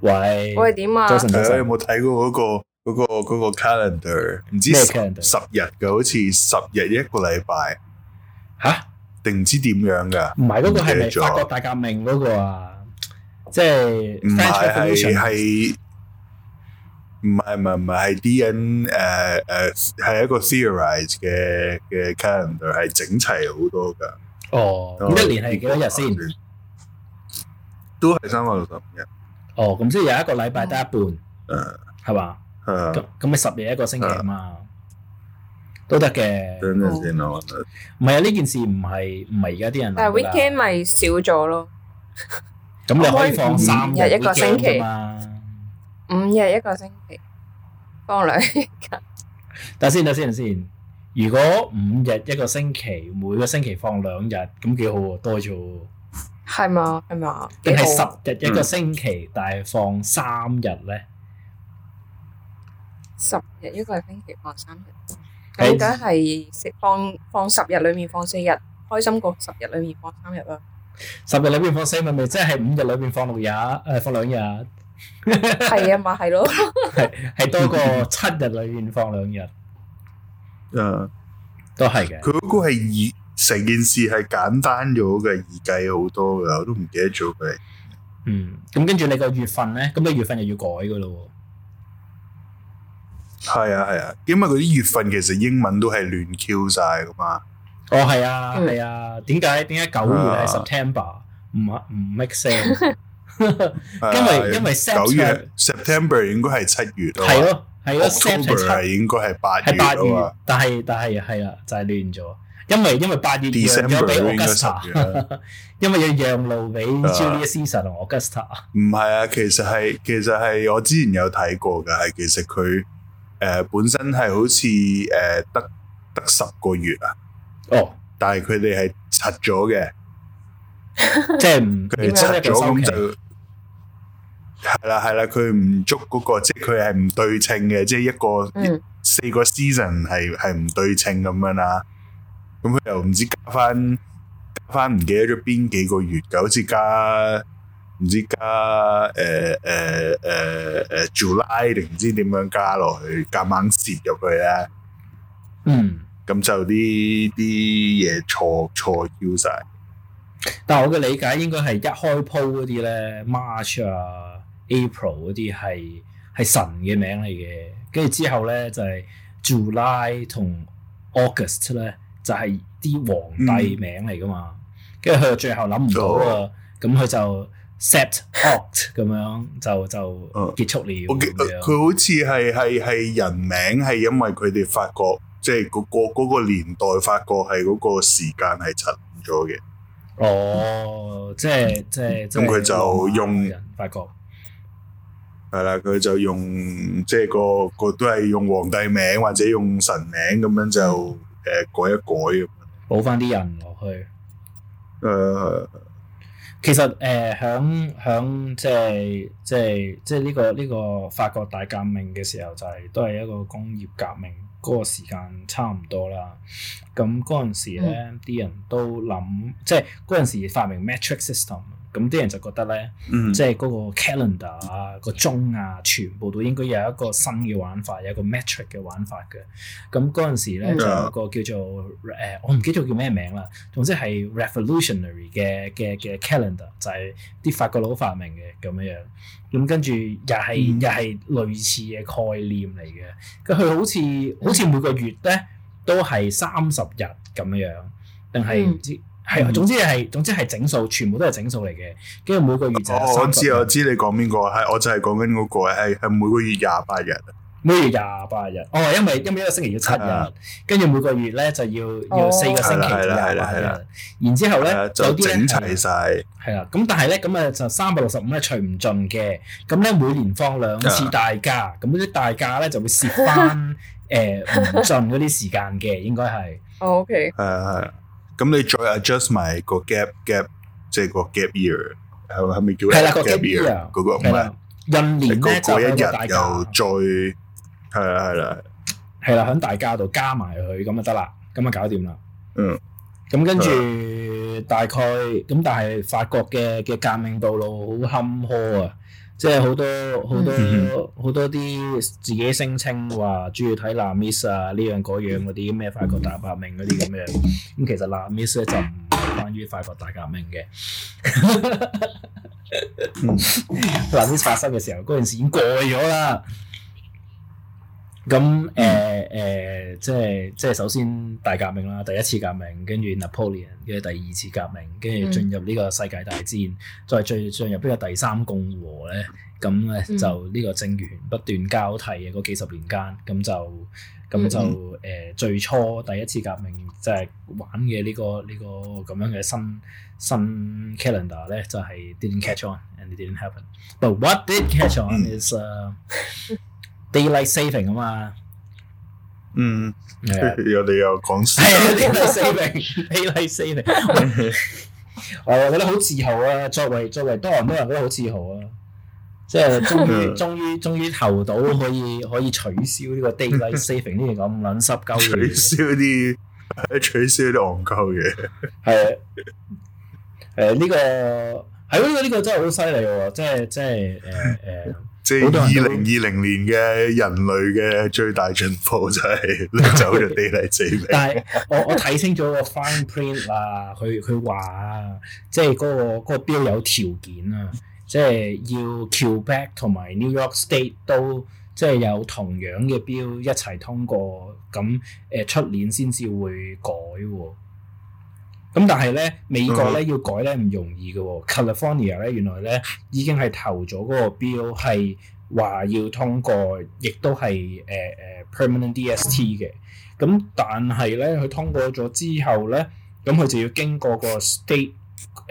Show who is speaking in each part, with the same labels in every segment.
Speaker 1: 喂，我哋點啊？你有冇睇過嗰個嗰個嗰個 calendar？唔知咩 calendar 十日嘅，好似十日一個禮拜。吓？定唔知點樣㗎？唔係嗰個係咪法國大
Speaker 2: 革命嗰個啊？即係唔係係係
Speaker 1: 唔係唔唔係啲人誒誒係一個 theorized 嘅嘅 calendar 係整齊好多㗎。哦，一年係幾多日先？都係三百六十五日。哦，咁
Speaker 2: 即係有一個禮拜得一半，係嘛？嗯？咁咁咪十日一個星期啊嘛，都得嘅。唔係啊？呢件事唔係唔係而家啲人。但係 weekend
Speaker 3: 咪少咗咯，
Speaker 2: 咁你可以放三日一個星期嘛？五
Speaker 3: 日一個星期，放兩日。
Speaker 2: 等先等先先，如果五日一個星期，每個星期放兩日，咁幾好啊，多咗。
Speaker 3: 係嘛？係嘛？定係十日一個星
Speaker 2: 期，但係放三日咧？十日
Speaker 3: 一個星期放三日，而家係放放十日裏面放四日，開心過十日裏面放三日啦。
Speaker 2: 十日裏面放四日咪即係五日裏面放六日？誒，放兩日
Speaker 3: 係啊嘛，係咯，係
Speaker 1: 係多過七日裏面放兩日。誒，都係嘅。佢嗰個係二。成件事係簡單咗嘅，易計好多嘅，我都唔記得咗佢。嗯，
Speaker 2: 咁跟住你個月份咧，咁你月份又要改嘅咯。
Speaker 1: 係啊，係啊，因為嗰啲月份其實英文都係亂 Q 曬嘅嘛。哦，係啊，係啊，點解點解九月係
Speaker 2: September 唔唔 make sense？
Speaker 1: 因為因為九月 September 應該係七月。係咯，係咯，September 係應該係八月啊嘛。
Speaker 2: 但係但係係啊，就係亂咗。因為因為八月讓咗俾 Augusta，因為要讓路俾 Julia Season 同 Augusta。
Speaker 1: 唔係啊，其實係其實係我之前有睇過嘅，係其實佢誒本身係好似誒得得十個月啊。哦，但係佢哋係拆咗嘅，即係唔佢哋拆咗，咁就係啦係啦，佢唔捉嗰個，即係佢係唔對稱嘅，即係一個四個 season 係係唔對稱咁樣啦。咁佢又唔知加翻加翻唔記得咗邊幾個月噶，好似加唔知加誒誒誒誒 July 定唔知點樣加落去，夾硬蝕入去咧。嗯，咁就呢啲嘢錯錯超晒。
Speaker 2: 但係我嘅理解應該係一開鋪嗰啲咧，March 啊、April 嗰啲係係神嘅名嚟嘅，跟住之後咧就係 July 同 August 咧。就係啲皇帝名嚟噶嘛，跟住佢到最後諗唔到啊，咁佢就 set out 咁樣就
Speaker 1: 就結束咗。佢好似係係係人名，係因為佢哋發覺，即係嗰個嗰個年代，發覺係嗰個時間係陳咗嘅。哦，
Speaker 2: 即係即係咁佢就
Speaker 1: 用發覺係啦，佢就用即係個個都係用皇帝名或者用神名咁樣就。誒、呃、改一改咁，補翻啲人落去。誒， 其實誒，響、呃、響即係即係
Speaker 2: 即係、呢、呢個呢、呢個法國大革命嘅時候，就係，就係都係一個工業革命嗰，嗰個時間差唔多啦。咁嗰陣時咧，啲、嗯、人都諗，即係嗰陣時發明 metric system。咁啲人就覺得咧，嗯、即係嗰個 calendar 啊、個鐘啊，全部都應該有一個新嘅玩法，有一個 metric 嘅玩法嘅。咁嗰陣時咧就有一個叫做誒，嗯、我唔記得叫咩名啦。總之係 revolutionary 嘅嘅嘅 calendar，就係啲法國佬發明嘅咁樣。咁跟住又係、嗯、又係類似嘅概念嚟嘅。佢好似好似每個月咧都係三十日咁樣，定係唔知。係，嗯、總之係，總之係整數，全部都係整數嚟嘅，跟住每個月就。我知、嗯、我
Speaker 1: 知你講邊、個，係我就係講緊嗰個，係係每個月廿八日。每月廿八日，哦，因為因為一個星期要七日，
Speaker 2: 跟住對、啊、每個月咧就要要、哦、四個星期廿八日，啊、
Speaker 1: 然後之後咧
Speaker 2: 就整齊晒。係啦，咁但係咧，咁啊就三百六十五咧除唔盡嘅，咁咧每年放兩次大假，咁對、啊嗯、呢大假咧就會蝕翻誒唔盡嗰啲時間嘅，應該係。
Speaker 3: OK。
Speaker 1: 係啊係啊。咁你再 adjust 埋個 gap gap，即係個 gap year 係咪？係咪叫 gap year？係啦，個 gap year 嗰個唔係。係個嗰一日又再係啦，係啦，係啦，係啦，響大家
Speaker 2: 度加埋佢咁就得啦，咁就搞掂啦。嗯，咁跟住大概咁，但係法國嘅嘅革命道路好坎坷啊。即係好多好多好多啲自己聲稱話主要睇，啊《Les Mis》啊呢樣嗰樣嗰啲咩法國大革命嗰啲咁樣，咁其實《Les Mis》就唔關於法國大革命嘅。 嗯，《Les Mis》發生嘅時候，嗰陣時已經過咗啦。咁誒誒，即係即係首先大革命啦，第一次革命，跟住 Napoleon，跟住第二次革命，跟住進入呢個世界大戰，再進進入呢個第三共和咧，咁咧就呢個政權不斷交替嘅嗰、那個、幾十年間，咁就咁就誒、呃、最初第一次革命即係玩嘅、這個這個、呢個呢個咁樣嘅新新 calendar 咧，就係、是、didn't catch on and it didn't happen，but what did catch on is、uh。 Daylight saving 啊嘛，嗯，
Speaker 1: 啊、有理由我哋又講 Daylight saving
Speaker 2: Daylight saving，我 我覺得好自豪啊！作為作為多人，多人都好自豪啊！
Speaker 1: 即係終於，終
Speaker 2: 於、嗯，終於投到可以可以取消呢個 Daylight saving 呢樣咁撚濕
Speaker 1: 鳩嘅取消啲取消啲戇鳩嘅。係、呃，呢、呢個，係、哎、啊，誒、呢、呢個係呢、呢個呢、呢個真係好犀利喎！即係即係誒誒。呃呃即係二零二零年嘅人類嘅最大進步就係走咗地理制。但係
Speaker 2: 我我睇清咗個 fine print 啊，佢佢話啊，即係嗰個嗰個標有條件啊，即係要 Quebec 同埋 New York State 都即係有同樣嘅標一齊通過，咁誒出年先至會改喎。咁但係咧，美國咧要改咧唔容易嘅喎、哦嗯、California 咧原來咧已經係投咗嗰個 bill 係話要通過，亦都係誒誒 permanent DST 嘅。咁但係咧，佢通過咗之後咧，咁佢就要經過個 state。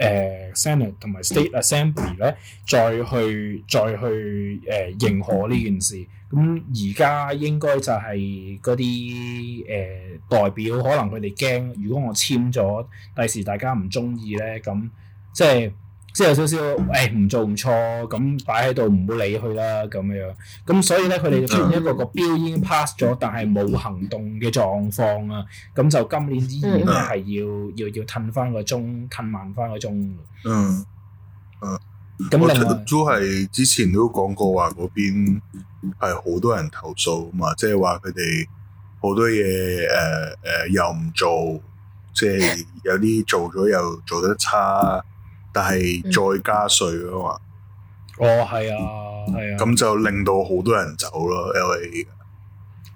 Speaker 2: 誒、呃、Senate 同埋 State Assembly 咧，再去再去誒、呃、認可呢件事。咁而家應該就係嗰啲誒代表，可能佢哋驚，如果我簽咗，第時大家唔中意咧，咁、嗯、即係。即係有少少誒唔做唔錯，咁擺喺度唔好理佢啦，咁樣樣。咁所以咧，佢哋出現一個個標已經 pass 咗，但係冇行動嘅狀況啊。咁就今年依然咧，係要要要褪翻個鐘，褪慢翻個鐘。
Speaker 1: 嗯嗯，我都係之前都講過話，嗰邊係好多人投訴嘛，即係話佢哋好多嘢誒誒又唔做，即係有啲做咗又做得差。但係再加稅啊嘛，
Speaker 2: 哦係啊係啊，咁、啊嗯、
Speaker 1: 就令到好多人走咯，LA，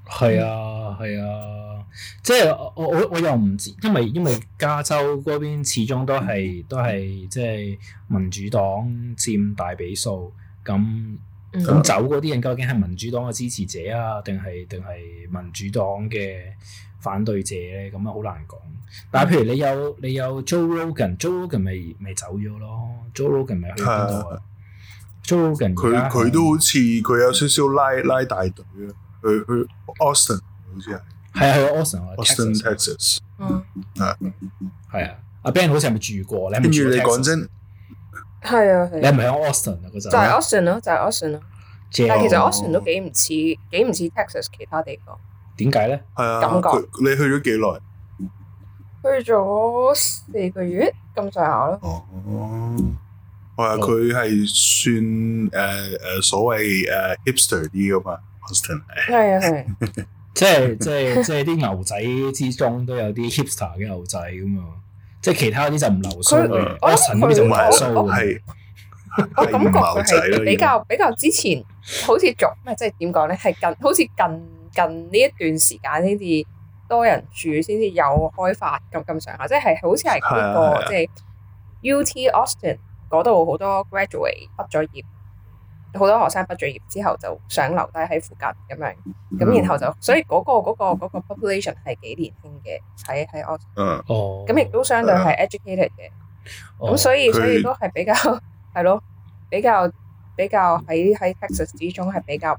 Speaker 1: 係啊係啊，即
Speaker 2: 係、啊就是、我我我又唔知，因為因為加州嗰邊始終都係都係即係民主黨佔大比數，咁咁走嗰啲人究竟係民主黨嘅支持者啊，定係定係民主黨嘅？反對者咧，咁啊好難講。但係譬如你有你有 Joe Rogan，Joe Rogan 咪咪走咗咯。Joe Rogan 咪去邊度啊？Joe Rogan 佢佢都好
Speaker 1: 似佢有少少拉拉大隊啊，去去 Austin 好似係係啊，去 Austin 啊，Austin Texas 啊，係啊，阿 Ben 好似係咪住過？
Speaker 2: 你唔住你講真
Speaker 3: 係啊，你唔係喺 Austin
Speaker 2: 啊嗰陣就係 Austin
Speaker 3: 咯，就係 Austin 咯。
Speaker 2: 但
Speaker 1: 其實 Austin 都幾
Speaker 3: 唔似幾唔似 Texas 其他地方。
Speaker 1: 點解咧？係啊，感覺佢你去咗幾耐？
Speaker 3: 去咗四個月，咁上下咯。
Speaker 1: 哦，話佢係算誒誒、uh, uh, 所謂誒、uh, hipster 啲噶、like, 嘛？Austin 係啊係，即係即係即係
Speaker 2: 啲牛仔之中都有啲 hipster 嘅牛仔咁啊！即係其他嗰啲就唔流蘇，Austin 嗰啲就唔流蘇咁。
Speaker 1: 感覺佢係比較
Speaker 3: 比較之前好似俗，唔即係點講咧？係近好似近。近呢一段時間先至多人住，先至有開發，咁咁上下，即係好似係嗰個、啊、即係 UT Austin 度好多 graduate 畢咗業好多學生畢咗業之後就想留低喺附近咁樣，咁、嗯、然後就所以、嗰個、嗰個、嗰個 population 係幾年輕嘅，喺喺 Austin、嗯、哦，咁亦都相對係 educated 嘅，
Speaker 4: 咁、嗯哦、所以所以都
Speaker 3: 係比較係咯、哦， 比較比較喺喺 Texas 之中係比較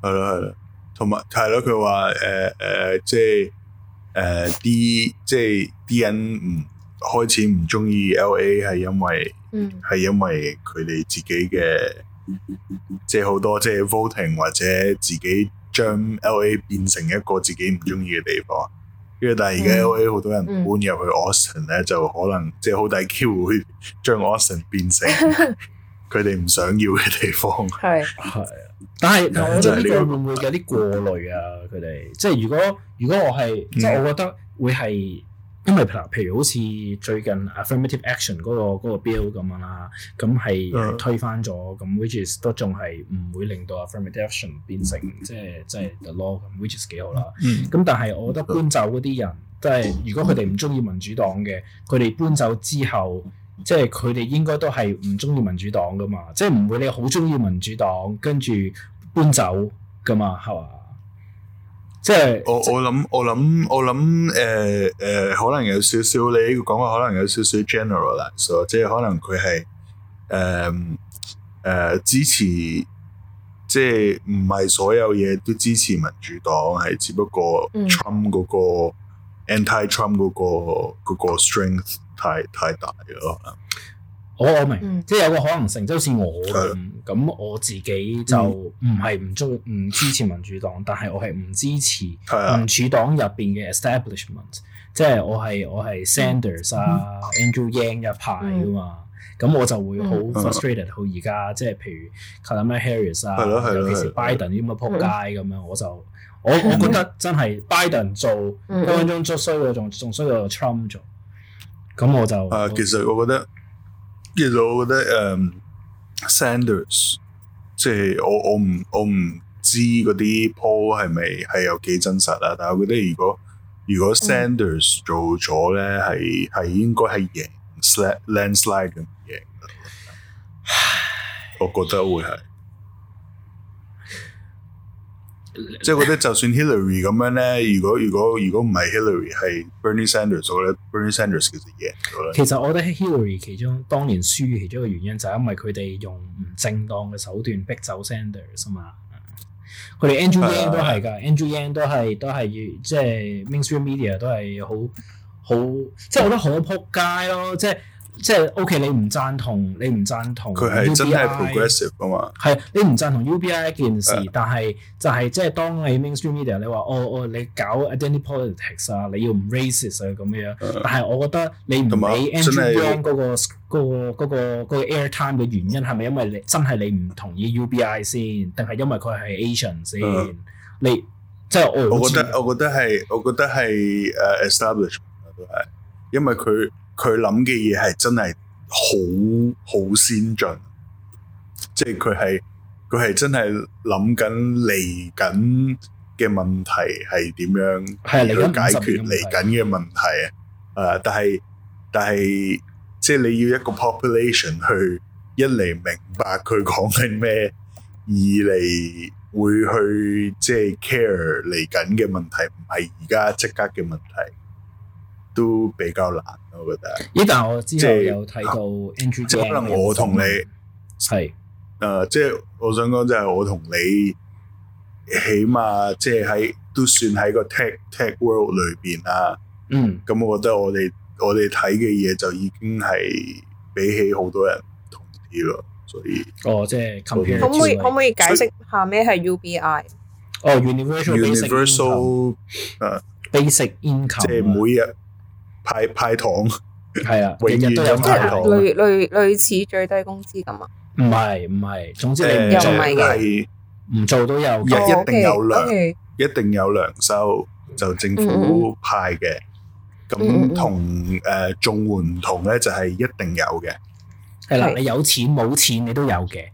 Speaker 1: 係咯，同埋係咯，佢話誒誒，即係誒啲即係啲、呃、人唔開始唔中意 L.A. 係因為，係、嗯、因為佢哋自己嘅即係好多即係 voting 或者自己將 L.A. 變成一個自己唔中意嘅地方。跟住但係而家 L.A. 好多人搬入去 Austin 咧、嗯，嗯、就可能即係好大機會將 Austin 變成。 佢哋唔想要嘅地方，係係。
Speaker 2: 但係，我覺得呢個會唔會有啲過濾啊？佢哋即係如果如果我係，嗯、即係我覺得會係，因為譬如好似最近 affirmative action 嗰、那個個嗰、個 bill 咁樣啦，咁係推翻咗，咁、嗯、which is 都仲係唔會令到 affirmative action 變成、嗯、即係即係 the law 咁，which is 幾好啦。咁但係我覺得搬走嗰啲人，即係、嗯嗯、如果佢哋唔中意民主黨嘅，佢哋搬走之後。即係佢哋應該都係唔中意民主黨㗎嘛，即係唔會你好中意民主黨跟住搬走㗎嘛，係嘛？即
Speaker 1: 係我我諗我諗我諗誒誒，可能有少少你呢個講話可能有少少 generalize，即係可能佢係誒誒支持，即係唔係所有嘢都支持民主黨，係只不過 Trump 嗰個，嗯，anti-Trump 嗰個嗰個 strength。太
Speaker 2: 太大咯，我我明，即係有個可能性，即好似我
Speaker 1: 咁，咁我
Speaker 2: 自己就唔係唔中唔支持民主黨，但係我係唔支持民主黨入邊嘅 establishment，即係我係我係 Sanders 啊、Andrew Yang 一派噶嘛，咁我就會好 frustrated 好而家，即係譬如 Kamala Harris 啊，尤其是 Biden 啲咁嘅仆街咁樣，我就我我覺得真係 Biden 做，分分鐘仲衰過，仲仲衰過 Trump 做。咁我
Speaker 1: 就啊其實我覺得，其實我覺得誒、um, Sanders 即係我我唔我唔知啲 poll 係咪係有幾真實啊？但係我覺得如果如果 Sanders 做咗咧，係係、嗯、應該係贏 landslide 咁贏，我覺得會係。即係覺得就算 Hillary 咁樣咧，如果如果如果唔係 Hillary 係 Bernie Sanders 我咧，Bernie Sanders 其實贏咗啦。其實我
Speaker 2: 覺得 Hillary 其中當年輸其中一個原因就係因為佢哋用唔正當嘅手段逼走 Sanders 啊嘛。
Speaker 1: 佢哋 Angela 都係㗎
Speaker 2: ，Angela 都係都係即係、就是、mainstream media 都係好好，即係、就是、我覺得好撲街咯，即、就、係、是。即係 OK，你唔贊同，你唔贊同佢係真係 progressive 啊嘛。係你唔贊同 UBI 一件事，嗯、但係就係、是、即係當你 mainstream media，你話哦哦，你搞 identity politics 啊，你要唔 racist 啊咁樣。嗯、但係我覺得
Speaker 1: 你唔俾 Andrew Yang 嗰
Speaker 2: 個、嗰個嗰個嗰個、airtime 嘅原因係咪因為你真係你唔同意 UBI 先，定係因為佢係 Asian 先？嗯、
Speaker 1: 你即係我，我覺得，我覺得係，我覺得係誒 establishment 都係，因為佢。佢諗嘅嘢係真係好好先進，即係佢係佢係真係諗緊嚟緊嘅問題係點樣的去解決嚟緊嘅問題啊！誒的，但係但係即係你要一個 population 去一嚟明白佢講緊咩，二嚟會去即係 care 嚟緊嘅問題，唔係而家即刻嘅問題。都比較難，我覺得。咦？但係我之後有睇到 Andrew，可能我同你係，誒，即係我想講就係我同你起碼即係喺都算喺個 tech tech world 裏邊啦。嗯，咁我覺得我哋我哋睇嘅嘢就已經係比起好多人同啲咯，所以哦，即係。可唔可以可唔可以
Speaker 3: 解釋下咩係 UBI？哦
Speaker 1: ，universal universal 誒 basic income 即係每日。派派糖，係啊，永遠都有派糖。類
Speaker 3: 類類似最低工資咁啊？
Speaker 1: 唔係唔係，總之你又唔係嘅，唔做都有，一定有糧，一定有糧收，就政府派嘅。咁同誒綜援唔同咧，就係一定有嘅。係啦，你有錢冇錢你都有嘅。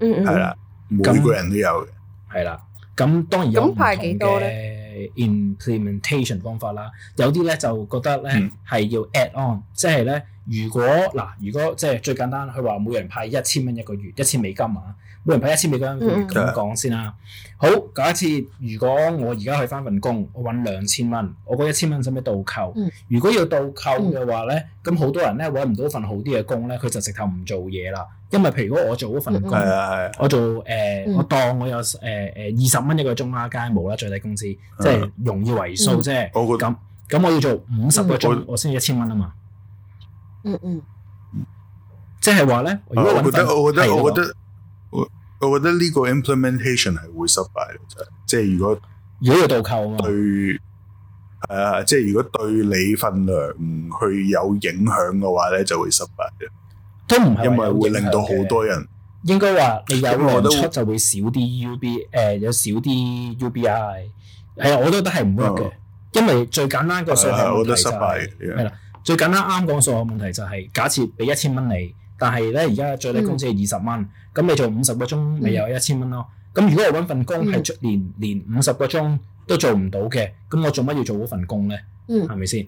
Speaker 4: 嗯，係啦，
Speaker 2: 每個人都有嘅。係啦，咁當然咁派幾多咧？implementation 方法啦，有啲咧就覺得咧係要 add on，即係咧如果嗱，如果即係、就是、最簡單，佢話每人派一千蚊一個月，一千美金啊。每人派一千美金咁講先啦。好，假設如果我而家去翻份工，我揾兩千蚊，我嗰一千蚊使唔使倒扣？如果要倒扣嘅話咧，咁好多人咧揾唔到份好啲嘅工咧，佢就直頭唔做嘢啦。因為譬如果我做嗰份工，我做誒，我當我有誒誒二十蚊一個鐘啦，街務啦最低工資，即係容易為數啫。係咁。咁我要做五十個鐘，我先至一千蚊啊嘛。嗯嗯，即係話咧，如果得我覺得我覺得
Speaker 1: 我覺得呢個 implementation 係會失敗嘅，即係如果如果有倒扣啊嘛，對係啊，即係如果對你份量去有影響嘅話咧，就會失敗嘅，都唔係因為會令到好多人，應該話你有量出就
Speaker 2: 會少啲 UB，誒、嗯呃、有少啲 UBI，係啊，我都覺得係唔會嘅，嗯、因為最簡單個數係，係啊，我覺得
Speaker 1: 失敗，係啦的
Speaker 2: 的，最簡單啱講數學問題就係、是，假設俾一千蚊你，但係咧而家最低工資係二十蚊。嗯咁你做五十個鐘，你有一千蚊咯。咁如果我搵份工係出連連五十個鐘都做唔到嘅，
Speaker 1: 咁我做乜要做嗰份工咧？係咪先？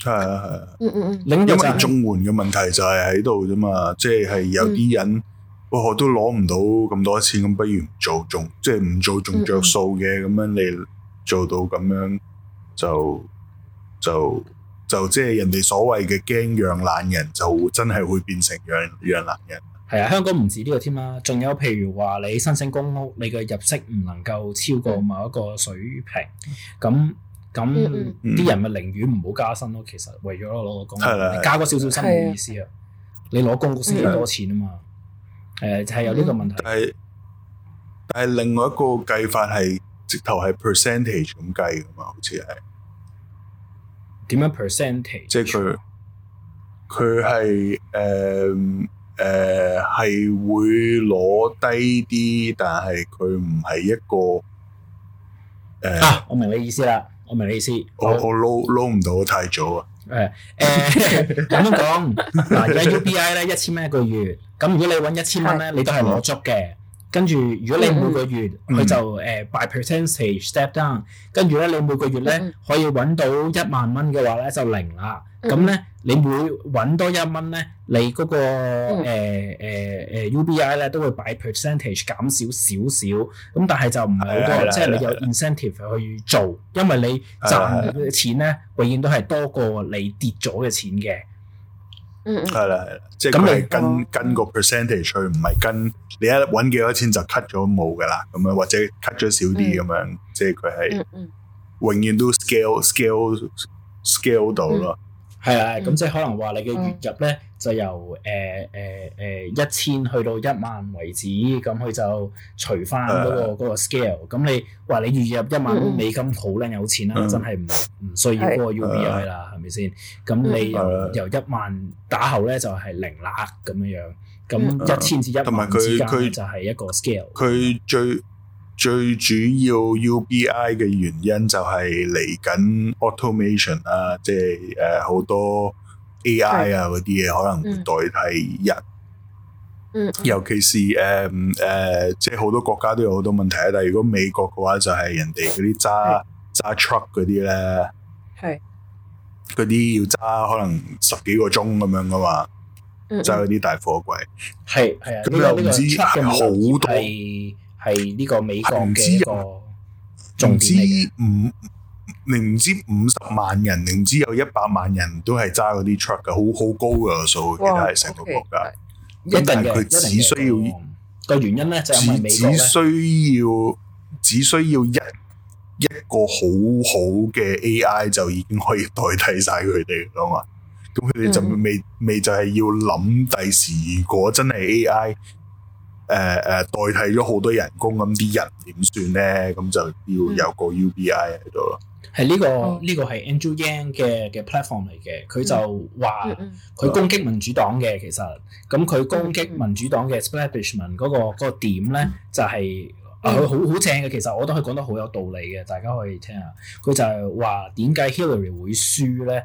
Speaker 1: 係啊
Speaker 4: 係啊。因為中
Speaker 1: 換嘅問題就係喺度啫嘛，即係係有啲人我都攞唔到咁多錢，咁不如唔做仲即係唔做仲著數嘅咁樣，你做到咁樣就就就即係人哋所謂嘅驚養懶人，就真係會變成養養懶人。係啊，香港唔止呢個添啦，仲有譬如
Speaker 2: 話你申請公屋，你嘅入息唔能夠超過某一個水平，咁咁啲人咪寧願唔好加薪咯。其實為咗攞個公屋，的加個少少薪嘅意思啊，的你攞公屋先幾多錢啊嘛。就係的、嗯、有呢個問題但。
Speaker 1: 但係，但係另外一個計法係直頭係 percentage 咁計㗎嘛，好似係點樣 percentage？即係佢佢係誒。誒係、呃、會攞低啲，但係佢唔係一個誒。嚇、呃啊！我明你意思啦，我明你意思。我我撈撈唔到太早啊。誒誒咁講，
Speaker 2: 嗱，而家 UBI 咧一千蚊一個月，咁如果你揾一千蚊咧，你都係攞足嘅。跟住如果你每個月佢、嗯嗯、就誒、uh, by percentage step down，跟住咧你每個月咧、嗯、可以揾到一萬蚊嘅話咧就零啦，咁咧、嗯、你每揾多一蚊咧，你嗰、那個誒誒 UBI 咧都會 by percentage 減少少少，咁但係就唔係好多，即係的你有 incentive 去做，的因為
Speaker 1: 你賺嘅
Speaker 2: 錢咧的永遠都係多過你跌咗嘅錢嘅。係
Speaker 1: 啦，係啦，即係佢係跟嗯嗯跟個 percentage 去，唔係跟你一揾幾多錢就 cut 咗冇噶啦，咁樣或者 cut 咗少啲咁、嗯嗯、樣，即係佢係永遠都 scale scale scale 到咯。嗯係啊，
Speaker 2: 咁即係可能話你嘅月入咧就由誒誒誒一千去到一萬為止，咁佢就除翻嗰個嗰個 scale。咁你話你月入一萬美金好靚有錢啦，真係唔唔需要嗰個 UBI 啦，係咪先？咁你由由一萬打後咧就係零啦咁樣樣。咁一千至一萬之間就係一個 scale。
Speaker 1: 佢最最主要 UBI 嘅原因就係嚟緊 automation 啊，即係誒好多 AI 啊嗰啲嘢可能會代替人。嗯嗯、尤其是誒誒、嗯呃，即係好多國家都有好多問題啊。但係如果美國嘅話就，就係人哋嗰啲揸揸 truck 嗰啲咧，係嗰啲要揸可能十幾個鐘咁樣噶嘛，揸嗰啲大貨櫃係係啊，咁又唔知係好多。係呢個美國唔知，
Speaker 2: 總之，
Speaker 1: 唔知五唔知五十萬人，唔知有一百萬人都係揸嗰啲 truck 嘅，好好高嘅數，其實係成個國家。
Speaker 2: 一定佢只需
Speaker 1: 要個原因咧，只只需要只需要一一個好好嘅 AI 就已經可以代替晒佢哋噶嘛，咁佢哋就未未就係要諗第時，如果真係 AI。誒誒、呃、代替咗好多人工，咁啲人點算咧？咁就要有個 UBI 喺度咯。係呢、呢個
Speaker 2: 呢、嗯、個係 Andrew Yang 嘅嘅 platform 嚟嘅，佢就話佢攻擊民主黨嘅，其實咁佢攻擊民主黨嘅 establishment 嗰個點咧，就係佢好好正嘅。其實我覺得佢講得好有道理嘅，大家可以聽下。佢就係話點解 Hillary 會輸咧？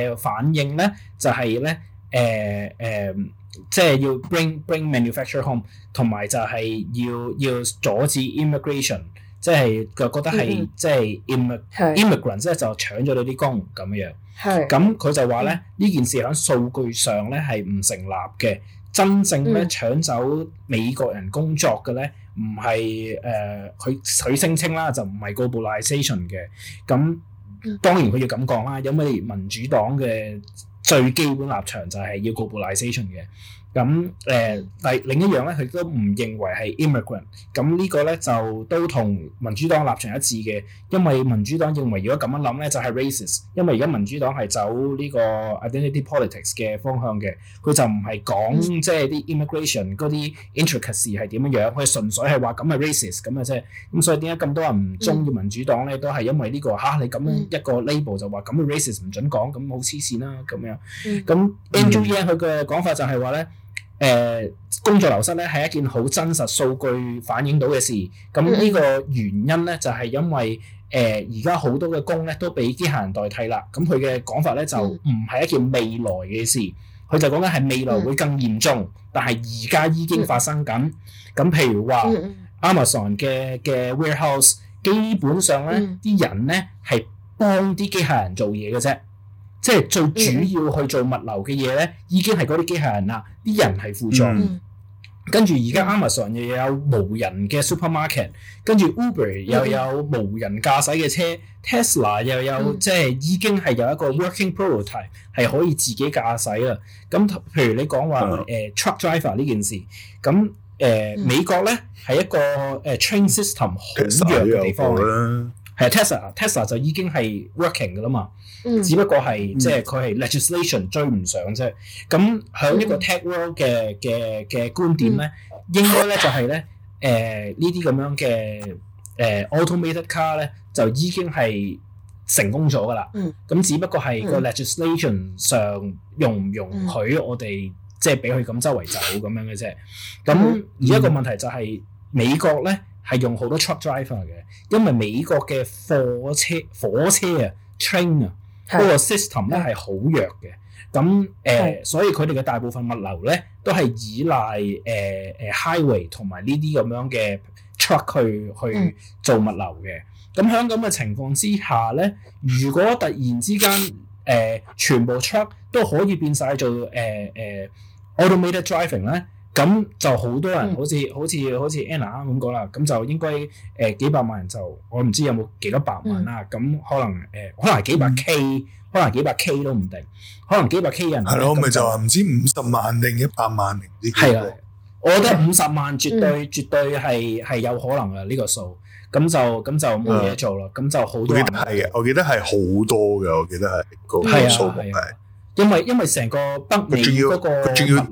Speaker 2: 嘅反應咧，就係、是、咧，誒、呃、誒、呃，即係要 bring bring manufacturer home，同埋就係要要阻止 immigration，即係佢覺得係、mm hmm. 即係 immigrants mm hmm. 咧就搶咗你啲工咁樣，咁佢、mm hmm. 就話咧呢、mm hmm. 件事喺數據上咧係唔成立嘅，真正咧搶走美國人工作嘅咧，唔係誒佢佢聲稱啦，就唔係 globalization 嘅咁。當然佢要咁講啦，有咩民主黨嘅最基本立場就係要 globalisation 嘅。咁誒，第、嗯、另一樣咧，佢都唔認為係 immigrant。咁呢個咧就都同民主黨立場一致嘅，因為民主黨認為如果咁樣諗咧，就係、是、racist。因為而家民主黨係走呢個 identity politics 嘅方向嘅，佢就唔係講即係、就、啲、是、immigration 嗰啲 intricacies 係點樣樣，佢純粹係話咁嘅 racist 咁嘅啫。咁所以點解咁多人唔中意民主黨咧？嗯、都係因為呢、這個嚇、啊、你咁樣一個 label 就話咁嘅 racist 唔準講，咁好黐線啦咁樣。咁、嗯嗯、Andrew Yang 佢嘅講法就係話咧。誒、呃、工作流失咧係一件好真實數據反映到嘅事，咁呢個原因咧就係、是、因為誒而家好多嘅工咧都俾機械人代替啦，咁佢嘅講法咧就唔係一件未來嘅事，佢、嗯、就講緊係未來會更嚴重，嗯、但係而家已經發生緊。咁、嗯、譬如話、嗯、Amazon 嘅嘅 warehouse 基本上咧啲、嗯、人咧係幫啲機械人做嘢嘅啫。即係最主要去做物流嘅嘢咧，已經係嗰啲機械人啦，啲人係輔助。跟住而、嗯、家 Amazon 又有無人嘅 supermarket，跟住 Uber 又有無人駕駛嘅車、嗯、，Tesla 又有、嗯、即係已經係有一個 working prototype 係可以自己駕駛啊！咁譬如你講話誒 truck driver 呢件事，咁、呃、誒、嗯、美國咧係一個誒 train system 好弱嘅地方嚟，係啊 Tesla，Tesla 就已經係 working 噶啦嘛。只不過係、嗯、即係佢係 legislation 追唔上啫。咁喺呢個 tech world 嘅嘅嘅觀點咧，嗯、應該咧就係、是、咧，誒呢啲咁樣嘅誒、呃、automated car 咧，就已經係成功咗噶啦。咁、嗯、只不過係個 legislation 上容唔容許我哋、嗯、即係俾佢咁周圍走咁樣嘅啫。咁、嗯、而一個問題就係美國咧係用好多 truck driver 嘅，因為美國嘅貨車火車啊 train 啊。trainer，嗰個 system 咧係好弱嘅，咁誒、呃，所以佢哋嘅大部分物流咧都係依賴誒誒、呃呃、highway 同埋呢啲咁樣嘅 truck 去去做物流嘅。咁喺咁嘅情況之下咧，如果突然之間誒、呃、全部 truck 都可以變晒做誒誒 automated driving 咧？咁就好多人，嗯、好似好似好似 Anna 啱咁講啦，咁就應該誒、呃、幾百萬人就，我唔知有冇幾多百萬啦，咁、嗯、可能誒、呃、可能幾百 K，嗯、可能幾百 K 都唔定，可能幾百 K 人。係咯，咪就話唔知五十萬定一百萬定啲。係啊，我覺得五十萬絕對、嗯、絕對係係有可能啊呢個數，咁就咁就冇嘢做咯，咁、嗯、就好多。係嘅，我
Speaker 1: 記得係好多嘅，我記得係個數目係。
Speaker 2: 因為因為成個北美嗰個物流，佢仲要，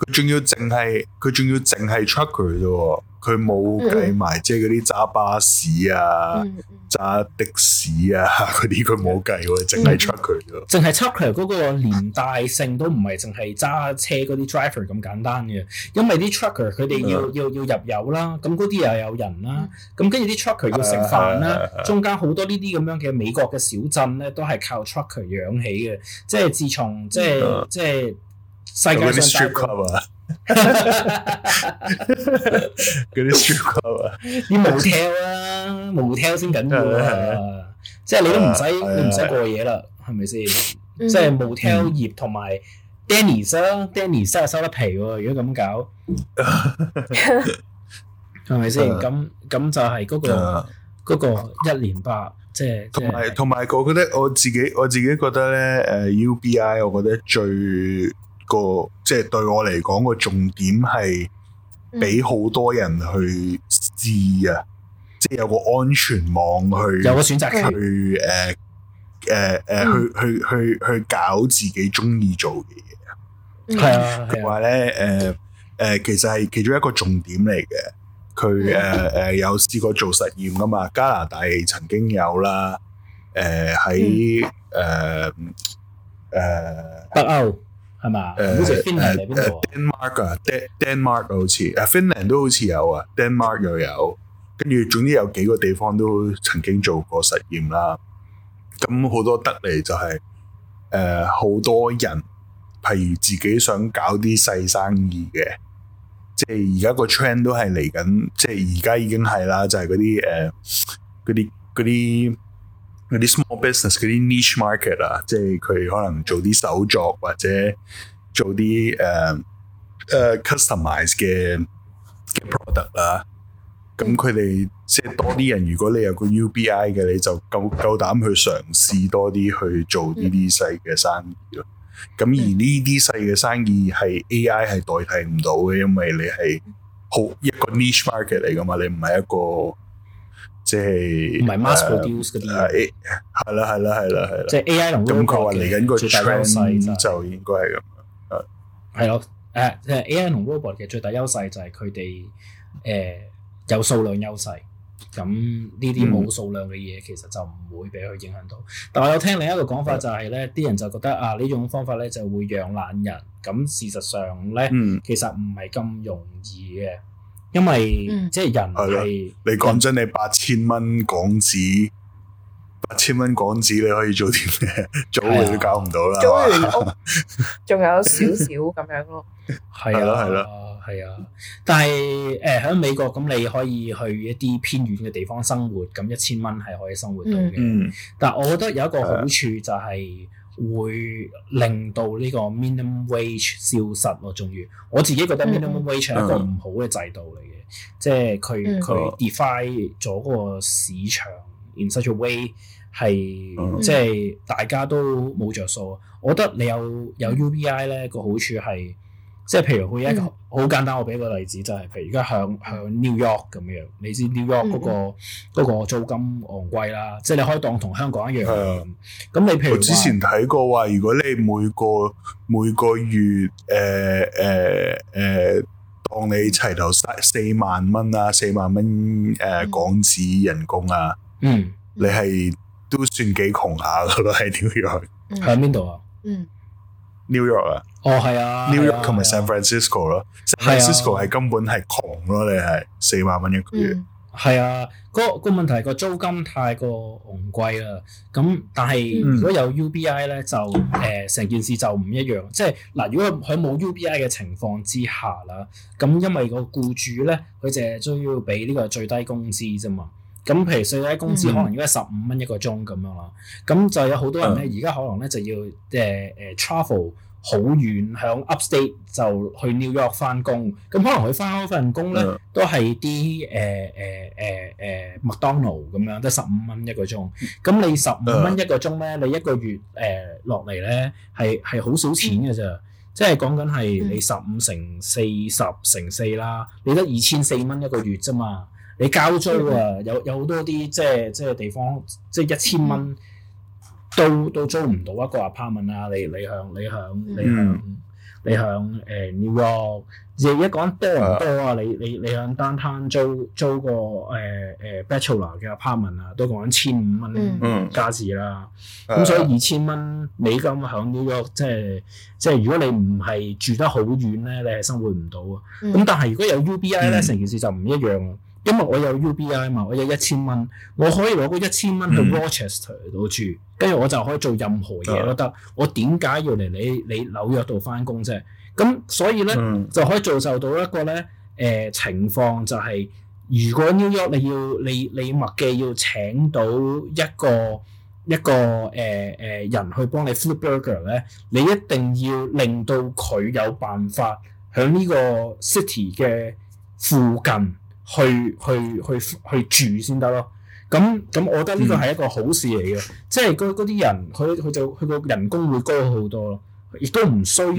Speaker 1: 佢仲要淨係佢仲要淨係 check 佢啫佢冇計埋，即係嗰啲揸巴士啊、揸、嗯、的士啊嗰啲，佢冇計喎，淨係 trucker 咯、嗯。
Speaker 2: 淨係 trucker 嗰個連帶性 都唔係淨係揸車嗰啲 driver 咁簡單嘅，因為啲 trucker 佢哋要、嗯、要要，要入油啦，咁嗰啲又有人啦，咁跟住啲 trucker 要食飯啦，嗯嗯、中間好多呢啲咁樣嘅美國嘅小鎮咧，都係靠 trucker 養起嘅，即係自從即即係世
Speaker 1: 界。嗰啲雪糕啊，啲 motel 啊，motel 先緊要啊，即係你都唔使，
Speaker 4: 你唔使過
Speaker 2: 夜啦，係咪先？即係 motel 業同埋 Dennis 啦，Dennis 真係收得皮喎。如果咁搞，係咪先？咁咁就係嗰個嗰個一年八，即係同埋
Speaker 1: 同埋，我覺得我自己我自己覺得咧，誒，UBI，我覺得最。個即係對我嚟講，個重點係俾好多人去試啊，即係有個安全網去，有個選擇去誒誒誒去，呃呃呃、去去去，去搞自己中意做嘅嘢。
Speaker 4: 係啊的，
Speaker 1: 佢話咧誒誒，其實係其中一個重點嚟嘅。佢誒誒有試過做實驗噶嘛？加拿大曾經有啦，誒喺誒誒北歐。係嘛？誒誒丹麥啊，丹丹麥好似，誒芬蘭都好似有啊，丹麥又有，跟住總之有幾個地方都曾經做過實驗啦。咁好多得嚟就係誒好多人，譬如自己想搞啲細生意嘅，即係而家個 trend 都係嚟緊，即係而家已經係啦，就係啲誒嗰啲嗰啲。呃嗰啲 small business，嗰啲 niche market 啊，即係佢可能做啲手作或者做啲誒誒 customized 嘅嘅 product 啦，咁佢哋即係多啲人。如果你有個 UBI 嘅，你就夠夠膽去嘗試多啲去做呢啲細嘅生意咯。咁而呢啲細嘅生意係 AI 係代替唔到嘅，因為你係好一個 niche market 嚟噶嘛，你唔係一個。即係唔係 mass produce 嗰啲係係啦係啦係啦係啦！即係 AI 同咁佢話嚟最大趨勢
Speaker 2: 就應該係咁啊係咯即誒 AI 同 robot 嘅最大優勢就係佢哋誒有數量優勢，咁呢啲冇數量嘅嘢其實就唔會俾佢影響到。但係我有聽另一個講法就係、是、咧，啲的人就覺得啊呢種方法咧就會養懶人咁事實上咧，嗯、其實唔係咁容易嘅。
Speaker 1: 因為、嗯、即係人係，你講真，人你八千蚊港紙，八千蚊港紙，你可以做啲咩？ 早租都搞唔到啦，租
Speaker 2: 仲哇 有少少咁樣
Speaker 1: 咯。係咯係咯，
Speaker 2: 係啊！但係誒，喺、呃、美國咁，你可以去一啲偏遠嘅地方生活，咁一千蚊係可以生活到嘅。嗯嗯、但係我覺得有一個好處就係、係。的會令到呢個 minimum wage 消失咯，終於我自己覺得 minimum wage 係一個唔好嘅制度嚟嘅，mm hmm. 即係佢佢 define 咗嗰個市場 in such a way 係即係大家都冇著數。我覺得你有有 UBI 咧個好處係。即係譬如佢一個好簡單，我俾個例子就係，嗯、譬如而家向向 New York 咁樣，你知 New York 嗰個嗰個租金昂貴啦，即係你可以當同香港一樣。
Speaker 1: 咁是的 你譬如我之前睇過話，如果你每個每個月誒誒誒，當你齊頭四四萬蚊啊，四萬蚊誒港紙人工啊，嗯，你係都算幾窮下噶咯喺 New York 喺邊度啊？嗯，New York 啊。哦，係啊，New York 同埋、啊啊、San Francisco 咯，San Francisco 係根本係狂咯，你係四萬蚊一個月。
Speaker 2: 係、嗯、啊，個、那個問題係個租金太過昂貴啦。咁但係如果有 UBI 咧，嗯、就誒成、呃、件事就唔一樣。即係嗱，如果佢冇 UBI 嘅情況之下啦，咁因為個僱主咧，佢淨係需要俾呢個最低工資啫嘛。咁譬如最低工資可能而家十五蚊一個鐘咁樣啦，咁就有好多人咧，而家可能咧就要誒誒 travel。好遠響 upstate 就去 New York 翻工，咁可能佢翻嗰份工咧都係啲誒誒誒誒麥當勞咁樣，得十五蚊一個鐘。咁、嗯、你十五蚊一個鐘咧，你一個月誒落嚟咧係係好少錢嘅啫。即係講緊係你十五乘四十乘四啦，你得二千四蚊一個月啫嘛。你交租啊，有有好多啲即係即係地方即係一千蚊。就是都都租唔到一個 apartment 啊！你你響你響你響、嗯、你響誒、uh, New York，而家講多唔多啊？你你你響 Downtown 租租個誒誒 bachelor 嘅 apartment 啊，都講千五蚊加字啦。咁、嗯、所以二千蚊你咁響 New York，即係即係如果你唔係住得好遠咧，你係生活唔到啊。咁、嗯、但係如果有 UBI 咧，成、嗯、件事就唔一樣。因為我有 UBI 嘛，我有一千蚊，我可以攞嗰一千蚊去 Rochester 度住、嗯，跟住我就可以做任何嘢，都得、嗯。我點解要嚟你你紐約度返工啫？咁所以咧、嗯、就可以造就到一個咧誒、呃、情況、就是，就係如果 New York 你要你你麥記要請到一個一個誒誒、呃、人去幫你 flip burger 咧，你一定要令到佢有辦法喺呢個 city 嘅附近。去去去去住先得咯，咁咁我覺得呢個係一個好事嚟嘅，嗯、即係嗰啲人佢佢就佢個人工會高好多咯。亦都唔需要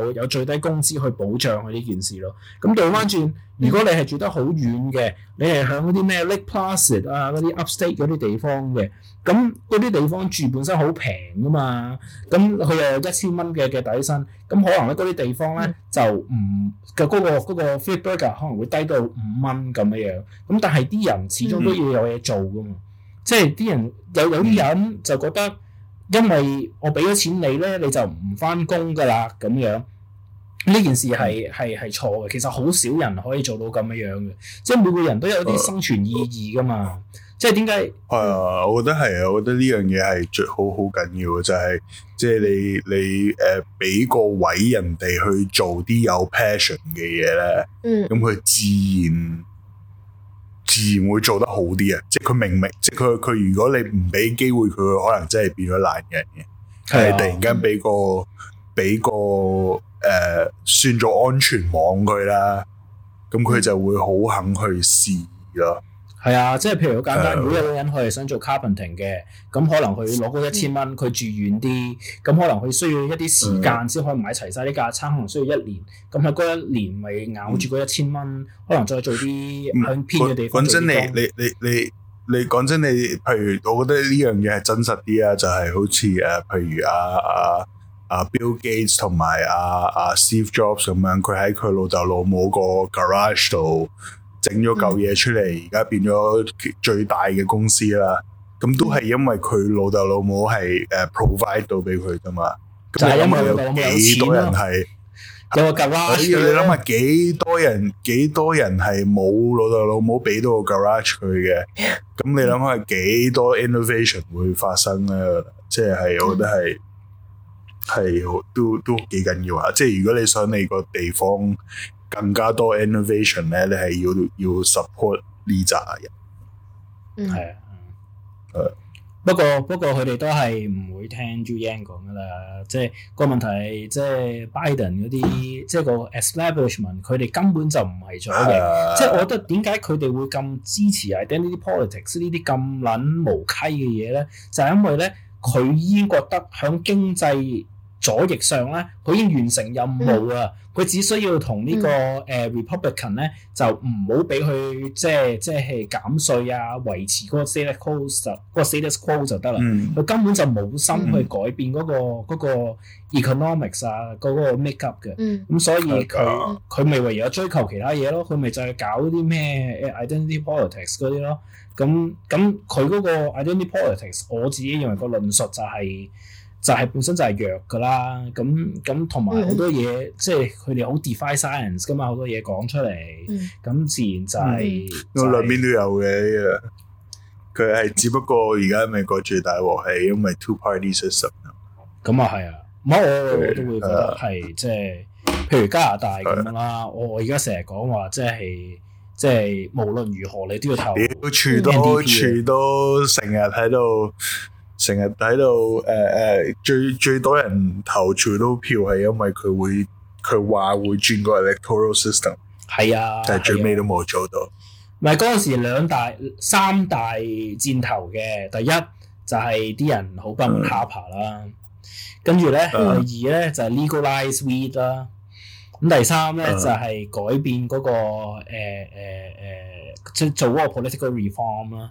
Speaker 2: 有有最低工資去保障佢呢件事咯。咁倒翻轉，如果你係住得好遠嘅，你係響嗰啲咩 Lake Placid 啊嗰啲 upstate 嗰啲地方嘅，咁嗰啲地方住本身好平噶嘛。咁佢有一千蚊嘅嘅底薪，咁可能咧嗰啲地方咧就唔嘅嗰個嗰個 flat burger 可能會低到五蚊咁樣樣。咁但係啲人始終都要有嘢做噶嘛，即係啲人有有啲人就覺得。因為我俾咗錢你咧，你就唔翻工噶啦，咁樣呢件事係係係錯嘅。其實好少人可以做到咁樣樣嘅，即係每個人都有啲生存意義噶嘛。
Speaker 1: 啊、即係點解？係啊、哎，我覺得係啊，我覺得呢樣嘢係最好好緊要嘅，就係即係你你誒俾、呃、個位人哋去做啲有 passion 嘅嘢咧。嗯，咁佢自然。自然會做得好啲啊！即係佢明明，即係佢佢，如果你唔俾機會，佢可能真係變咗懶人嘅。係突然間俾個俾個誒，算作安全網佢啦，咁佢就會好肯去試咯。
Speaker 2: 係啊，即係譬如好簡單，每一個人佢想做 carpenting 嘅，咁可能佢攞嗰一千蚊，佢、嗯、住遠啲，咁可能佢需要一啲時間先可以買齊晒啲架撐，嗯、可能需要一年，咁喺嗰一年咪咬住嗰一千蚊，嗯、可能再做啲向、嗯啊、偏嘅地方、嗯。講真
Speaker 1: 你，你你你你你講真你，你譬如我覺得呢樣嘢係真實啲啊，就係、是、好似誒、啊，譬如阿阿阿 Bill Gates 同埋阿阿 Steve Jobs 咁樣，佢喺佢老豆老母個 garage 度。整咗嚿嘢出嚟，而家變咗最大嘅公司啦。咁都係因為佢老豆老母係誒 provide 到俾佢噶嘛。就係因為有幾多人係，你諗下幾多人幾多人係冇老豆老母俾到個 garage 佢嘅。咁你諗下幾多 innovation 會發生咧？即係我覺得係係好都都幾緊要啊！即係如果你想你個地方。更加多 innovation 咧，你係要要 support 呢紮人。係、嗯、
Speaker 2: 啊。誒
Speaker 1: ，
Speaker 2: 不過不過佢哋都係唔會聽朱茵講噶啦。即係個問題係，即係拜登嗰啲，即係個 establishment，佢哋根本就唔係咗嘅。 即係我覺得點解佢哋會咁支持 identity politics 呢啲咁撚無稽嘅嘢咧？就係、是、因為咧，佢依然覺得響經濟，左翼上咧，佢已經完成任務啊！佢、嗯、只需要同呢、這個誒、嗯啊、Republican 咧，就唔好俾佢即係即係減稅啊，維持嗰個 status quo 就得啦。佢、嗯、根本就冇心去改變嗰、那個、嗯、個 economics 啊，嗰、那個 make up 嘅。咁、嗯嗯、所以佢佢咪唯有追求其他嘢咯？佢咪就係搞啲咩 identity politics 嗰啲咯？咁咁佢嗰個 identity politics，我自己認為個論述就係、就是。就係本身就係弱噶啦，咁咁同埋好多嘢，嗯、即係佢哋好 defy science 噶嘛，好多嘢講出嚟，咁、嗯、自然就
Speaker 1: 係我兩邊都有嘅。佢係只不過而家美國最大鑊係因為 two party system。咁啊係啊，
Speaker 2: 唔好我，的我都會覺得係即係，譬如加拿大咁樣啦，的我我而家成日講話即係即係，無論如何你都要投都。好都好處
Speaker 1: 都成日喺度。成日睇到誒誒、啊啊、最最多人投最到票係因為佢會佢話會轉個 electoral system 係啊，但係最尾都冇做到，咪嗰陣時
Speaker 2: 兩大三大箭頭嘅。第一就係、是、啲人好不下爬啦。跟住咧，第二咧就係、是、legalize weed 啦。
Speaker 4: 咁第三咧、啊、就係
Speaker 2: 改變嗰、那個誒誒即係做嗰個 political reform 啦。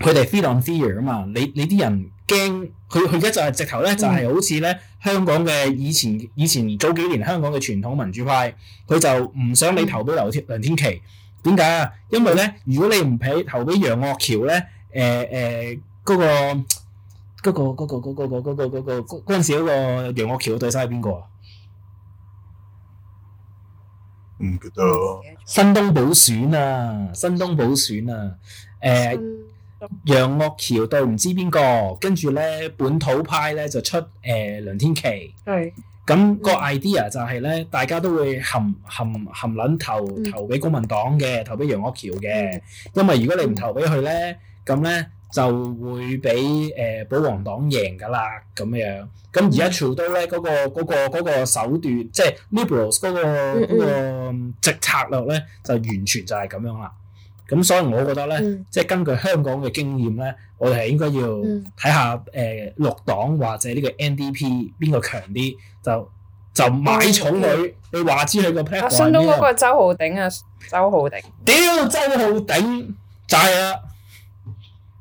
Speaker 2: 佢哋 feel on fear 啊嘛！你你啲人驚佢佢而家就係直頭咧，就係好似咧香港嘅以前以前早幾年香港嘅傳統民主派，佢就唔想你投俾劉天梁天琦。點解啊？因為咧，如果你唔俾投俾楊岳橋咧，誒誒嗰個嗰個嗰個嗰個嗰個嗰個嗰陣時嗰個楊岳橋對手係邊個啊？唔記得新東補選啊！新東補選啊！誒～楊岳橋對唔知邊個，跟住咧本土派咧就出誒梁天琦。係咁個 idea 就係咧，大家都會含含含撚投投俾公民黨嘅，投俾楊岳橋嘅，因為如果你唔投俾佢咧，咁咧就會俾誒保皇黨贏噶啦，咁樣。咁而家全部都咧嗰個嗰個嗰個手段，即係 liberals 嗰個嗰個直策略咧，就完全就係咁樣啦。咁所以，我覺得咧，即係根據香港嘅經驗咧，我哋係應該要睇下誒六黨或者呢個 NDP 邊個強啲，就就買重佢。你話知佢個 pack 玩咩新東嗰個
Speaker 3: 周浩鼎啊，周浩鼎。
Speaker 2: 屌，周浩鼎就係啦，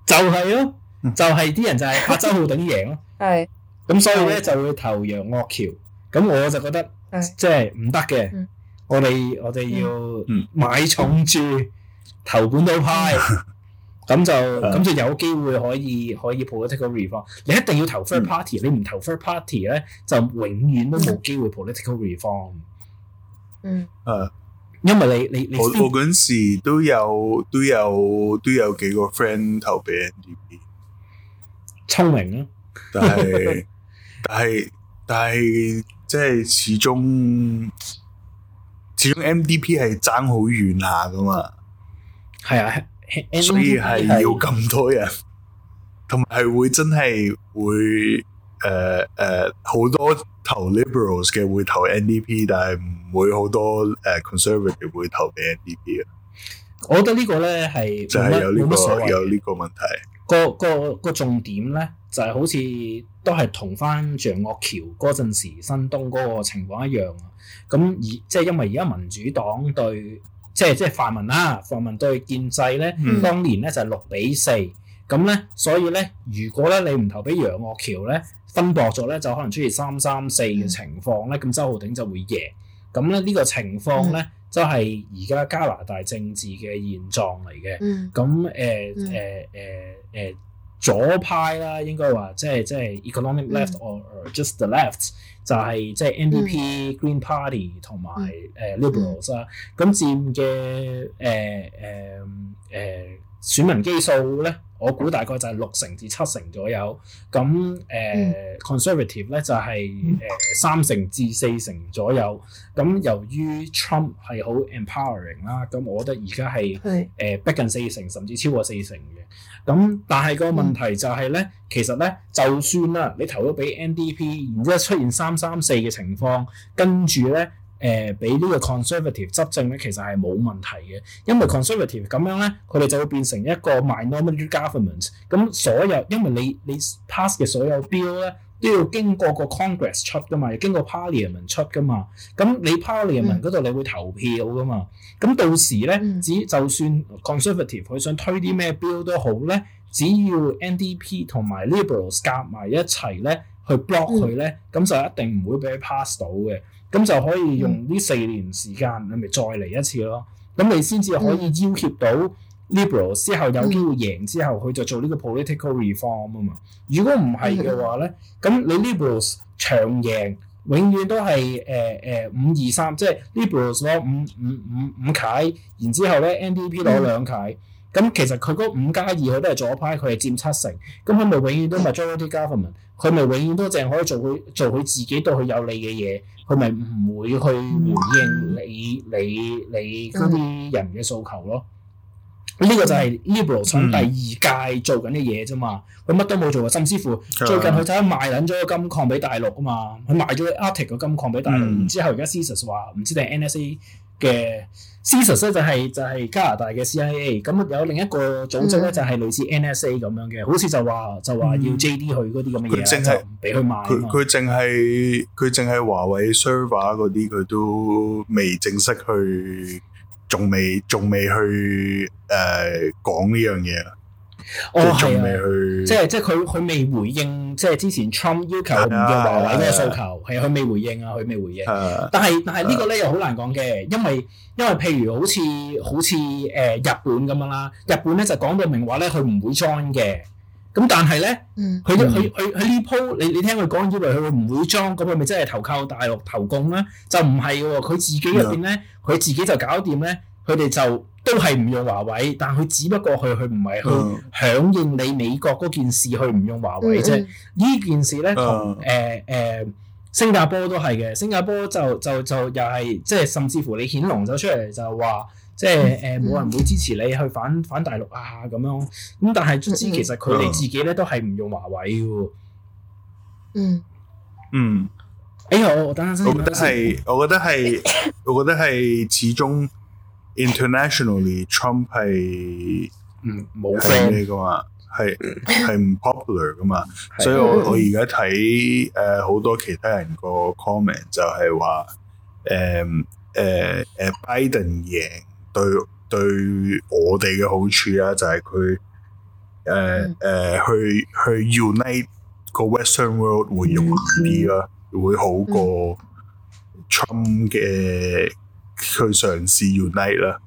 Speaker 2: 就係咯，就係啲人就係怕周浩鼎贏咯。係。咁所以咧就會投楊岳橋。咁我就覺得即係唔得嘅。我哋我哋要買重注。投本土派，咁就咁 就有機會可以可以 political reform。你一定要投 third party，嗯、你唔投 third party 咧，就永遠都冇機會 political reform。
Speaker 1: 嗯，
Speaker 2: 誒，因為你你你我我嗰
Speaker 1: 陣時都有都有都有幾個 friend 投俾 NDP，聰明啊！ 但係但係但係即係始終始終 NDP 係爭好遠下噶嘛。嗯係啊，所以係要咁多人，同埋係會真係會誒誒，好、呃呃、多投 liberals 嘅會投 NDP，但係唔會好多誒 conservative 會投俾 NDP 啊。我覺得呢
Speaker 2: 個咧係就係有呢、這個有
Speaker 1: 呢個問題。那
Speaker 2: 個、那個、那個重點咧就係、是、好似都係同翻像岳橋嗰陣時新東嗰個情況一樣啊。咁而即係因為而家民主黨對。即係即係泛民啦，泛民對建制咧，當年咧就係六比四、嗯，咁咧所以咧，如果咧你唔投俾楊岳橋咧，分薄咗咧，就可能出現三三四嘅情況咧，咁、嗯、周浩鼎就會贏，咁咧呢個情況咧，就係而家加拿大政治嘅現狀嚟嘅，咁誒誒誒誒。左派啦，應該話即係即係 economic left or just the left，就係即係 NDP、Green Party 同埋誒 Liberals 啦。咁、uh, 嗯、佔嘅誒誒誒選民基數咧，我估大概就係六成至七成左右。咁誒、呃嗯、conservative 咧就係、是、誒、呃、三成至四成左右。咁由於 Trump 係好 empowering 啦，咁我覺得而家係誒逼近四成，甚至超過四成嘅。咁但係個問題就係咧，其實咧，就算啦，你投咗俾 NDP，然之後出現三三四嘅情況，跟住咧，誒、呃，俾呢個 Conservative 執政咧，其實係冇問題嘅，因為 Conservative 咁樣咧，佢哋就會變成一個 minority government，咁所有因為你你 pass 嘅所有 bill 咧。都要經過個 Congress 出噶嘛，要經過 Parliament 出噶嘛。咁你 Parliament 嗰度你會投票噶嘛。咁、嗯、到時咧，嗯、只就算 Conservative 佢想推啲咩 Bill 都好咧，只要 NDP 同埋 Liberals 夾埋一齊咧去 block 佢咧，咁、嗯、就一定唔會俾佢 pass 到嘅。咁就可以用呢四年時間，你咪再嚟一次咯。咁你先至可以要挾到。Liberals，之後有機會贏之後，佢就做呢個 political reform 啊嘛。如果唔係嘅話咧，咁 你 Liberals 長贏，永遠都係誒誒五二三，呃呃、5, 2, 3，即係 Liberals 攞五五五五屆，然之後咧 NDP 攞兩屆。咁其實佢嗰五加二，佢都係左派，佢係佔七成。咁佢咪永遠都咪將一啲 government，佢咪永遠都淨係可以做佢做佢自己對佢有利嘅嘢，佢咪唔會去回應你你你嗰啲人嘅訴求咯。呢個就係 Liberal 從第二屆做緊啲嘢啫嘛，佢乜都冇做啊，甚至乎最近佢就係賣緊咗金礦俾大陸啊嘛，佢賣咗 Arctic 個金礦俾大陸之、嗯、後 C，而家 CISA 話唔知定 NSA 嘅 CISA 咧就係、是、就係、是、加拿大嘅 CIA，咁有另一個組織咧就係類似 NSA 咁樣嘅，嗯、好似就話就話要 JD 去嗰啲咁嘅嘢，就唔俾佢賣。佢
Speaker 1: 佢淨佢淨係華為 server 嗰啲，佢都未正式去。仲未仲未去誒，講呢樣嘢，我仲未去，呃、即係
Speaker 2: 即係佢佢未回應，即係之前 Trump 要求佢唔要華為嘅訴求係佢未回應啊，佢、啊啊、未回應。回應啊、但係但係呢個咧又好難講嘅，因為因為譬如好似好似誒，日本咁樣啦，日本咧就講到明話咧，佢唔會 join 嘅。咁但係咧，
Speaker 4: 佢佢
Speaker 2: 佢喺呢鋪，你你聽佢講以為，佢會唔會裝？咁佢咪真係投靠大陸投共咧？就唔係喎，佢自己入邊咧，佢、嗯、自己就搞掂咧。佢哋就都係唔用華為，但佢只不過佢佢唔係去響應你美國嗰件事，去唔用華為啫。呢、嗯、件事咧，同誒、呃呃、新加坡都係嘅。新加坡就就就又係即係甚至乎你顯龍走出嚟就話。即係誒，冇、呃、人會支持你去反反大陸啊咁樣。咁、啊、但係，之，其實佢哋自己咧都係唔用華為嘅。嗯嗯。哎呀，我等下先。我覺得係，
Speaker 1: 我覺得係，我覺得係始終 internationally Trump 係唔冇聲嘅嘛，係係唔 popular 嘅嘛。所以我我而家睇誒，好多其他人個 comment 就係話 Biden 贏。對對，我哋嘅好處咧就係佢誒誒去去 unite 個 Western world 會容易啲咯，會好過 Trump 嘅去嘗試 unite 啦。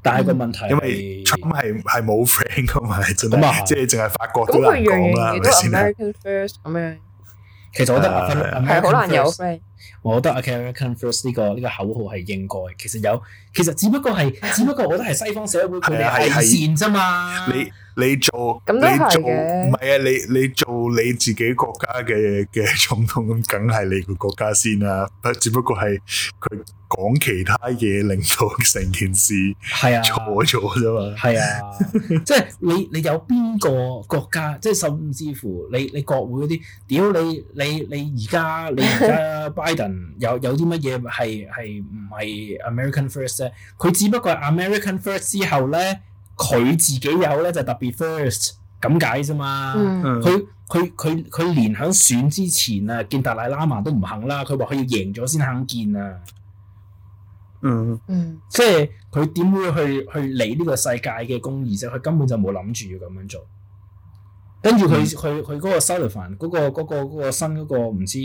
Speaker 1: 但係個問題，因為 Trump 係係冇 friend 噶嘛，真係即係淨係法國都難講啦，係咪先？其實我覺得 American first， 我覺得 American first
Speaker 2: 呢個呢個口號係應該。其實有，其實只不過係，只不過我覺得係西方社會嘅偽善啫
Speaker 1: 嘛。你做你做，唔係啊！你你做你自己國家嘅嘅總統咁，梗係你個國家先啦。不只不過係佢講其他嘢，令到成件事係啊錯咗啫嘛。係啊，
Speaker 2: 即係你你有邊個國家？即係甚至乎你你國會嗰啲屌你你你而家你而家拜登有有啲乜嘢係係唔係 American First 咧？佢只不過係 American First 之後咧。佢自己有咧就特別 first 咁解啫嘛，佢佢佢佢連喺選之前啊見達賴喇嘛都唔肯啦，佢話佢要贏咗先肯見啊，嗯嗯，即係佢點會去去理呢個世界嘅公義啫？佢根本就冇諗住要咁樣做。跟住佢佢佢嗰個 Sullivan 嗰、嗰個嗰個嗰個嗰個新嗰、嗰個唔知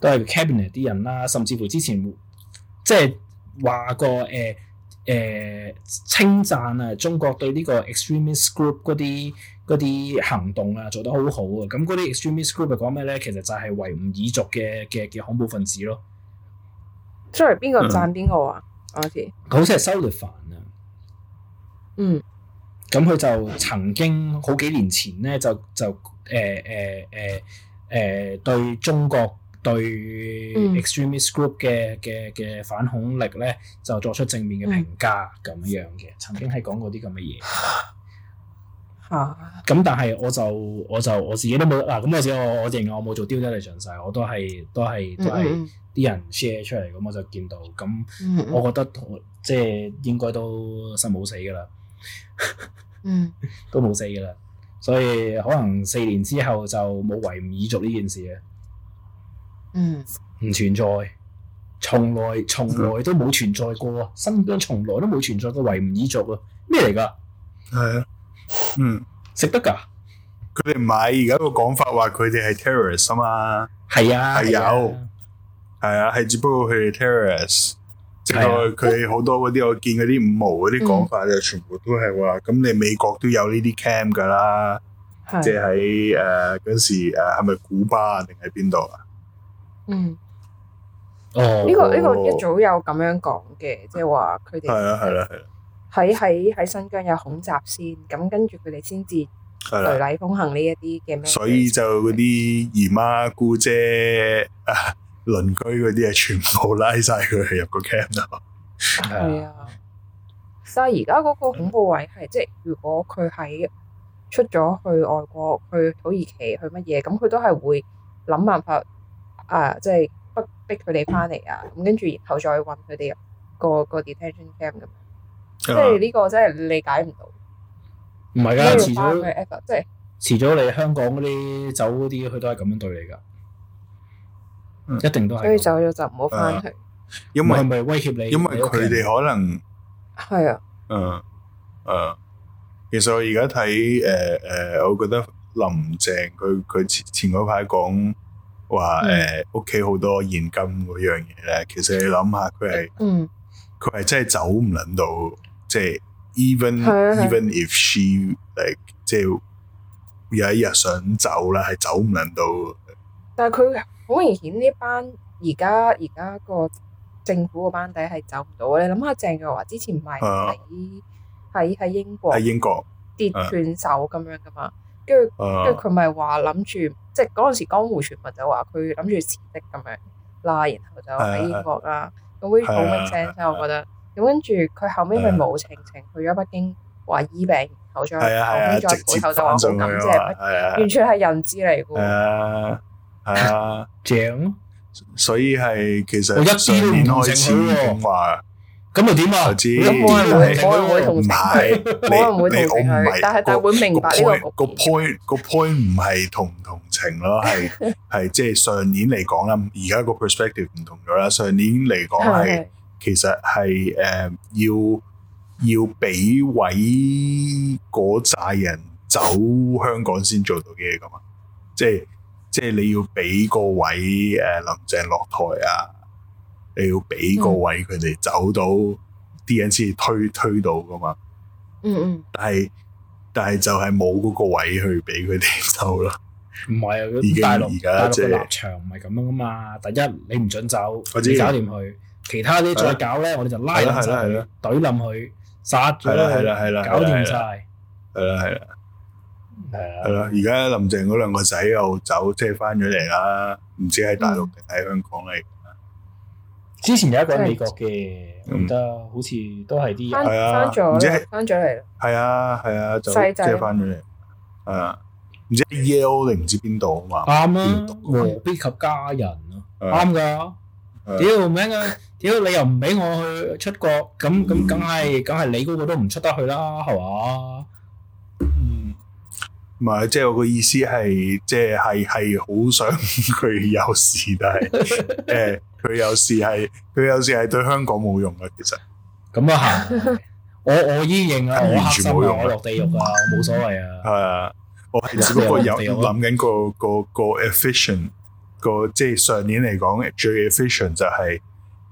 Speaker 2: 都係 cabinet 啲人啦，甚至乎之前即係話過誒。呃誒、呃、稱讚啊，中國對呢個 extremist group 嗰啲啲行動啊做得好好啊，咁嗰啲 extremist group 係講咩咧？其實就係維吾爾族嘅嘅嘅恐怖分子咯。
Speaker 3: Sorry，邊個讚邊個啊？好似
Speaker 2: 好似係 Salafan 啊。嗯，咁佢、嗯、就曾經好幾年前咧，就就誒誒誒誒對中國。對 extremist group 嘅嘅嘅反恐力咧，就作出正面嘅評價咁、嗯、樣嘅，曾經係講過啲咁嘅嘢。
Speaker 4: 啊！
Speaker 2: 咁但係我就我就我自己都冇嗱，咁、啊這個、我只我我認我冇做 due diligence，我，我都係都係都係啲人 share 出嚟，咁我就見到，咁我覺得即係應該都生冇死噶啦，嗯，嗯，都冇死噶啦、嗯， 所以可能四年之後就冇維吾爾族呢件事啊。嗯，唔存在，從來從來都冇存在過啊！新疆從來都冇存在過維吾爾族啊！咩
Speaker 1: 嚟噶？係啊，嗯，食得噶？佢哋唔係而家個講法話佢哋係 terrorist 啊嘛，係啊，係有，係啊，係、啊、只不過佢哋 terrorist，之外佢好多嗰啲我見嗰啲五毛嗰啲講法就、嗯、全部都係話咁，你美國都有呢啲 camp 噶啦，即係喺誒嗰時誒係咪古巴定喺邊度啊？嗯，呢、哦這個呢、哦、個一早
Speaker 3: 有咁樣講嘅，嗯、即係話佢哋係啦係啦係啦，喺喺喺新疆有恐襲先，咁跟住佢哋先至雷厲風行呢一啲嘅咩？所以
Speaker 1: 就嗰啲姨媽姑姐的啊鄰居嗰啲係全部拉晒佢去入個 camp 係啊，的嗯、
Speaker 3: 但係而家嗰個恐怖位係即係如果佢喺出咗去外國去土耳其去乜嘢，咁佢都係會諗辦法。啊！即係逼逼佢哋翻嚟啊！咁跟住，然後再揾佢哋入個個 detention camp 咁、啊、
Speaker 2: 即係呢
Speaker 3: 個真係理解唔到。
Speaker 2: 唔係啊！遲早即係遲早，你香港嗰啲走嗰啲，佢都係咁樣對你噶。嗯、一定都係。所以
Speaker 3: 走咗就唔好翻去、啊。
Speaker 2: 因為係咪威脅你？因為佢哋可
Speaker 1: 能係啊、嗯。嗯誒、嗯，其實我而家睇誒誒，我覺得林鄭佢佢前前嗰排講。話誒，屋企好多現金嗰樣嘢咧，其實你諗下，佢係佢係真係走唔捻到，嗯、即係 even 是是 even if she 誒、like，即係有一日想走啦，係走唔捻到。
Speaker 3: 但係佢好明顯呢班而家而家個政府個班底係走唔到咧。你諗下鄭若驊之前唔係喺喺喺英國喺英國跌斷手咁樣噶嘛？跟住跟住佢咪話諗住。啊啊即係嗰陣時江湖傳聞就話佢諗住辭職咁樣啦，然後就喺英國啦，咁會講咩聲先？啊、我覺得咁跟住佢後尾咪冇情情去咗北京，話醫病、啊啊、然後，後尾再唞就話好感謝，完全係人治嚟㗎。
Speaker 1: 誒，係啊，正、啊 啊，所以係其實上年開始話。咁又點啊？唔係，我唔會同情佢。但係大家會明白呢個個 point。個 point，個 point 唔係同唔同情咯，係係即係上年嚟講啦，而家個 perspective 唔同咗啦。上年嚟講係其實係誒要要俾位嗰扎人走香港先做到嘅嘢㗎嘛！即係即係你要俾個位誒林鄭落台啊！你要俾個位佢哋走到啲人先至推推到噶嘛？嗯嗯。但係但係就係冇嗰個位去俾佢哋走啦。唔係啊，而家而家即係立場
Speaker 2: 唔係咁樣噶嘛？第一你唔準走，或者搞掂佢，
Speaker 1: 其他啲再搞
Speaker 2: 咧，我哋就拉冧曬佢，懟冧佢，殺咗佢，搞掂曬。係啦係啦。係
Speaker 1: 啦。係啦。而家林鄭嗰兩個仔又走，即係翻咗嚟啦，唔知喺大陸定喺香港嚟。之前有一個喺美國嘅唔得，好似都係啲人翻翻唔知係翻咗嚟。係啊，係啊，就即係翻咗嚟。係啊，唔知 e l 定唔知邊度啊嘛？啱啊，何必及家人啊？啱噶，屌唔緊啊！
Speaker 2: 屌你又唔俾我去出國，咁咁梗係梗係你嗰個都唔出得去啦，係
Speaker 1: 嘛？嗯，唔係即係我個意思係，即係係好想佢有事，但係誒。佢有時係佢有時係對香港冇用嘅，其實咁啊行 我，我依 我
Speaker 2: 依認 啊，我黑心啊，我落地獄啊，我冇
Speaker 1: 所謂啊。係啊，我係只不過有諗緊、 個、個個 efficient 個即係上年嚟講最 efficient 就係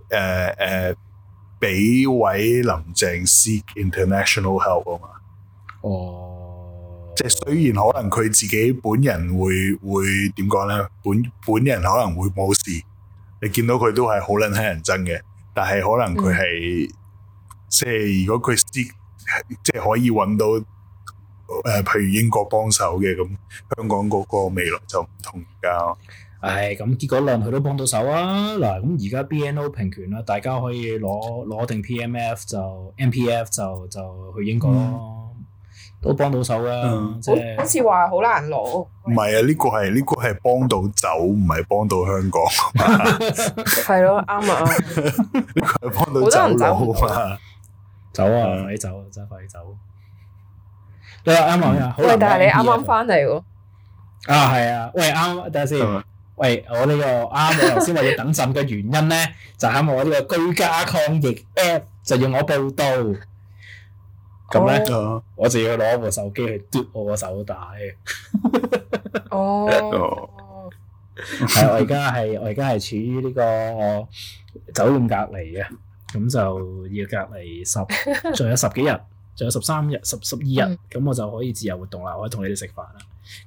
Speaker 1: 誒誒俾位林鄭 seek international help 啊嘛。哦，oh. 即係雖然可能佢自己本人會會點講咧，本本人可能會冇事。你見到佢都係好撚黑人憎嘅，但係可能佢係、嗯、即係如果佢即係可以揾到誒、呃，譬如英國幫手嘅咁，香港嗰個未來就唔同而家，唉、嗯，咁、哎、結果論佢都幫到手啊！嗱，咁而家 b N O 平
Speaker 2: 權啦，大家可以攞攞定 P M F 就 M P F 就就去英國咯。嗯。
Speaker 1: 都幫到手啦，好
Speaker 3: 似話好難攞。
Speaker 1: 唔係啊，呢個係呢個係幫到走，唔係幫到香港。
Speaker 3: 係咯，啱啊，啱。呢
Speaker 1: 個係幫到走嘛？走啊，快走，啊，真係快走。
Speaker 2: 你話啱啊？喂，但係你啱啱翻嚟喎。啊，係啊。喂，啱，等下先。喂，我呢個啱頭先話要等陣嘅原因咧，就係我呢個居家抗疫 App，就要我報到。咁咧，我就要攞部手機去嘟我個手帶。
Speaker 4: 哦，
Speaker 2: 係我而家係我而家係處於呢個酒店隔離嘅，咁就要隔離十，仲有十幾日，仲有十三日十十二日，咁我就可以自由活動啦，可以同你哋食飯啦。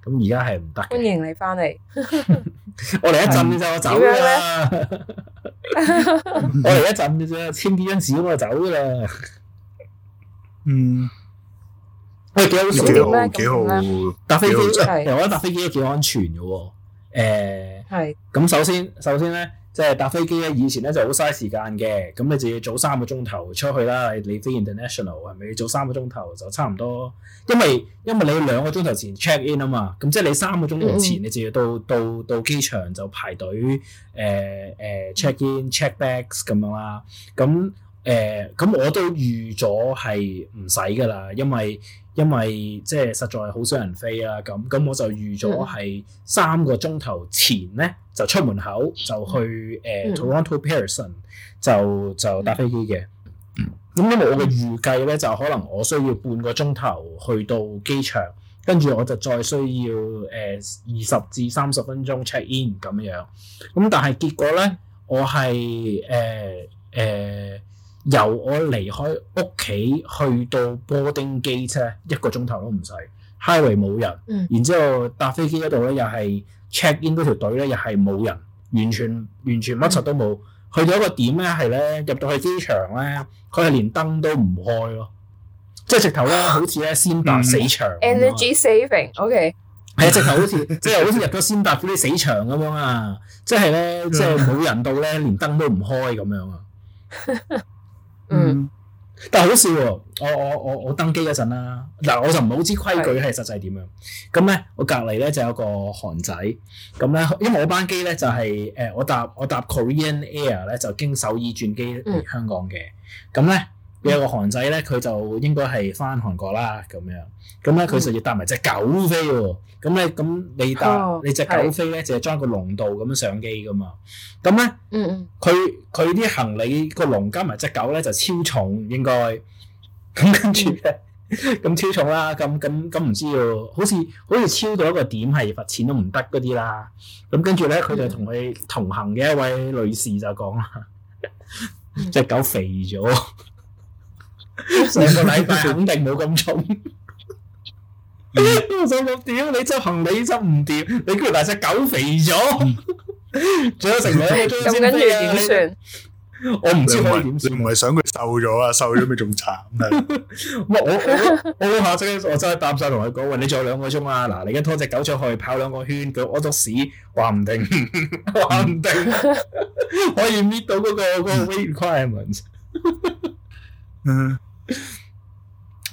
Speaker 2: 咁而家係唔得。歡迎你翻嚟，我嚟一陣啫，我走啦。我嚟一陣啫，簽啲張紙我就走啦。嗯，係、欸、幾好，好，幾好，幾好。搭飛機咧，其實我覺得搭飛機咧幾的安全嘅喎。誒、呃，咁的首先，首先咧，即係搭飛機咧，以前咧就好嘥時間嘅。咁你就要早三個鐘頭出去啦，你飛 international 係咪要早三個鐘頭就差唔多？因為因為你兩個鐘頭前 check in 啊嘛，咁即係你三個鐘頭前，你就要到、嗯、到到，到機場就排隊，誒、呃、誒、呃、check in check bags 咁樣啦，咁。誒咁、呃、我都預咗係唔使噶啦，因為因為即係實在好少人飛啊，咁咁我就預咗係三個鐘頭前咧就出門口就去誒 Toronto、呃、Pearson 就就搭飛機嘅。咁、嗯、因為我嘅預計咧就可能我需要半個鐘頭去到機場，跟住我就再需要誒二十至三十分鐘 check in 咁樣樣。咁但係結果咧我係誒誒。呃呃由我離開屋企去到 boarding gate 一個鐘頭都唔使，highway 冇人，然之後搭飛機嗰度咧又係 check in 嗰條隊咧又係冇人，完全完全乜柒都冇。嗯、去到一個點咧係咧入到去機場咧，佢係連燈都唔開咯，即係直頭咧好似咧先達死場。Energy
Speaker 3: saving，OK，
Speaker 2: 係呀，直頭好似即係好似入咗先達嗰啲死場咁樣啊！即係咧即係冇人到咧，連燈都唔開咁樣啊！嗯 嗯，但係好笑，我我我我登機嗰陣啦，嗱，我就唔好知規矩係實際點樣，咁咧是的 我隔籬咧就有個韓仔，咁咧，因為我班機咧就係、是、誒、呃，我搭我搭 Korean Air 咧就經首爾轉機嚟香港嘅，咁咧、嗯。有個韓仔咧，佢就應該係翻韓國啦，咁樣咁咧佢就要搭埋隻狗飛，咁咧咁你搭你隻、哦、狗飛咧，只係裝個籠度咁樣上機噶嘛，咁咧，嗯嗯，佢佢啲行李個籠加埋隻狗咧就超重，應該咁跟住咧，咁超重啦，咁咁咁唔知喎，好似好似超到一個點係罰錢都唔得嗰啲啦，咁跟住咧佢就同佢同行嘅一位女士就講啦，隻、嗯、 狗肥咗。兩個禮拜肯定冇咁重，我做唔掂，你執行李執唔掂，你居然大隻狗肥咗，仲有成兩個鐘先點算？
Speaker 1: 我唔知我點算，唔係想佢瘦咗啊？瘦咗咪仲慘啊？我
Speaker 2: 我我好吓，即係我真係擔晒同佢講，喂，你仲有兩個鐘啊！嗱，你而家拖隻狗出去跑兩個圈，佢屙督屎，話唔定話唔定可以 meet 到嗰個個 requirements。嗯。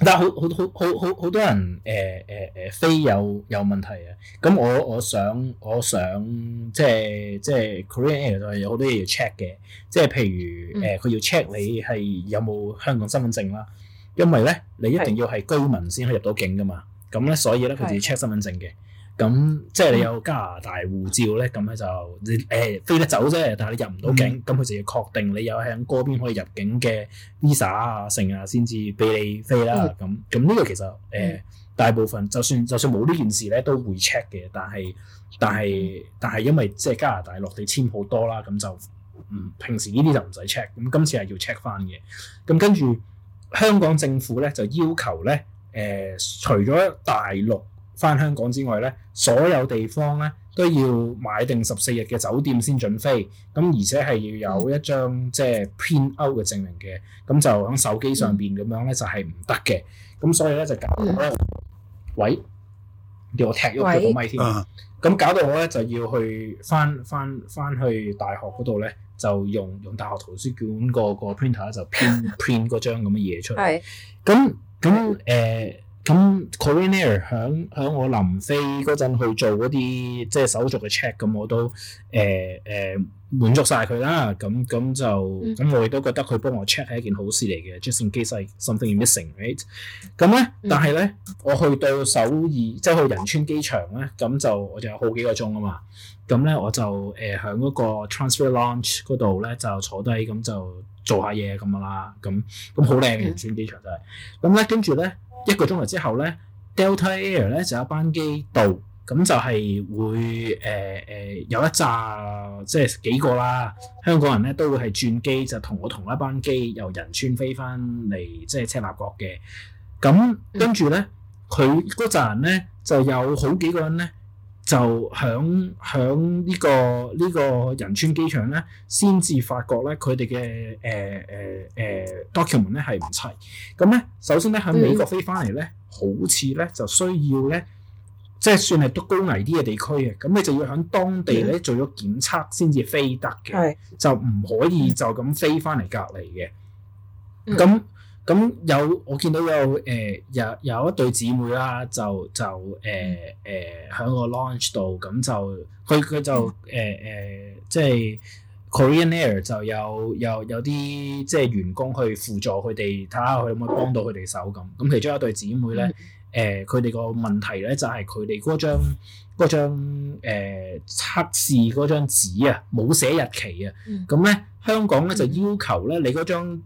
Speaker 2: 但係好好好好好好多人誒誒誒，飛、呃呃、有有問題啊！咁我我想我想即係即係 Korean Air 有好多嘢要 check 嘅，即係譬如誒，佢、呃、要 check 你係有冇香港身份證啦，因為咧你一定要係居民先可以入到境噶嘛，咁咧的所以咧佢要 check 身份證嘅。咁即係你有加拿大護照咧，咁咧就誒、欸、飛得走啫，但係你入唔到境，咁佢、嗯、就要確定你有喺嗰邊可以入境嘅 visa 啊，成啊，先至俾你飛啦。咁咁呢個其實誒、欸、大部分、嗯、就算就算冇呢件事咧，都會 check 嘅。但係但係但係因為即係加拿大落地簽好多啦，咁就嗯平時呢啲就唔使 check。咁今次係要 check 翻嘅。咁跟住香港政府咧就要求咧誒、呃，除咗大陸。翻香港之外咧，所有地方咧都要買定十四日嘅酒店先准飛，咁而且係要有一張即係 print out 嘅證明嘅，咁就喺手機上邊咁樣咧就係唔得嘅，咁所以咧就搞到、嗯、喂，叫我踢喐個咪添，咁喂搞到我咧就要去翻翻翻去大學嗰度咧，就用用大學圖書館個個 printer 咧就 print print 嗰張咁嘅嘢出嚟，咁咁誒。咁 Korean Air 響我臨飛嗰陣去做嗰啲即係手續嘅 check，咁我都誒誒、呃呃、滿足晒佢啦。咁咁就咁我亦都覺得佢幫我 check 係一件好事嚟嘅。Just in case something missing，right？咁咧，但係咧，我去到首爾即係去仁川機場咧，咁就我就有好幾個鐘啊嘛。咁咧我就誒喺嗰個 transfer lounge 嗰度咧就坐低咁就做下嘢咁嘅啦。咁咁好靚嘅仁川機場真係。咁咧跟住咧。一個鐘頭之後咧，Delta Air 咧就有班機到，咁就係會誒誒、呃呃、有一紮即係幾個啦，香港人咧都會係轉機，就同我同一班機由仁川飛翻嚟即係赤鱲角嘅，咁跟住咧佢嗰紮人咧就有好幾個人咧。就喺喺、這個這個、呢個呢個仁川機場咧，先至發覺咧佢哋嘅誒誒誒 document 咧係唔齊。咁咧首先咧喺美國飛翻嚟咧，好似咧就需要咧，即係算係都高危啲嘅地區嘅。咁你就要喺當地咧做咗檢測先至飛得嘅，嗯、就唔可以就咁飛翻嚟隔離嘅。咁咁有我見到有誒、呃、有有一對姊妹啦，就、呃呃、就誒誒喺個 launch 度，咁就佢佢就誒誒即係 Korean Air 就有有有啲即係員工去輔助佢哋，睇下佢可唔可以幫到佢哋手咁。咁其中一對姊妹咧。嗯誒佢哋個問題咧就係佢哋嗰張嗰張誒、呃、測試嗰張紙啊，冇寫日期啊。咁咧、嗯、香港咧就要求咧，你嗰張誒誒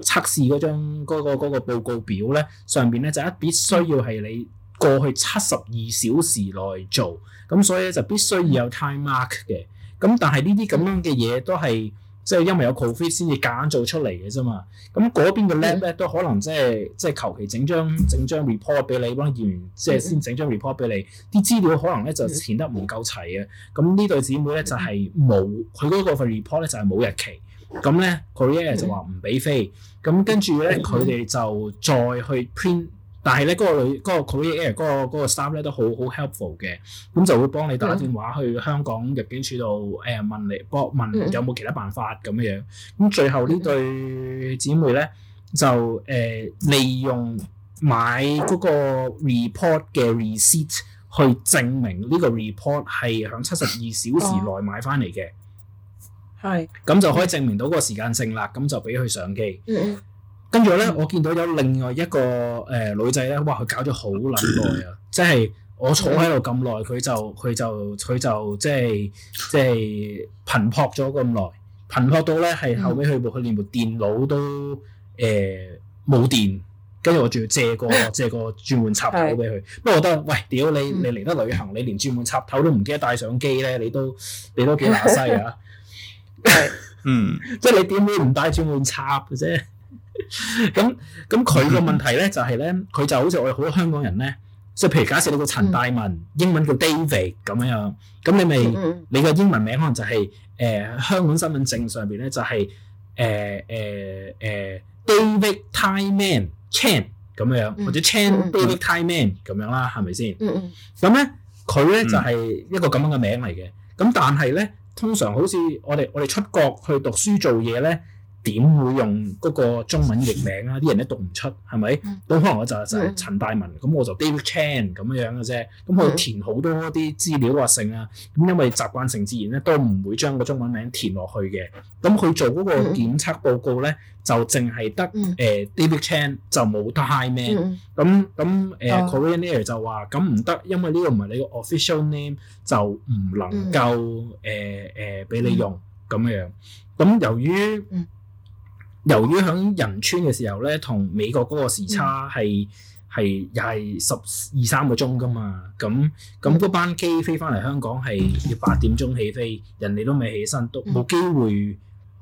Speaker 2: 測試嗰張嗰、嗰個嗰個報告表咧，上邊咧就一必須要係你過去七十二小時內做，咁所以就必須要有 time mark 嘅。咁但係呢啲咁樣嘅嘢都係。即係因為有 COVID 先至揀做出嚟嘅啫嘛，咁嗰邊嘅 lab 咧都可能即係即係求其整張整張 report 俾你，幫啲業員即係先整張 report 俾你，啲資料可能咧就填得唔夠齊嘅，咁呢對姊妹咧就係冇佢嗰個份 report 咧就係冇日期，咁咧 Korea 就話唔俾飛，咁跟住咧佢哋就再去 print。但係咧，嗰、那個女、嗰個 caller 嗰個嗰、那個 staff 咧都好好 helpful 嘅，咁就會幫你打電話去香港入境處度誒、呃、問你，幫問你有冇其他辦法咁樣。咁最後對姐呢對姊妹咧就誒、呃、利用買嗰個 report 嘅 receipt 去證明呢個 report 係喺七十二小時內買翻嚟嘅，
Speaker 4: 係
Speaker 2: 咁、Oh. 就可以證明到個時間性啦。咁就俾佢上機。Mm-hmm. 跟住咧，我見到有另外一個誒女仔咧，哇！佢搞咗好撚耐啊，即係我坐喺度咁耐，佢就佢就佢就即係即係頻撲咗咁耐，頻撲到咧係後尾去部佢連部電腦都誒冇、呃、電，跟住我仲要借個對 借個轉換插頭俾佢。不過我覺得，喂，屌你你嚟得旅行，你連轉換插頭都唔記得帶相機咧，你都你都幾乸西啊！ 嗯， 即係你點解唔帶轉換插嘅啫？咁咁佢個問題咧就係、是、咧，佢、嗯、就好似我哋好多香港人咧，即係譬如假設你個陳大文，嗯、英文叫 David 咁樣，咁你咪、嗯嗯、你個英文名可能就係、是、誒、呃、香港身份證上邊咧就係誒誒誒 David Tim Man Chan 咁樣，嗯、或者 Chan、嗯、David Tim Man 咁樣啦，係咪先？咁咧佢咧就係一個咁樣嘅名嚟嘅，咁但係咧通常好似我哋我哋出國去讀書做嘢咧。點會用嗰個中文譯名啊？啲人都讀唔出，係咪？咁可能我就就係陳大文，咁我就 David Chan 咁樣嘅啫。咁佢填好多啲資料或性啊，咁因為習慣成自然咧，都唔會將個中文名填落去嘅。咁佢做嗰個檢測報告咧，就淨係得誒 David Chan，就冇得 Tai Man。咁咁誒 Korean Air 就話，咁唔得，因為呢個唔係你個 official name，就唔能夠誒誒俾你用咁樣。咁由於由於喺仁川嘅時候咧，同美國嗰個時差係係又係十二三個鐘噶嘛，咁咁嗰班機飛翻嚟香港係要八點鐘起飛，嗯、人哋都未起身，都冇機會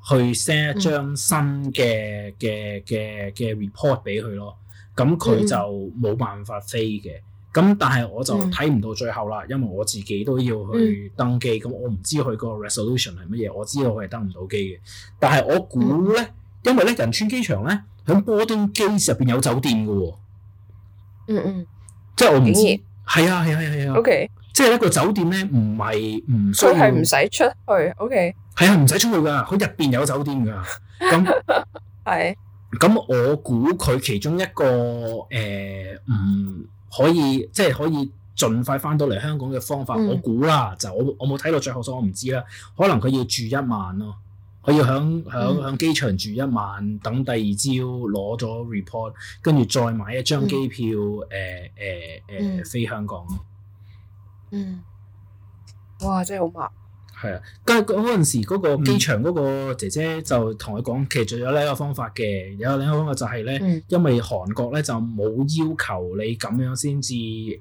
Speaker 2: 去 send 一張新嘅嘅嘅嘅 report 俾佢咯。咁佢就冇辦法飛嘅。咁但係我就睇唔到最後啦，嗯、因為我自己都要去登機，咁我唔知佢個 resolution 係乜嘢，我知道佢係登唔到機嘅。但係我估咧。嗯因為咧，仁川機場咧，喺 boarding gate 入邊有酒店嘅、哦，嗯嗯，即係我唔知，係然啊係啊係啊係啊，O Okay . K，即係一個酒店咧，唔係唔需要，佢係唔使
Speaker 3: 出去，O K，
Speaker 2: 係啊，唔使出去噶，佢入邊有酒店噶，
Speaker 4: 咁係，
Speaker 2: 咁 是我估佢其中一個誒唔、呃、可以，即、就、係、是、可以盡快翻到嚟香港嘅方法，嗯、我估啦，就我我冇睇到最後數，我唔知啦，可能佢要住一晚咯。
Speaker 4: 我要喺喺喺
Speaker 2: 機場住一晚，等第二朝攞咗 report，跟住再買一張機票，誒誒誒飛香港咯。
Speaker 3: 嗯，哇，真係好麻。
Speaker 2: 係啊，跟住嗰陣時嗰個機場嗰個姐姐就同佢講，其實仲有呢一個方法嘅，有另一個，兩個方法就係咧，因為韓國咧就冇要求你咁樣先至誒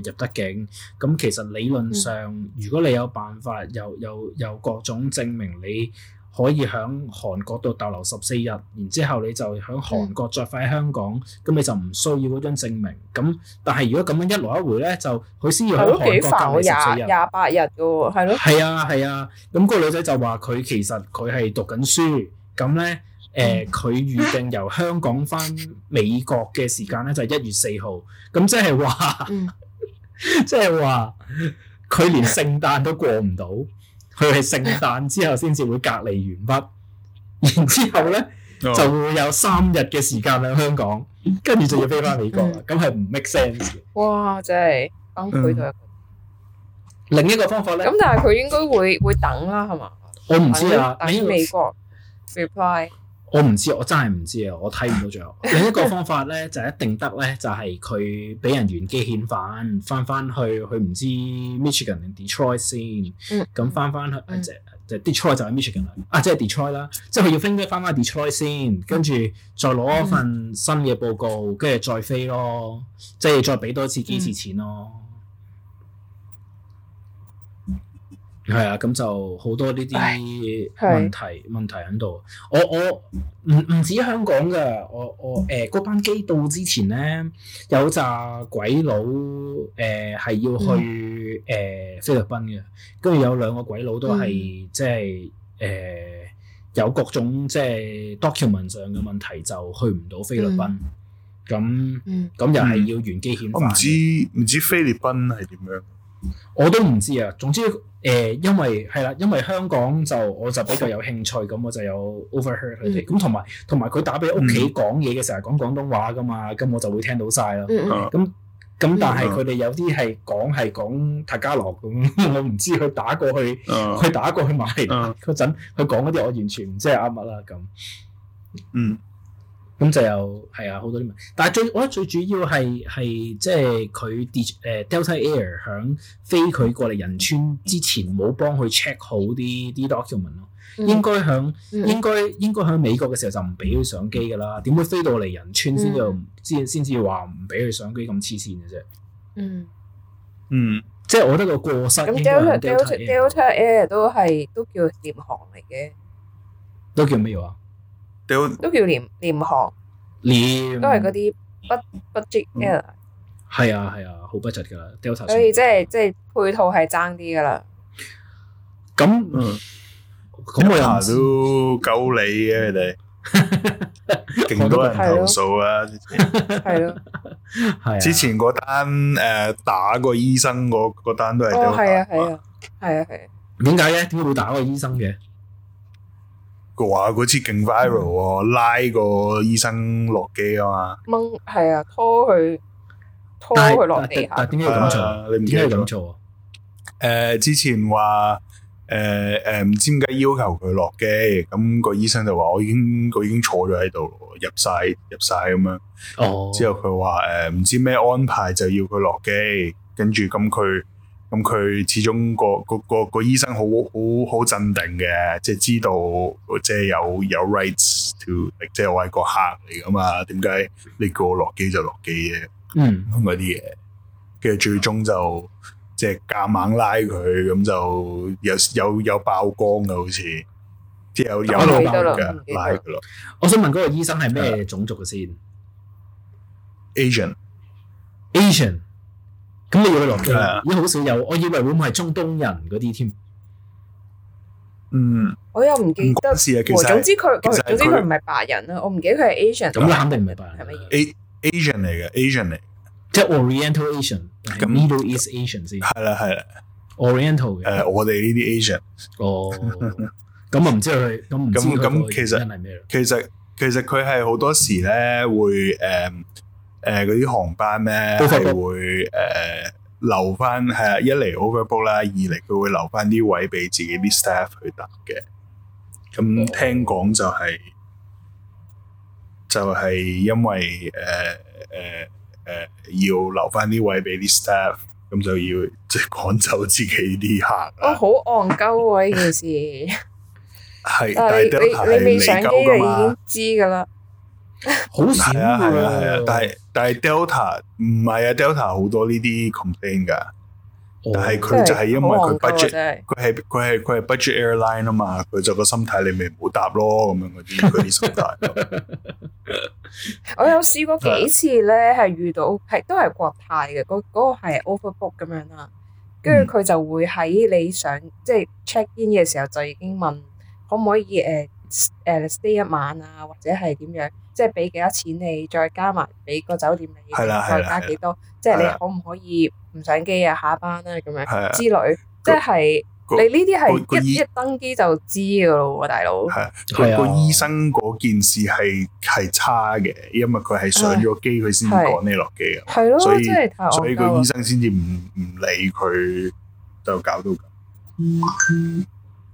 Speaker 2: 誒入得境，咁其實理論上，嗯，如果你有辦法，又又又各種證明你。可以喺韓國度逗留十四日，然之後你就喺韓國再返香港，咁、嗯、你就唔需要嗰張證明。咁但係如果咁樣一來一回咧，就佢先要喺韓國逗留十四日、廿八日嘅喎，係咯？係啊係啊，咁、啊那個女仔就話佢其實佢係讀緊書，咁咧誒佢預定由香港返美國嘅時間咧就係一月四號，咁即係話，即係話佢連聖誕都過唔到。 佢係聖誕之後先至會隔離完畢，然之後咧、oh. 就會有三日嘅時間喺香港，跟住就要飛翻美國啦。咁係唔 make sense
Speaker 3: 嘅。哇！真係咁，佢都係
Speaker 2: 另一個方法咧。咁、嗯、但係
Speaker 3: 佢應該會會等啦，係嘛？我唔知啊。等美國
Speaker 2: reply？我唔知，我真係唔知啊！我睇唔到最後。另一個方法咧，就一定得咧，就係佢俾人原機遣返，翻翻去佢唔知 Michigan 定 Detroit 先。嗯。咁翻翻去，即即 Detroit 就喺 Michigan 啦。啊，即係 Detroit 啦，即係佢要飛翻翻 Detroit 先，跟住再攞一份新嘅報告，跟住再飛咯，即係再俾多次幾次錢咯。係啊，咁就好多呢啲問題問題喺度。我我唔唔止香港㗎，我我誒嗰、呃、班機到之前咧，有扎鬼佬誒係要去誒、呃、菲律賓嘅，跟住有兩個鬼佬都係、嗯、即係誒、呃、有各種即係 document 上嘅問題，就去唔到菲律賓。咁咁又係要原機遣返。我唔知唔知菲律賓係點樣。我都唔知啊，總之誒，因為係啦，因為香港就我就比較有興趣，咁我就有 overheard 佢哋，咁同埋同埋佢打俾屋企講嘢嘅時候講廣東話噶嘛，咁我就會聽到晒咯，咁咁但係佢哋有啲係講係講 Tagalog 咁，我唔知佢打過去，佢打過去買嗰陣佢講嗰啲我完全唔知係啱乜啦，咁嗯。咁就有係啊，好多啲問，但係最我覺得最主要係係即係佢跌誒 Delta Air 響飛佢過嚟仁川之前冇幫佢 check 好啲啲 document 咯，應該響應該應該響美國嘅時候就唔俾佢上機噶啦，點會飛到嚟仁川先又先先至話唔俾佢上機咁黐線嘅啫？嗯嗯，即係我覺得個過失德。咁 Delta
Speaker 3: Delta Delta Air 都係都叫廉航嚟嘅，
Speaker 2: 都叫咩話？都
Speaker 3: 叫廉廉航，
Speaker 2: 廉都係嗰
Speaker 3: 啲 bud budget 嘅，
Speaker 2: 係啊係啊，好 budget 㗎喇。所以即
Speaker 3: 係即係配套係爭啲㗎喇。
Speaker 1: 咁咁我下都夠你嘅，你，勁多人投訴啊。係咯，係之前嗰單誒打個醫生嗰嗰單都係都打。係
Speaker 4: 啊係啊，係啊
Speaker 3: 係啊。
Speaker 1: 點解嘅？點解會打個醫生嘅？個話嗰次勁 viral 喎、嗯，拉個醫生落機啊嘛，
Speaker 3: 掹係、嗯、啊，拖佢拖佢落地下，點解咁做啊？你
Speaker 1: 唔知係點做啊？誒、呃，之前話誒誒，唔、呃呃、知點解要求佢落機，咁、那個醫生就話我已經佢已經坐咗喺度，入晒入晒咁樣。哦，之後佢話誒，唔、呃、知咩安排就要佢落機，跟住咁佢。咁佢始終個個個，個醫生好好好鎮定嘅，即係知道即係有有 rights to，即係我係個客嚟噶嘛？點解你叫我落機就落機嘅？嗯，嗰啲嘢，跟住最終就即係夾硬拉佢，咁就有有有曝光噶，嗯、好似即係有有曝光噶，係噶咯。我，我想問嗰個醫生係咩種族嘅先
Speaker 2: ？Asian，Asian。的咁我以為羅斯，咦，好少有，我以為會唔會係中東人
Speaker 1: 嗰啲添？嗯，我又唔
Speaker 3: 記得事啊。其實，總之佢，總之佢唔係白人啦。我唔記得佢係 Asian。咁佢肯
Speaker 1: 定唔係白人，係乜嘢？A Asian 嚟嘅，Asian
Speaker 2: 嚟，即係 Oriental Asian，咁 Middle East Asian 先。係啦，係啦，Oriental
Speaker 1: 嘅。誒，我哋呢啲 Asian。
Speaker 2: 哦，咁我唔知佢，咁咁咁，其實係咩？
Speaker 1: 其實其實佢係好多時咧會誒。誒嗰啲航班咧都係會誒、呃、留翻係啊，一嚟 overbook 啦，二嚟佢會留翻啲位俾自己啲 staff 去搭嘅。咁聽講就係、是嗯、就係、是就是、因為誒誒誒要留翻啲位俾啲 staff，咁就要即係趕走自己啲客、
Speaker 3: 哦、啊！好戇鳩喎呢件事，
Speaker 1: 係但係得你未上機就已經
Speaker 3: 知㗎啦。
Speaker 1: 係啊係啊係啊，但係但係 Delta 唔係啊，Delta 好多呢啲 complain 噶，但係佢、啊哦、就係因為佢 budget，佢係佢、哦、係佢係 budget airline 啊嘛，佢就個心態，你咪唔好答咯，咁樣嗰啲嗰啲心態。
Speaker 3: 我有試過幾次咧，係遇到係都係國泰嘅，嗰、那、嗰個係 overbook 咁樣啦，跟住佢就會喺你想即係、就是、check in 嘅時候就已經問可唔可以誒？呃誒 stay 一晚啊，或者係點樣，即係俾幾多錢你，再加埋俾個酒店你，再加幾多，即係你可唔可以唔上機啊？下班啦咁樣之類，即係你呢啲係一一登機就知噶咯喎，大佬。係
Speaker 1: 啊，個醫生嗰件事係係差嘅，因為佢係上咗機佢先講你落機啊。係咯，所以所以個醫生先至唔唔理，佢就搞到噉。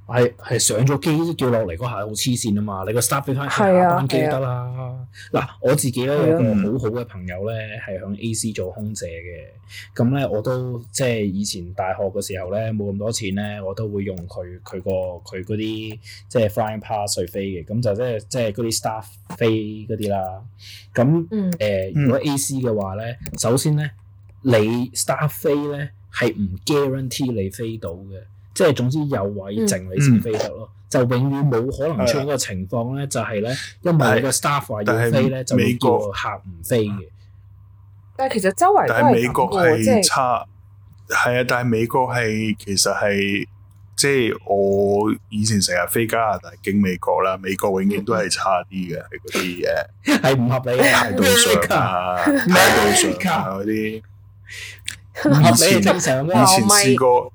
Speaker 2: 係係上咗機叫落嚟嗰下好黐線啊嘛！你個 staff 飛翻下機得、啊啊、啦。嗱，我自己咧有個好好嘅朋友咧，係響 A C 做空姐嘅。咁咧我都即係以前大學嘅時候咧，冇咁多錢咧，我都會用佢佢個佢嗰啲即係 Flying Pass 去飛嘅。咁就即係即係嗰啲 staff 飛嗰啲啦。咁誒，呃嗯、如果 A C 嘅話咧，首先咧你 staff 飛咧係唔 guarantee 你飛到嘅。即係總之有位剩你先飛得咯，就永遠冇可能出現一個情況咧，就
Speaker 1: 係咧，因為你個 staff 話要飛咧，就會叫個客唔飛嘅。
Speaker 3: 但係其實周圍，但係美國係
Speaker 1: 差，係啊！但係美國係其實係即係我以前成日飛加拿大經美國啦，美國永遠都係差啲嘅，係嗰啲嘢係唔合理嘅態度上啊，態度上嗰啲。唔合理嘅，以前試過。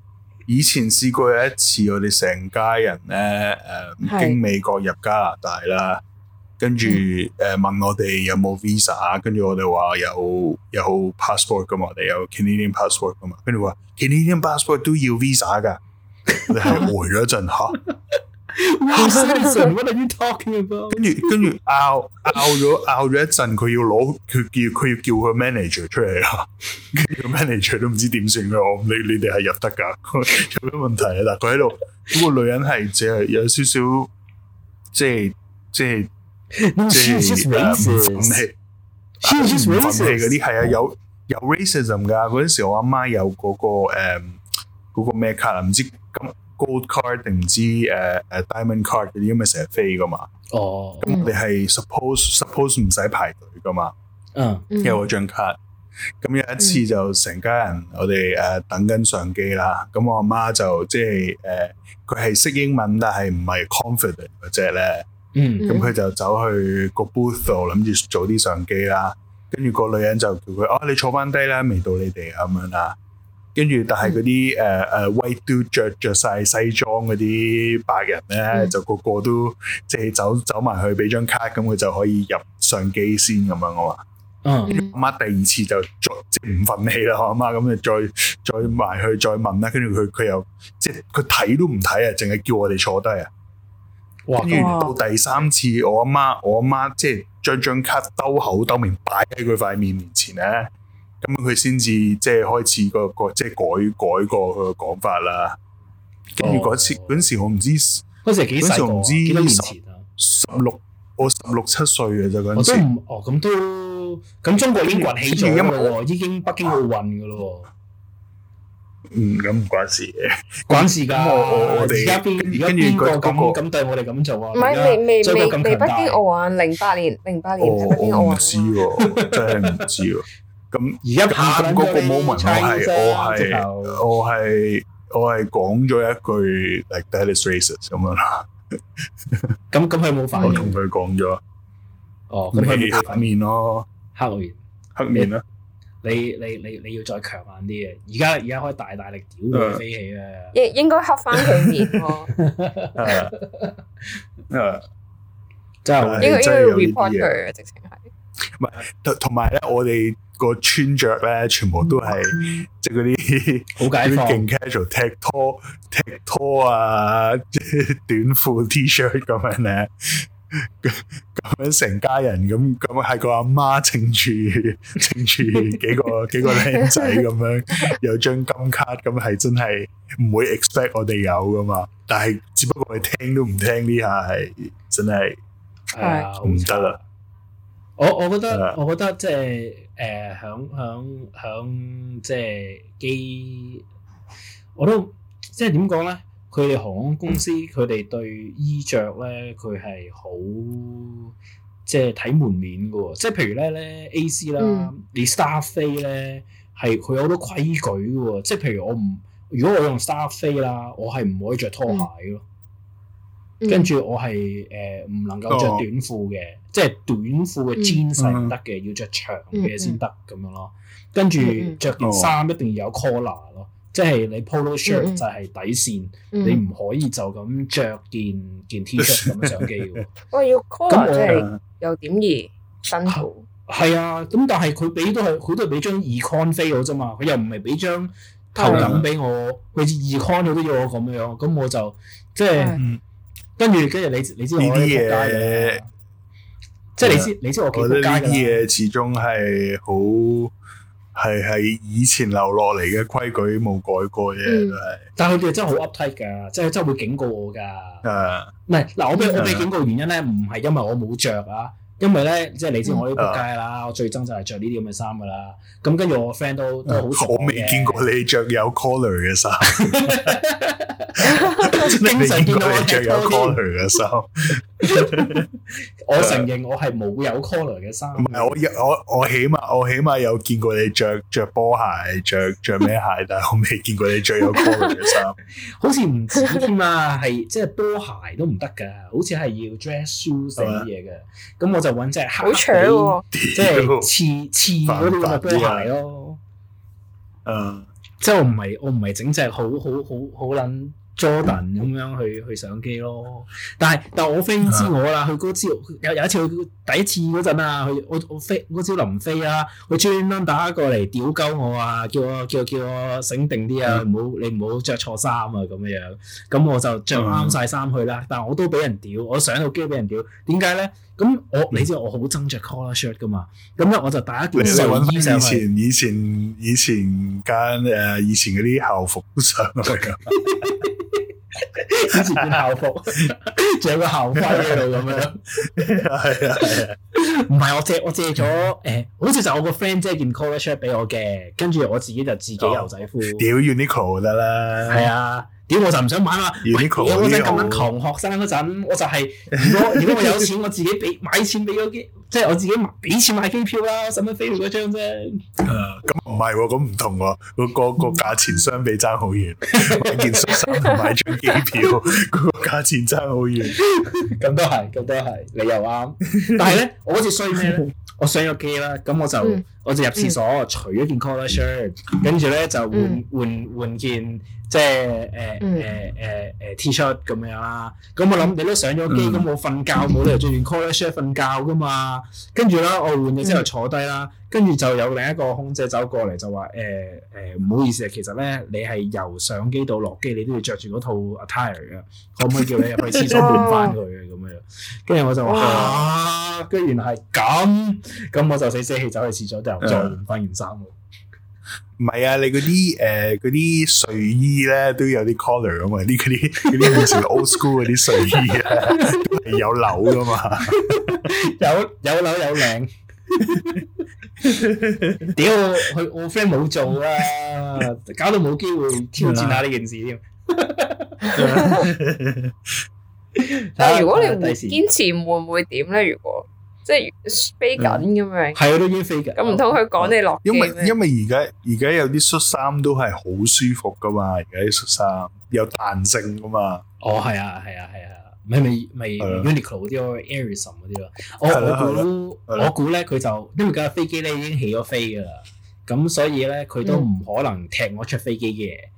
Speaker 1: 以前試過有一次，我哋成家人咧，誒、呃、經美國入加拿大啦，跟住誒問我哋有冇 visa，跟住我哋話有有 passport 㗎嘛，我哋有 Canadian passport 㗎嘛，跟住話 Canadian passport 都要 visa 㗎，你係回咗陣嚇。
Speaker 4: What
Speaker 1: are you talking about？跟住跟住拗拗咗拗咗一陣，佢要攞佢叫佢要叫佢 manager 出嚟啦。跟住個 manager 都唔知點算嘅，我你你哋係入得噶？有咩問題啊？嗱佢喺度，嗰個女人係即係有少少，即係即係即係唔忿氣，
Speaker 4: 唔忿氣嗰啲係啊，有
Speaker 1: 有 racism 噶嗰陣時，我阿媽有嗰個誒嗰個咩卡啊？唔知咁。Gold card 定唔知誒誒 Diamond card 嗰啲，因為成日飛噶嘛。哦、oh. mm，咁我哋係 suppose suppose 唔使排隊噶嘛。嗯、
Speaker 4: uh. mm，hmm. 有
Speaker 1: 張卡。咁有一次就成家人我哋誒、uh, 等緊相機啦。咁我阿媽就即係誒，佢係識英文但係唔係 confident 嗰隻咧。嗯、
Speaker 4: mm，咁、hmm. 佢
Speaker 1: 就走去個 booth 度諗住做啲相機啦。跟住個女人就叫佢：「哦、啊，你坐翻低啦，未到你哋咁樣啦。跟住，但係嗰啲誒誒 White dude 著著曬西裝嗰啲白人咧，嗯、就個個都即係走走埋去俾張卡，咁佢就可以入相機先咁樣我話。嗯。跟住阿媽第二次就即係唔忿氣啦，我阿媽咁就再再埋去再問啦。跟住佢佢又即係佢睇都唔睇啊，淨係叫我哋坐低啊。跟住哇到第三次，我阿媽我阿媽即係將張卡兜口兜面擺喺佢塊面面前咧。咁佢先至即係開始個個即係改改個佢個講法啦。
Speaker 2: 跟住嗰
Speaker 1: 次嗰時我唔知嗰時幾嗰時唔知幾多年前啊？十六我十六七歲嘅就嗰陣時。
Speaker 2: 哦咁都咁中國已經崛起咗啦喎，因為已經北京奧運㗎咯喎。
Speaker 1: 嗯，咁唔關事嘅，關
Speaker 2: 事㗎。我我我哋而家邊而家邊個咁咁對我哋咁做啊？唔係未未未未北
Speaker 3: 京奧運零八年零八年北京奧運。我唔
Speaker 1: 知喎，真係唔知喎。咁而家拍緊嗰個 moment 我係我係我係我係講咗一句 like that is racist 咁樣啦。咁咁佢有冇反應？我同佢講咗。哦，咁佢黑面咯，黑面，黑面啦。
Speaker 2: 你你你你要再強硬啲嘅。而家而家可以大大力屌佢飛起啦！應應
Speaker 3: 該黑翻佢面
Speaker 1: 喎。真係應該應該 report 佢，直情係。唔係，同同埋咧，我哋。個穿着咧，全部都係即係嗰啲好解放，勁 casual，踢拖踢拖啊，即係短褲 T-shirt 咁樣咧，咁樣成家人咁咁，係個阿媽稱住稱住幾個 幾個僆仔咁樣，有張金卡咁，係真係唔會 expect 我哋有噶嘛，但係只不過係聽都唔聽呢下係真係係啊，唔得啦～錯我我覺得我
Speaker 2: 覺得、呃、即係誒響響響即係機，我都即係點講咧？佢哋航空公司佢哋對衣着咧，佢係好即係睇門面嘅喎。即係譬如咧咧，AC 啦，嗯、你 Star 飛咧係佢有好多規矩嘅喎。即係譬如我唔，如果我用 Star、嗯、飛啦，我係唔可以着拖鞋咯。嗯跟住我係誒唔能夠着短褲嘅，即係短褲嘅尖細唔得嘅，要着長嘅先得咁樣咯。跟住着件衫一定要有 collar 咯，即係你 polo shirt 就係底線，你唔可以就咁着件件 T-shirt 咁樣上機喎。喂，要 collar 即係又點熱辛苦？係啊，咁但係佢俾都係，佢都係俾張 econ 飛我啫嘛。佢又唔係俾張頭等俾我，佢隻 econ 都要我咁樣，咁我就即係。跟住，跟住你，你知道我可以出街
Speaker 1: 嘅。即係你知，的你知我叫出街嘅。啲嘢始終係好，係係以前留落嚟嘅規矩，冇改過啫。都、嗯、但係佢哋真係好
Speaker 2: update 㗎，即係、嗯、真會警告我㗎。誒的，唔係嗱，我俾的我俾警告原
Speaker 1: 因咧，唔係因為
Speaker 2: 我冇着啊。因為咧，即係你知我呢條街啦，我最憎就係着呢啲咁嘅衫噶啦。咁跟住我 friend 都都好，我未見過
Speaker 1: 你着有 collar 嘅衫，經常見到你着有 collar 嘅衫。我承認
Speaker 2: 我係冇有 collar 嘅衫。唔
Speaker 1: 係我我我起碼我起碼有見過你着著波鞋，着著咩鞋？但係我未見過你着有 collar
Speaker 2: 嘅衫。好似唔止添啊，係即係波鞋都唔得㗎，好似係要 dress shoes 呢啲嘢嘅。咁我就。就揾隻黑底，啊、即係刺刺嗰啲咁嘅鞋咯。誒、啊，即係我唔係我唔係整隻好好好好捻 Jordan 咁樣去去上機咯。但係但係我飛知我啦，佢嗰朝有有一次佢第一次嗰陣啊，去我我飛嗰朝林飛啊，佢專登打過嚟屌鳩我啊，叫我叫我叫我叫我醒定啲的啊，唔好你唔好着錯衫啊咁樣。咁我就着啱晒衫去啦。嗯、但係我都俾人屌，我上到機俾人屌。點解咧？咁我你知我好憎着 collar shirt 噶嘛，咁咧我就戴一件。你揾翻以前
Speaker 1: 以前以前間誒以前嗰啲校服上嚟咁。以
Speaker 2: 前件校服，仲 有個校徽喺度咁樣。係啊係啊，唔係、啊、我借我借咗誒，好似就我個 friend 借、借件 collar shirt 俾我嘅，跟住我自己就自己牛仔褲，哦。
Speaker 1: 屌完 Uniqlo 得啦。係啊。嗯嗯屌我就唔想買啦，而且咁樣窮
Speaker 2: 學生嗰陣，我就係、是、如果如果我有錢，我自己俾買錢俾咗機，即係 我自己俾錢買機票啦、啊，使乜飛嗰張啫。
Speaker 1: 咁唔係喎，咁唔、啊、同喎、啊，那個個、那個價錢相比爭好遠， 買件恤衫同買張機票嗰、那個價錢爭好遠。
Speaker 2: 咁都係，咁都係，你又啱。但係咧，我好似衰咩，我上咗機啦，咁我就。嗯我就入廁所除咗件 collar shirt，跟住咧就換換換件即係、呃、誒誒、呃、誒誒、呃呃呃呃、T-shirt 咁樣啦。咁我諗你都上咗機，咁我瞓覺冇理由着件 collar shirt 瞓覺噶嘛。跟住啦，我換咗之後坐低啦，跟住就有另一個空姐走過嚟就話誒誒唔好意思啊，其實咧你係由上機到落機你都要着住嗰套 attire 嘅，可唔可以叫你入去廁所換翻佢嘅咁樣？跟住我就話啊，居然係咁，咁我就死死氣走去廁所。再換翻件衫咯，
Speaker 1: 唔係啊！你嗰啲誒嗰啲睡衣咧都有啲 collar 咁啊！啲嗰啲嗰啲好似 old school 嗰啲睡衣啊，有紐㗎嘛？
Speaker 2: 有有紐有領。屌，佢我 friend 冇做啊， 搞到冇機會挑戰下呢件事添。 但係如果你唔堅
Speaker 3: 持，會唔會點咧？如果？即係飛緊咁樣，係啊，都已經飛緊。咁唔通佢趕你落？因為
Speaker 1: 因為而家而家有啲恤衫都係好舒服噶嘛，而家啲恤衫有彈性噶嘛。哦，係啊，
Speaker 2: 係啊，係啊，咪咪咪 Uniqlo 啲咯，AIRism 嗰啲咯。我我估我估咧，佢就因為架飛機咧已經起咗飛噶啦，咁所以咧佢都唔可能踢我出飛機嘅。嗯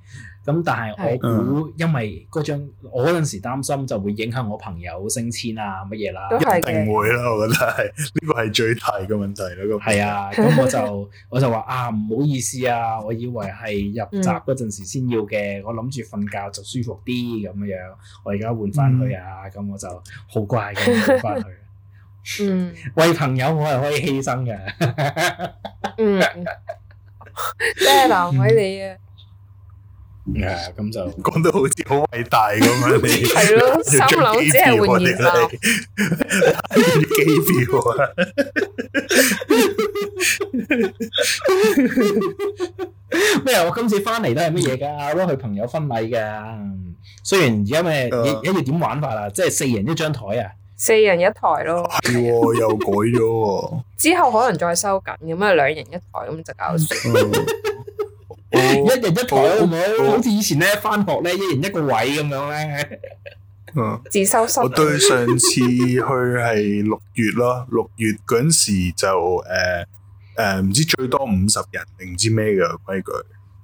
Speaker 2: 咁但係我估，因為嗰張我嗰陣時擔心就會影響我朋友升遷啊乜嘢啦，一定
Speaker 1: 會啦，我覺得係呢個係最大嘅問題咯。係、呢個、啊，咁我就 我就話啊，
Speaker 2: 唔好意思啊，我以為係入閘嗰陣時先要嘅，嗯、我諗住瞓覺就舒服啲咁樣樣，我而家換翻去啊，咁、嗯、我就好乖咁換翻去， 嗯，為朋友我係可以犧牲嘅， 嗯，
Speaker 3: 真係難為你啊！
Speaker 1: 啊，咁就講到好似好偉大咁樣，你係咯，三樓只係換熱咯。拉住機票啊！
Speaker 2: 咩啊？我今次翻嚟都係乜嘢噶？我去朋友婚禮嘅，雖然而家咩，而家要點玩法啊？即係四人一張台啊，
Speaker 3: 四人一台咯，
Speaker 1: 係、 哦、又改咗。
Speaker 3: 之後可能再收緊咁啊，兩人一台咁就搞笑。
Speaker 1: 哦、一人一台好唔好？哦、好似以前咧返學咧，
Speaker 2: 一人一個位咁樣咧。 自修室心。我對上
Speaker 1: 次去係六月咯，六月嗰陣時就誒誒，唔、呃呃、知最多五十人定唔知咩嘅規矩。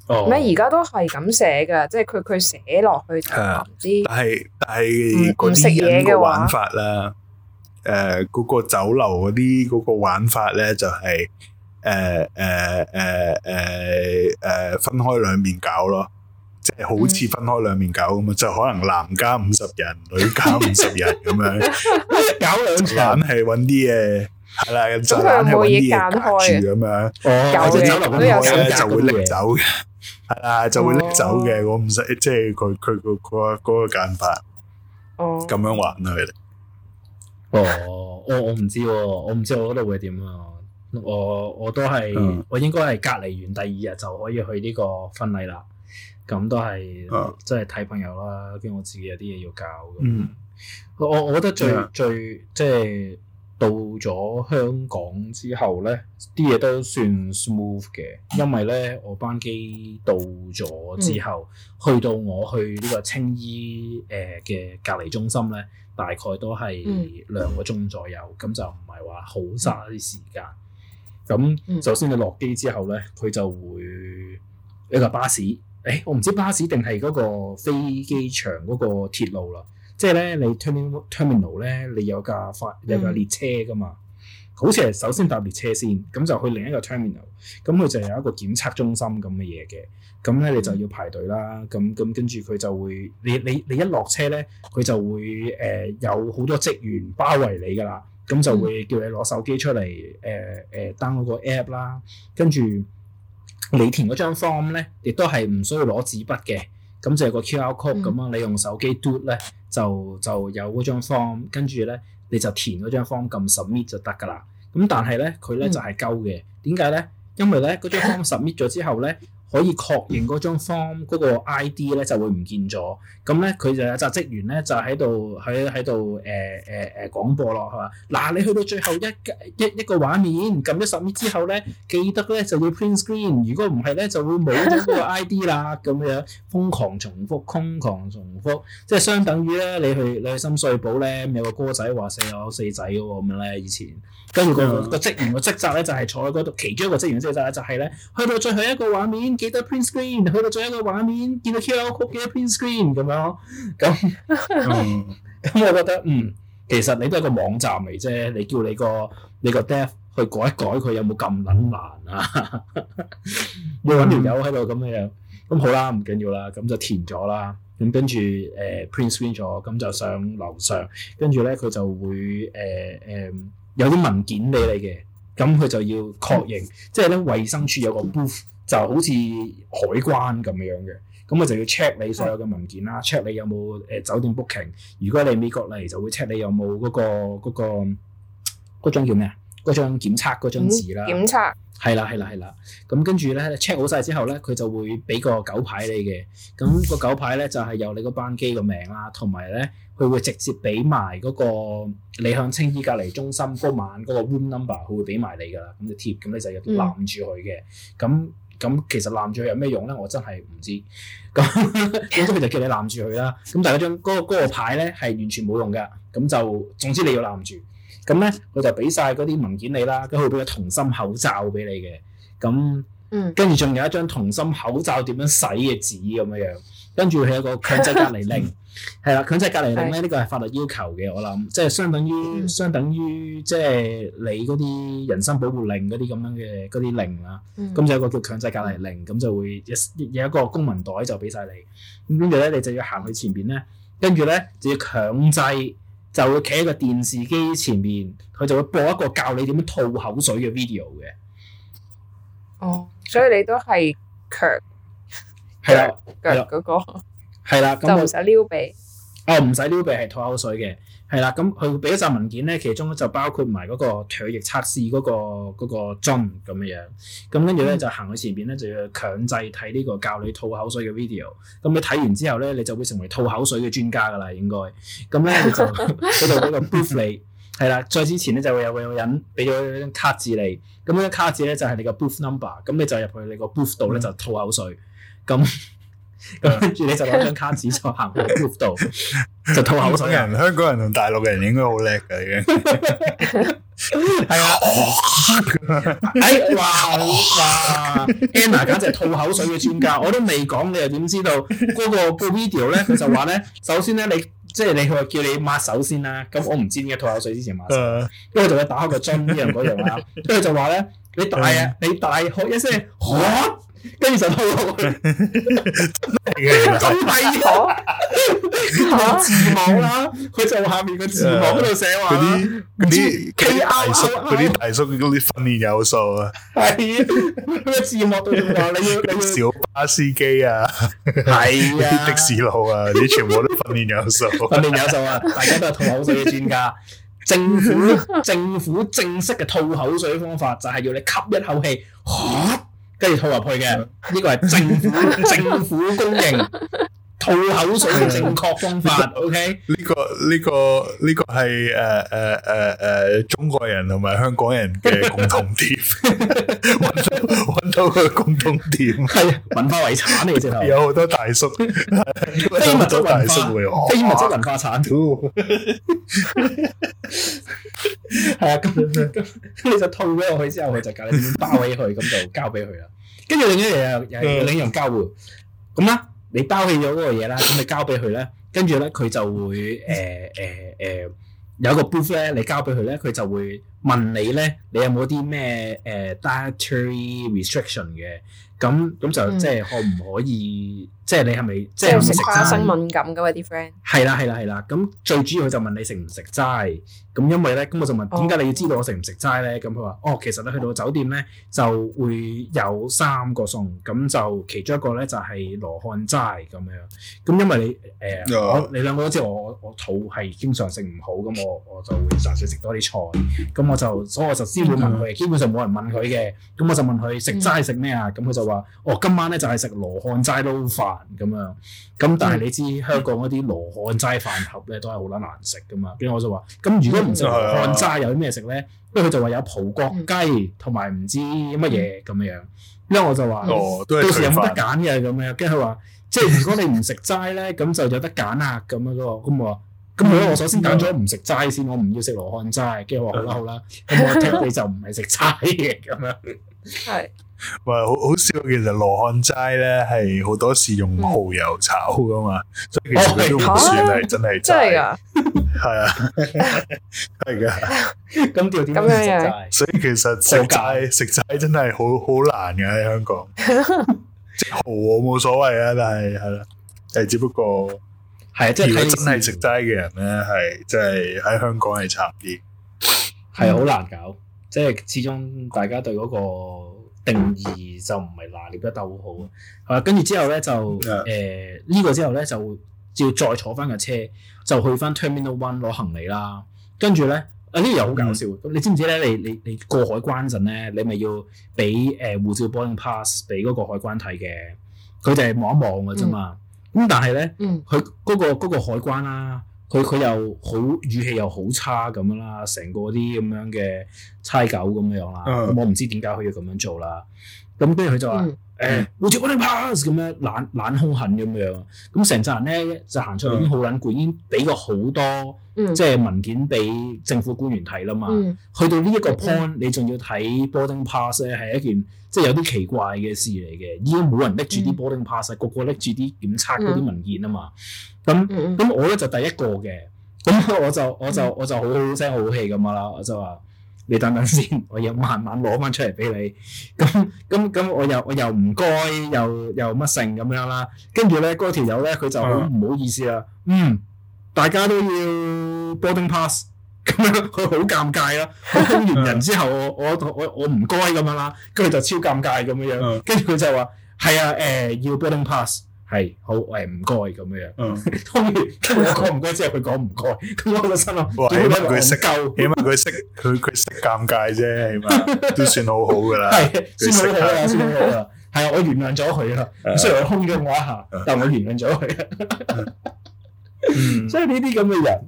Speaker 1: 哦，咩而家
Speaker 3: 都係咁寫噶，即係佢佢寫落去就唔知。但
Speaker 1: 係但係嗰啲嘢嘅玩法啦，誒嗰、呃嗰個酒樓嗰啲嗰個玩法咧就係、係。誒誒誒誒誒，分開兩面搞咯，即係好似分開兩面搞咁嘛，就可能男家五十人，女家五十人咁樣，搞兩盞氣搵啲嘢，係啦，兩盞氣搵啲嘢住咁樣，哦，有嘢分開咧就會拎走嘅，係啦，就會拎走嘅，我唔使，即係佢佢佢佢嗰個講法，哦，咁樣玩啦，你哋，哦，我我唔
Speaker 2: 知，我唔知我嗰度會點啊。我我都係，嗯、我應該係隔離完第二日就可以去呢個婚禮啦。咁都係，即係睇朋友啦。跟住我自己有啲嘢要教。嗯，我我覺得最、嗯、最，最即係到咗香港之後咧，啲嘢都算 smooth 嘅，因為咧我班機到咗之後，嗯、去到我去呢個青衣誒嘅、呃、隔離中心咧，大概都係兩個鐘左右，咁、嗯、就唔係話好嘥啲時間。嗯咁首先你落機之後咧，佢就會一個巴士。誒、哎，我唔知巴士定係嗰個飛機場嗰個鐵路啦。即係咧，你 terminal 咧 term，你有架發有架列車噶嘛？嗯、
Speaker 1: 好似係首
Speaker 2: 先搭列車先，咁就去另一個 terminal。咁佢就有一個檢測中心咁嘅嘢嘅。咁咧，你就要排隊啦。咁咁跟住佢就會，你你你一落車咧，佢就會誒、呃、有好多職員包圍你㗎啦。咁就會叫你攞手機出嚟，誒、呃、誒、呃、down 嗰個 app 啦，跟住你填嗰張 form 咧，亦都係唔需要攞紙筆嘅，咁就有個 QR code 咁啊、嗯，你用手機 do 咧就就有嗰張 form，跟住咧你就填嗰張 form，撳 submit 就得㗎啦。咁但係咧，佢咧就係鳩嘅，點解咧？因為咧嗰張 form submit 咗之後咧。可以確認嗰張 form 嗰個 ID 咧就會唔見咗，咁咧佢就有紮職員咧就喺度喺喺度誒誒誒廣播咯，係嘛？嗱你去到最後一一一個畫面撳咗十秒之後咧，記得咧就要 print screen，如果唔係咧就會冇咗個 ID 啦，咁樣瘋狂重複，瘋狂重複，即係相等於咧你去你去深水埗咧有個哥仔話死我四仔嘅咁咧以前，跟住個個職員個職責咧就係坐喺嗰度，其中一個職員嘅職責咧就係咧去到最後一個畫面。睇到 print screen，去到最後一個畫面，見到 q 曲嘅 print screen 咁樣，咁咁、嗯 嗯嗯、我覺得嗯，其實你都係一個網站嚟啫，你叫你個你個 d e a t h 去改一改，佢有冇咁卵難啊？ 要搵條友喺度咁嘅樣，咁、嗯、好啦，唔緊要啦，咁就填咗啦，咁跟住誒、呃、print screen 咗，咁就上樓上，跟住咧佢就會誒誒、呃呃、有啲文件俾你嘅，咁佢就要確認，即係咧衛生署有個 booth 就好似海關咁樣嘅，咁我就要 check 你所有嘅文件啦，check 的你有冇誒酒店 booking。如果你美國嚟，就會 check 你有冇嗰、嗰個嗰、嗰個、張叫咩啊？嗰張檢測嗰張紙啦，嗯。檢測。係啦係啦係啦。咁跟住咧 check 好晒之後咧，佢就會俾個狗牌你嘅。咁，嗰個狗牌咧就係、係，有你個班機個名啦，同埋咧佢會直接俾埋嗰個你向青衣隔離中心嗰晚嗰個 room number，佢會俾埋你噶啦。咁就貼，咁你就要攬住佢嘅。咁、嗯咁其實攬住佢有咩用咧？我真係唔知。咁咁特別就叫你攬住佢啦。咁但係嗰張嗰、嗰個嗰個牌咧係完全冇用嘅。咁就總之你要攬住。咁咧佢就俾晒嗰啲文件你啦。咁佢會俾個銅芯口罩俾你嘅。咁嗯，跟住仲有一張銅芯口罩點樣洗嘅紙咁樣樣。跟住佢有個強制隔離令。 係啦，強制隔離令咧，呢個係法律要求嘅，我諗，即係相等於相等於即係你嗰啲人身保護令嗰啲咁樣嘅嗰啲令啦。咁、嗯、就有個叫強制隔離令，咁就會有一個公文袋就俾晒你。咁跟住咧，你就要行去前邊咧，跟住咧就要強制就會企喺個電視機前面，佢就會播一個教你點樣吐口水嘅 video 嘅。哦，
Speaker 4: 所
Speaker 3: 以你都係強
Speaker 2: 係啦，腳嗰個。 係啦，咁
Speaker 3: 就唔
Speaker 2: 使撩鼻，哦，唔使撩鼻係吐口水嘅。係啦，咁佢俾一集文件咧，其中就包括埋嗰個唾液測試嗰個嗰個樽咁樣，咁跟住咧就行去前邊咧就要強制睇呢個教你吐口水嘅 video，咁你睇完之後咧你就會成為吐口水嘅專家噶啦，應該，咁咧就嗰度嗰個 booth 你，係啦，再之前咧就會有個人俾咗卡紙你，咁呢卡紙咧就係你個 booth number，咁你就入去你個 booth 度咧就吐口水，咁。
Speaker 1: 跟住 你就攞張卡
Speaker 2: 紙就行去
Speaker 1: group 度， 就吐口水人。香港人同大陸人應該好叻㗎，已
Speaker 4: 經
Speaker 1: 係啊！哎，哇
Speaker 4: Anna 簡直係吐口水嘅專家，我都
Speaker 2: 未講你又點知道嗰、嗰個、嗰個 video 咧？佢就話咧，首先咧，你即係你話叫你抹手先啦。咁我唔知點解吐口水之前抹，
Speaker 4: 跟
Speaker 2: 住就會打開個樽嗰陣話，跟住 就話咧，你大啊！你大喝一聲！跟住就到，中繼台，字幕
Speaker 4: 啦，佢就下面嘅字幕嗰度寫話，嗰啲嗰啲 K O 嗰啲大
Speaker 1: 叔嗰啲訓練有素啊，係
Speaker 4: 嗰啲字幕度寫你要，你要啲
Speaker 1: 小巴司機啊，係啊 的士佬啊，啲全部都訓練有素，啊，訓練 有素啊，大家都係吐口水嘅專家， 政
Speaker 2: 府政府正式嘅吐口水方法就係要你吸一口氣，呵。跟住套入去嘅，呢個係政府 政府公認。吐口水嘅正確方法，OK？
Speaker 1: 呢個呢個呢個係誒誒誒誒，中國人同埋香港人嘅共同點，揾到揾到佢共同點，係啊，文化遺產嚟嘅，有好多大叔，非物質文化，非物質文化遺產，係啊，咁咁你就吐咗佢之後，佢
Speaker 2: 就教你點包起佢，咁就交俾佢啦。跟住另一樣又另一樣交換，咁啦。你包起咗嗰個嘢啦，咁你交俾佢咧，跟住咧佢就會誒誒誒有個 proof 咧，你交俾佢咧，佢就會問你咧，你有冇啲咩誒 dietary restriction 嘅？呃咁咁就即係可唔可以？嗯、即係你係咪即係食花生敏
Speaker 3: 感嘅啲 friend？
Speaker 2: 係啦係啦係啦。咁友最主要佢就問你食唔食齋。咁因為咧，咁我就問點解、哦、你要知道我食唔食齋咧？咁佢話：哦，其實你去到酒店咧就會有三個餸，咁就其中一個咧就係羅漢齋咁樣。咁因為你誒、呃 Yeah.，你兩個都知我我肚係經常食唔好，咁我我就會暫時食多啲菜。咁我就所以我就先會問佢，嗯、基本上冇人問佢嘅。咁我就問佢食齋食咩啊？咁佢就。話哦，今晚咧就係食羅漢齋撈飯咁樣，咁但係你知香港嗰啲羅漢齋飯盒咧都係好撚難食噶嘛，跟住我就話，咁如果唔食羅漢齋有啲咩食咧？跟住佢就話有葡國雞同埋唔知乜嘢咁樣，跟住我就話，到時有冇得揀嘅咁樣？跟住佢話，即係如果你唔食齋咧，咁就有得揀啦咁樣咯。咁我話，
Speaker 1: 咁如果我首先揀
Speaker 2: 咗唔食齋先，我唔要食羅漢齋。跟住我話，好啦，好啦，咁我聽你就唔係食齋嘅咁樣，係。
Speaker 1: 話好、喔、好笑，其實羅漢齋咧係好多時用蠔油炒噶嘛，嗯、所以其實都唔算係真係齋，係、哎哦、是啊，係噶，咁調點樣啊？所以其實食齋食齋真係好好難噶喺香港，即蠔 我冇所謂啊，但係係啦，係只不過係即係如果真係食齋嘅人咧，係真係喺香港係慘啲，
Speaker 2: 係好、啊、難搞，即係始終大家對嗰、那個。定義就唔係拿捏得鬥好啊！係啦，跟住之後咧就誒呢、呃呢個之後咧就要再坐翻架車，就去翻 Terminal One 攞行李啦。跟住咧啊呢又好搞笑，嗯、你知唔知咧？你你你，你過海關陣咧，你咪要俾誒、呃、護照 boarding pass 俾嗰個海關睇嘅，佢就係望一望嘅啫嘛。咁、嗯、但係咧，佢嗰、嗯嗰個嗰、嗰個海關啦、啊。佢佢又好語氣又好差咁樣啦，成個啲咁樣嘅差狗咁樣啦，咁我唔知點解佢要咁樣做啦。咁跟住佢就話：誒、嗯，我接我啲 pass 咁樣，懶懶兇狠咁樣。咁成扎人咧就行出去，已經好撚攰，嗯、已經俾過好多。即係文件俾政府官員睇啦嘛，嗯、去到呢一個 point，、嗯、你仲要睇 boarding pass 咧，係一件即係有啲奇怪嘅事嚟嘅。依家冇人拎住啲 boarding pass，、嗯、個個拎住啲檢測嗰啲文件啊嘛。咁咁、嗯、我咧就第一個嘅，咁我就我就我就好好聲好氣咁啦，我就話你等等先，我又慢慢攞翻出嚟俾你。咁咁咁我又我又唔該又又乜性咁樣啦。跟住咧嗰條友咧佢就好唔好意思啦，嗯。大家都要 boarding pass，咁樣佢好尷尬啦。我通完人之後，我我我我唔該咁樣啦，跟住就超尷尬咁樣樣，跟住佢就話係啊，誒要 boarding pass，係好誒唔該咁樣樣。通完跟住我講唔該之後，佢講唔該，咁我個心諗，起碼佢識夠，起碼佢識
Speaker 1: 佢佢識尷尬啫，起碼都算好好噶啦。係，算好啦，算好啦。
Speaker 2: 係啊，我原諒咗佢啦。雖然佢兇咗我一下，但係我原諒咗佢。所以呢啲咁嘅人，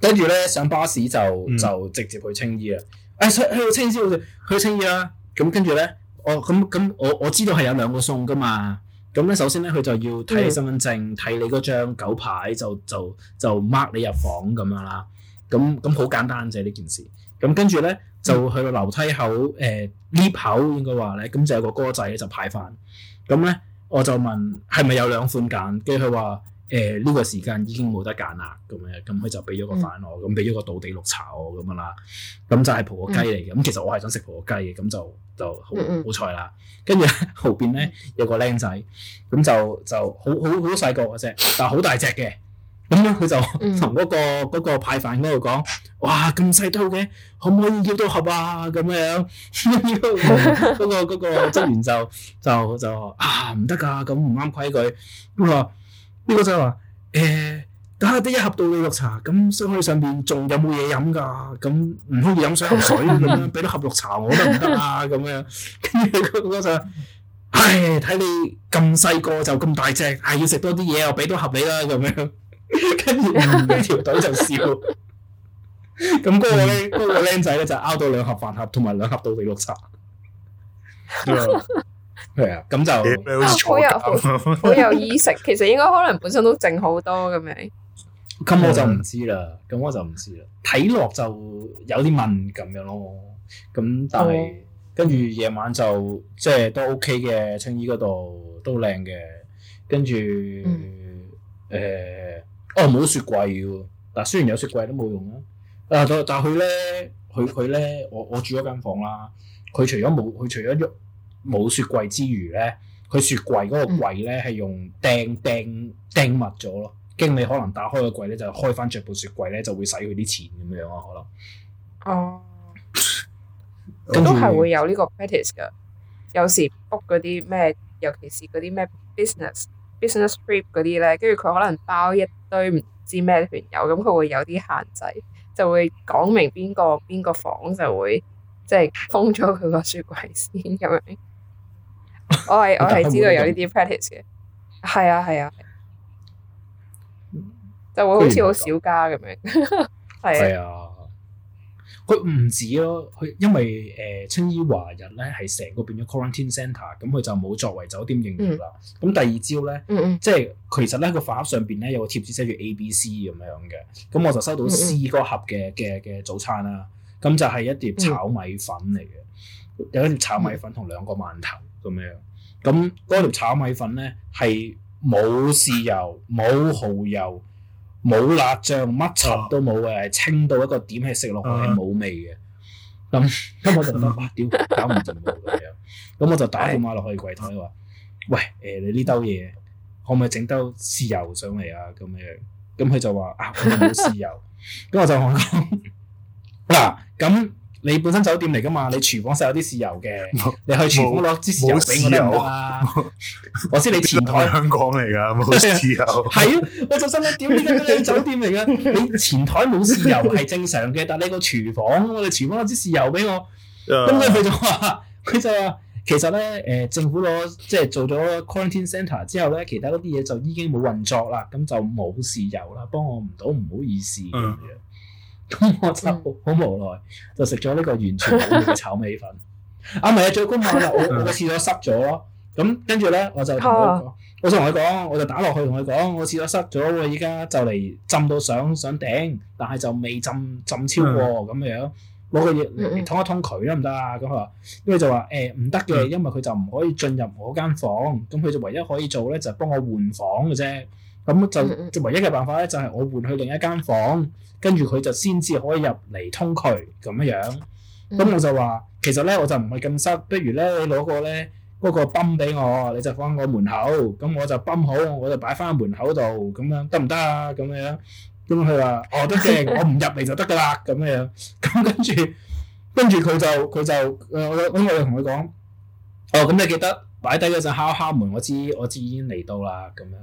Speaker 2: 跟住咧上巴士就、嗯、就直接去青衣啦。誒，去到青衣好少，去青衣啦。咁跟住咧，我咁咁我我知道係有兩個送噶嘛。咁咧首先咧，佢就要睇你身份證，睇、嗯、你嗰張狗牌，就就就，就 mark 你入房咁樣啦。咁咁好簡單啫，呢件事。咁跟住咧就去到樓梯口，誒、呃、lift 口應該話咧，咁就有個歌仔就派飯。咁咧我就問係咪有兩款揀，跟住佢話。誒呢個時間已經冇得揀啦，咁樣咁佢就俾咗個飯我，咁俾咗個倒地綠茶我咁樣啦，咁就係葡國雞嚟嘅。咁、嗯、其實我係想食葡國雞嘅，咁就就好彩啦。跟住、嗯嗯、後邊咧有個僆仔，咁就就好好好細個嘅啫，但係好大隻嘅。咁咧佢就同嗰、嗯 那個那個派飯嗰度講，哇，咁細兔嘅，可唔可以叫多盒啊？咁樣，嗰、 嗯那個嗰、那個嗰、那個職員就就就，就啊，唔得㗎，咁唔啱規矩。咁啊。啊呢個就係話誒，等下得一盒到嘅綠茶，咁上去上面仲有冇嘢飲噶？咁唔好要飲水、飲水咁樣，俾多盒綠茶我得唔得啊？咁樣，跟住嗰個就，唉，睇你咁細個就咁大隻，係、啊、要食多啲嘢，我俾多盒你啦咁樣。跟住呢條隊就笑，咁嗰 個咧，嗰個僆仔咧就拗到兩盒飯盒同埋兩盒到嘅綠茶。係啊，咁、嗯、就好、 哦、有
Speaker 3: 好有意食，其實應該可能本身都剩好多咁樣。
Speaker 2: 咁 我就唔知啦，咁、嗯、我就唔知啦。睇落就有啲敏感嘅咯。咁但係跟住夜晚就即係都 OK 嘅，青衣嗰度都靚嘅。跟住誒，哦冇雪櫃喎，但係雖然有雪櫃都冇用啦。啊，但但佢咧，佢佢咧，我我住咗間房啦。佢除咗冇，佢除咗喐。冇雪櫃之餘咧，佢雪櫃嗰個櫃咧係用釘釘釘密咗咯。經理可能打開個櫃咧，就開翻着部雪櫃咧，就會使佢啲錢咁樣啊。可能哦，都係會
Speaker 3: 有呢個 practice 嘅。有時 book 嗰啲咩，尤其是嗰啲咩 business business trip 嗰啲咧，跟住佢可能包一堆唔知咩團友咁，佢會有啲限制，就會講明邊個邊個房就會即係、就是、封咗佢個雪櫃先咁樣。我係我係知道有呢啲 practice 嘅，係啊係啊，啊，就會好似好少家咁
Speaker 2: 樣，係 啊。佢唔、啊、止咯，佢因為誒、呃、青衣華人咧係成個變咗 quarantine centre，e 咁佢就冇作為酒店營業啦。咁、嗯、第二朝咧，嗯、即係其實咧個飯盒上邊咧有個貼紙寫住 A、B、C 咁樣嘅，咁我就收到 C 個盒嘅嘅嘅早餐啦。咁就係一碟炒米粉嚟嘅，嗯、有一碟炒米粉同兩個饅頭。咁樣，咁嗰條炒米粉咧係冇豉油、冇蠔油、冇辣醬，乜醬都冇嘅，清到一個點，係食落去係冇味嘅。咁咁、uh huh. 我就諗哇，屌、啊、搞唔掂咁樣。咁 我就打電話落去櫃台話：喂，誒、呃、你呢兜嘢可唔可以整兜豉油上嚟啊？咁樣，咁佢就話：啊，我冇豉油。咁 我就我講嗱，咁、啊。你本身酒店嚟噶嘛？你廚房實有啲豉油嘅，沒你去廚房攞支豉油俾我好啦。
Speaker 1: 我知你前台香港嚟噶冇豉油，係 啊！
Speaker 2: 我就心諗點解你酒店嚟噶？ 你前台冇豉油係正常嘅，但你個廚房我哋 廚房攞支豉油俾我。咁佢、uh, 就話：佢就話其實咧，誒、呃、政府攞即係做咗 quarantine center 之後咧，其他嗰啲嘢就已經冇運作啦，咁就冇豉油啦，幫我唔到，唔好意思咁 我就好無奈，就食咗呢個完全冇好嘅炒米粉。
Speaker 4: 啊，唔係啊，最慘啦，我我廁
Speaker 2: 所濕咗咯。咁跟住咧，我就同 我同佢講，我就打落去同佢講，我廁所濕咗喎，依家就嚟浸到上上頂，但係就未浸浸超過咁嘅 樣，攞個嘢嚟通一通佢得唔得啊？咁佢話，因為就話誒唔得嘅，因為佢就唔可以進入我間房，咁佢就唯一可以做咧就係幫我換房嘅啫。咁就唯一嘅辦法咧，就係、是、我換去另一間房，跟住佢就先至可以入嚟通渠。咁樣。咁、嗯、我就話，其實咧我就唔係咁塞，不如咧你攞個咧嗰個泵俾我，你就放喺我門口，咁我就泵好，我就擺翻喺門口度，咁樣得唔得啊？咁樣，咁佢話：哦，得嘅，我唔入嚟就得噶啦。咁樣，咁跟住，跟住佢就佢就，因為、呃、我同佢講：哦，咁你記得擺低嗰陣敲敲門，我知我知已經嚟到啦。咁樣。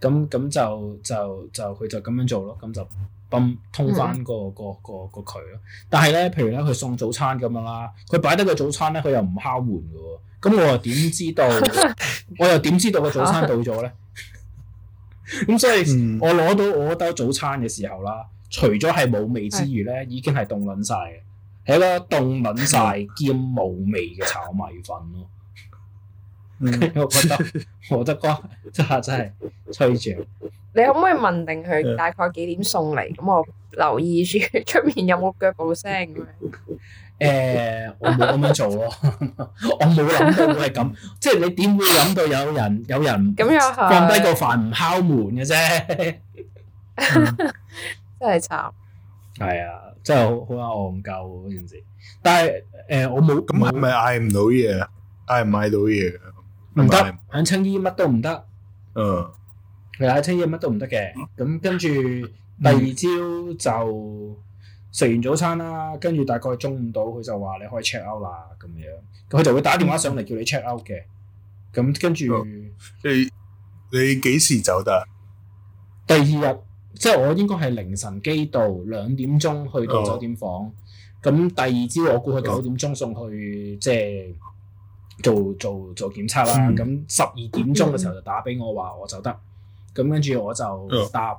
Speaker 2: 咁咁就就就佢就咁樣做咯，咁就泵通翻個個個個渠咯。但係咧，譬如咧，佢送早餐咁樣啦，佢擺低個早餐咧，佢又唔敲門㗎喎。咁我又點知道？ 我又點知道個早餐到咗咧？咁所以，我攞到我兜早餐嘅時候啦，除咗係冇味之餘咧，已經係凍撚晒，嘅，係一個凍撚晒，兼冇味嘅炒米粉咯。嗯，我覺得何德光真係真係吹住。
Speaker 3: 你可唔可以問定佢大概幾點送嚟？咁我留意住出面有冇腳步聲咁
Speaker 2: 樣。誒，我冇咁樣做咯，我冇諗到會係咁。即係你點會諗到有人有人咁樣放低個飯唔敲門嘅啫？
Speaker 3: 真係慘。
Speaker 1: 係啊，真係好好，戇鳩嗰件事。但係誒，我冇咁係咪嗌唔到嘢？嗌唔嗌到嘢？
Speaker 2: 唔得，睇青衣乜都唔得。嗯，睇青衣乜都唔得嘅。咁、嗯、跟住第二朝就食完早餐啦，跟住大概中午到佢就話你可以 check out 啦咁樣。
Speaker 1: 佢就會打電話上
Speaker 2: 嚟叫你 check out 嘅。
Speaker 1: 咁跟住即係、嗯、你你幾時走得？第
Speaker 2: 二日即係我應該係凌晨機到兩點鐘去到酒店房。咁、嗯、第二朝我估佢九點鐘送去，嗯嗯、即係。做做做檢測啦，咁十二點鐘嘅時候就打俾我話我就得，咁、嗯、跟住我就搭，嗯、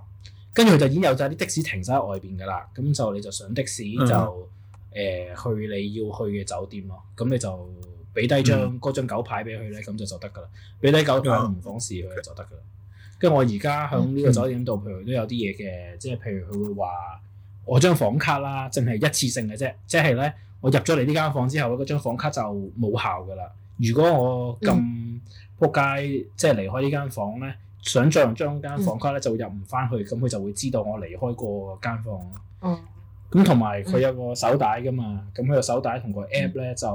Speaker 2: 跟住佢就已經有曬啲的士停晒喺外邊噶啦，咁就你就上的士就誒、嗯呃、去你要去嘅酒店咯，咁你就俾低張嗰張狗牌俾佢咧，咁、嗯、就就得噶啦，俾低狗牌唔放肆佢就得噶啦。跟住、嗯嗯、我而家響呢個酒店度，譬如都有啲嘢嘅，即係譬如佢會話我張房卡啦，淨係一次性嘅啫，即係咧我入咗嚟呢間房之後咧，嗰張房卡就冇效噶啦。如果我咁仆、嗯、街，即係離開呢間房咧，想象將間房卡咧就入唔翻去，咁佢、嗯、就會知道我離開過間房。哦，咁同埋佢有個手帶噶嘛，咁佢個手帶同個 app 咧就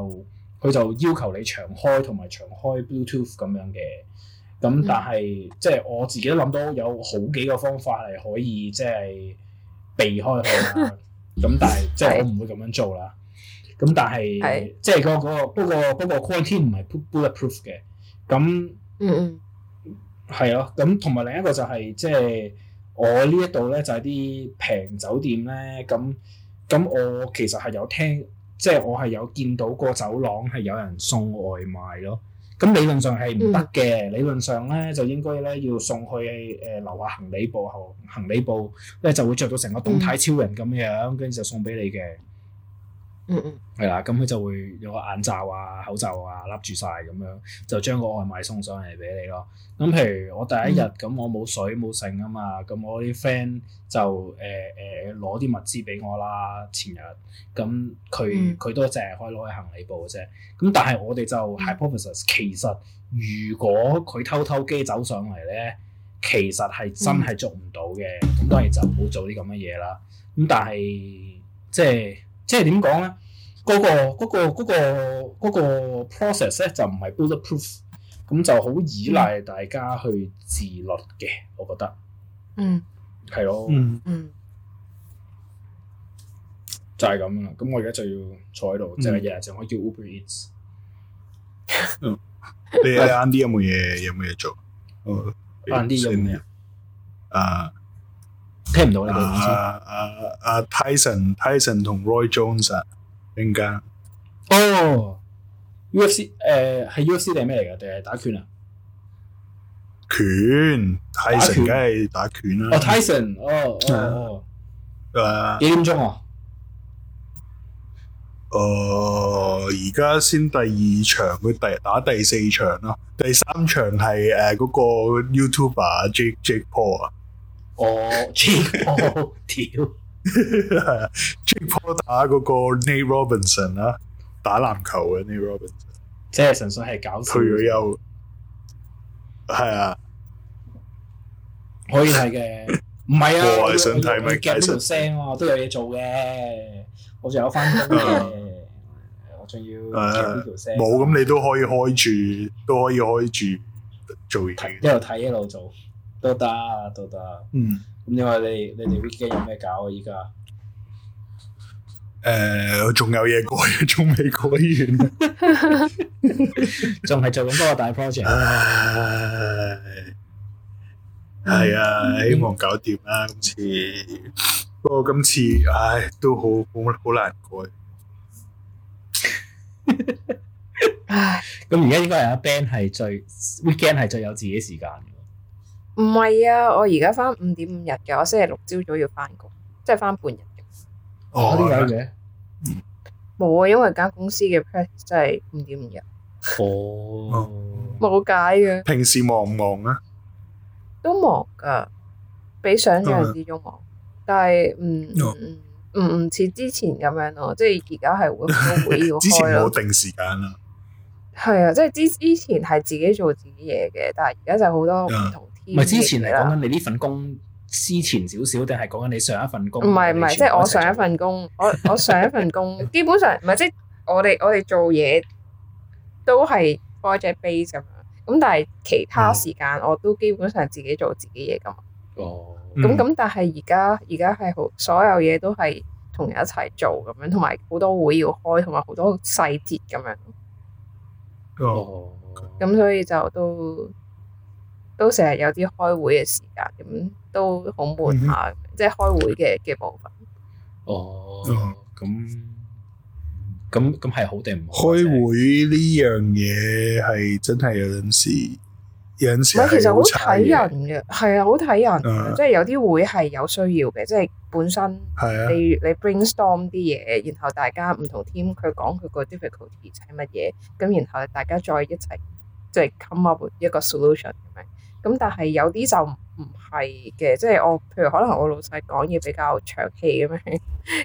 Speaker 2: 佢就要求你長開同埋長開 Bluetooth 咁樣嘅。咁但係、嗯、即係我自己都諗到有好幾個方法係可以即係避開佢。咁 但係即係我唔會咁樣做啦。咁但係，的即係嗰、那個、那個、不過、那個、不過 quarantine 唔係 bulletproof 嘅。咁，嗯，嗯，係咯。咁同埋另一個就係、是，即係我呢一度咧就係啲平酒店咧。咁咁我其實係有聽，即、就、係、是、我係有見到個走廊係有人送外賣咯。咁理論上係唔得嘅，嗯、理論上咧就應該咧要送去誒樓下行李部，後、呃，行李部，咧就會着到成個動態超人咁樣，跟住、嗯、就送俾你嘅。嗯嗯，係啦，咁 佢就會有個眼罩啊、口罩啊笠住晒咁樣，就將個外賣送上嚟俾你咯。咁譬如我第一日咁，嗯、我冇水冇剩啊嘛，咁我啲 friend 就誒誒攞啲物資俾我啦。前日咁佢佢都淨係可以攞去行李部嘅啫。咁但係我哋就係 p p o s e 其實，如果佢偷偷機走上嚟咧，其實係真係捉唔到嘅。咁當然就唔好做啲咁嘅嘢啦。咁但係即係。即係點講咧？嗰、嗰個嗰、嗰個嗰、嗰個嗰、嗰個嗰個 process 咧就唔係 bulletproof，咁就好依賴大家去自律嘅，我覺得。
Speaker 4: 嗯，係咯。嗯嗯。嗯
Speaker 2: 就係咁啦。咁我而家就要坐喺度，即係日日就可以叫 Uber Eats。
Speaker 1: 嗯。E、你阿 Andy 有冇嘢？有冇嘢做？嗯、oh,。Andy 有冇嘢？啊。聽唔到你嘅意思。阿阿阿、uh, uh, Tyson，Tyson 同 Roy Jones 啊，陣間。哦、oh,，UFC 誒、uh,，係 UFC 定係咩嚟噶？定係打，拳打拳啊？拳、oh,，Tyson 梗係打拳啦。哦，Tyson，哦哦。誒，幾點鐘啊？誒，而家先第二場，佢第打第四場咯、啊。第三場係誒嗰個 YouTuber Jake Jake Paul 啊。哦，J. Paul，打嗰個 Nate Robinson, 打 Nate Robinson 啊，打籃球嘅 Nate Robinson，即係純粹係搞退咗休。係啊，可以睇嘅，唔係啊，我係想睇咪，夾呢條聲，
Speaker 2: 我都有嘢做嘅， 我仲、嗯呃哎、有翻工嘅，我仲要夾呢
Speaker 1: 條
Speaker 2: 聲，冇咁你都可以
Speaker 1: 開住，都可以開住做,做，
Speaker 2: 一路睇一路做。都得，都得。嗯，咁你話你你哋 weekend 有咩搞啊？依家、
Speaker 1: 呃，誒，仲有嘢改，仲未改完。仲係 做咁多個大 project。唉，係啊，希望搞掂啦。今次、嗯，不過今次，唉，都好，好，好難改。唉 、
Speaker 2: 啊，咁而家應該阿 band 係最 weekend 係最有自己時間。
Speaker 3: 唔係啊！我而家翻五點五日嘅，我星期六朝早上要翻工，即係翻半日。哦，點解嘅？冇啊、嗯，因為間公司嘅 plan r 真係五點五日。哦，冇解嘅。
Speaker 1: 平時忙唔忙啊？
Speaker 3: 都忙噶，比想象之中忙，嗯、但係唔唔唔似之前咁樣咯。即係而家係會都會要開咯。 之前冇
Speaker 1: 定時間啦。
Speaker 3: 係啊、嗯，即係之之前係自己做自己嘢嘅，但係而家就好多唔同。嗯
Speaker 2: 唔係之前係講緊你呢份工之前少少，定係講緊你上一份工？唔係唔係，即係、就是、我上一份
Speaker 3: 工，我我上一份工 基本上唔係即係我哋我哋做嘢都係 project base 咁樣，咁但係其他時間我都基本上自己做自己嘢咁。哦、嗯，咁咁，但係而家而家係好所有嘢都係同人一齊做咁樣，同埋好多會要開，同埋好多細節咁樣。哦、嗯。咁 Okay. 所以就都。都成日有啲開會嘅時間，咁都好
Speaker 1: 悶下，嗯、哼即
Speaker 3: 係開會嘅嘅部分。
Speaker 1: 哦，咁咁咁係好定唔開會呢樣嘢係真係有陣時有陣時其實好睇人
Speaker 3: 嘅，係啊，好睇人。即係有啲會係有需要嘅，即係本身你、嗯、你，你 brainstorm 啲嘢，然後大家唔同 team 佢講佢個 difficulty 係乜嘢，咁然後大家再一齊即係 come up 一個 solution。咁但係有啲就唔係嘅，即係我、哦、譬如可能我老細講嘢比較長氣咁 樣，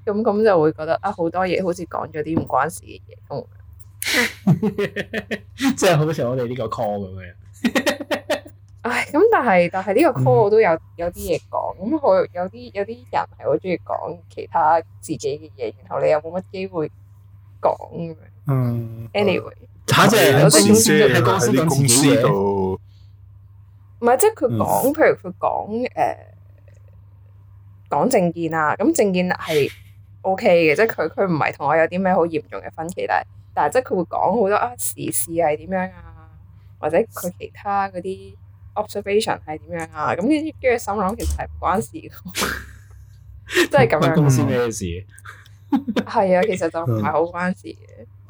Speaker 3: 咁咁就會覺得啊好多嘢好似講咗啲唔關事嘅嘢， 即
Speaker 2: 係好似我哋呢個 call 咁樣。
Speaker 3: 唉、 哎，咁但係但係呢個 call 我都有有啲嘢講，咁我、嗯、有啲有啲人係好中意講其他自己嘅嘢，然後你又冇乜機會講。
Speaker 1: 嗯。
Speaker 3: Anyway。
Speaker 1: 有喺公司嘅。啊
Speaker 3: 唔係，即係佢講，譬如佢講誒、呃、講政見啊，咁政見係 OK 嘅，即係佢佢唔係同我有啲咩好嚴重嘅分歧，但係但係即係佢會講好多啊時事係點樣啊，或者佢其他嗰啲 observation 係點樣啊，咁呢啲跟住心諗其實係唔關事嘅，真係咁樣。公司咩事？係啊，其實就唔係好關事。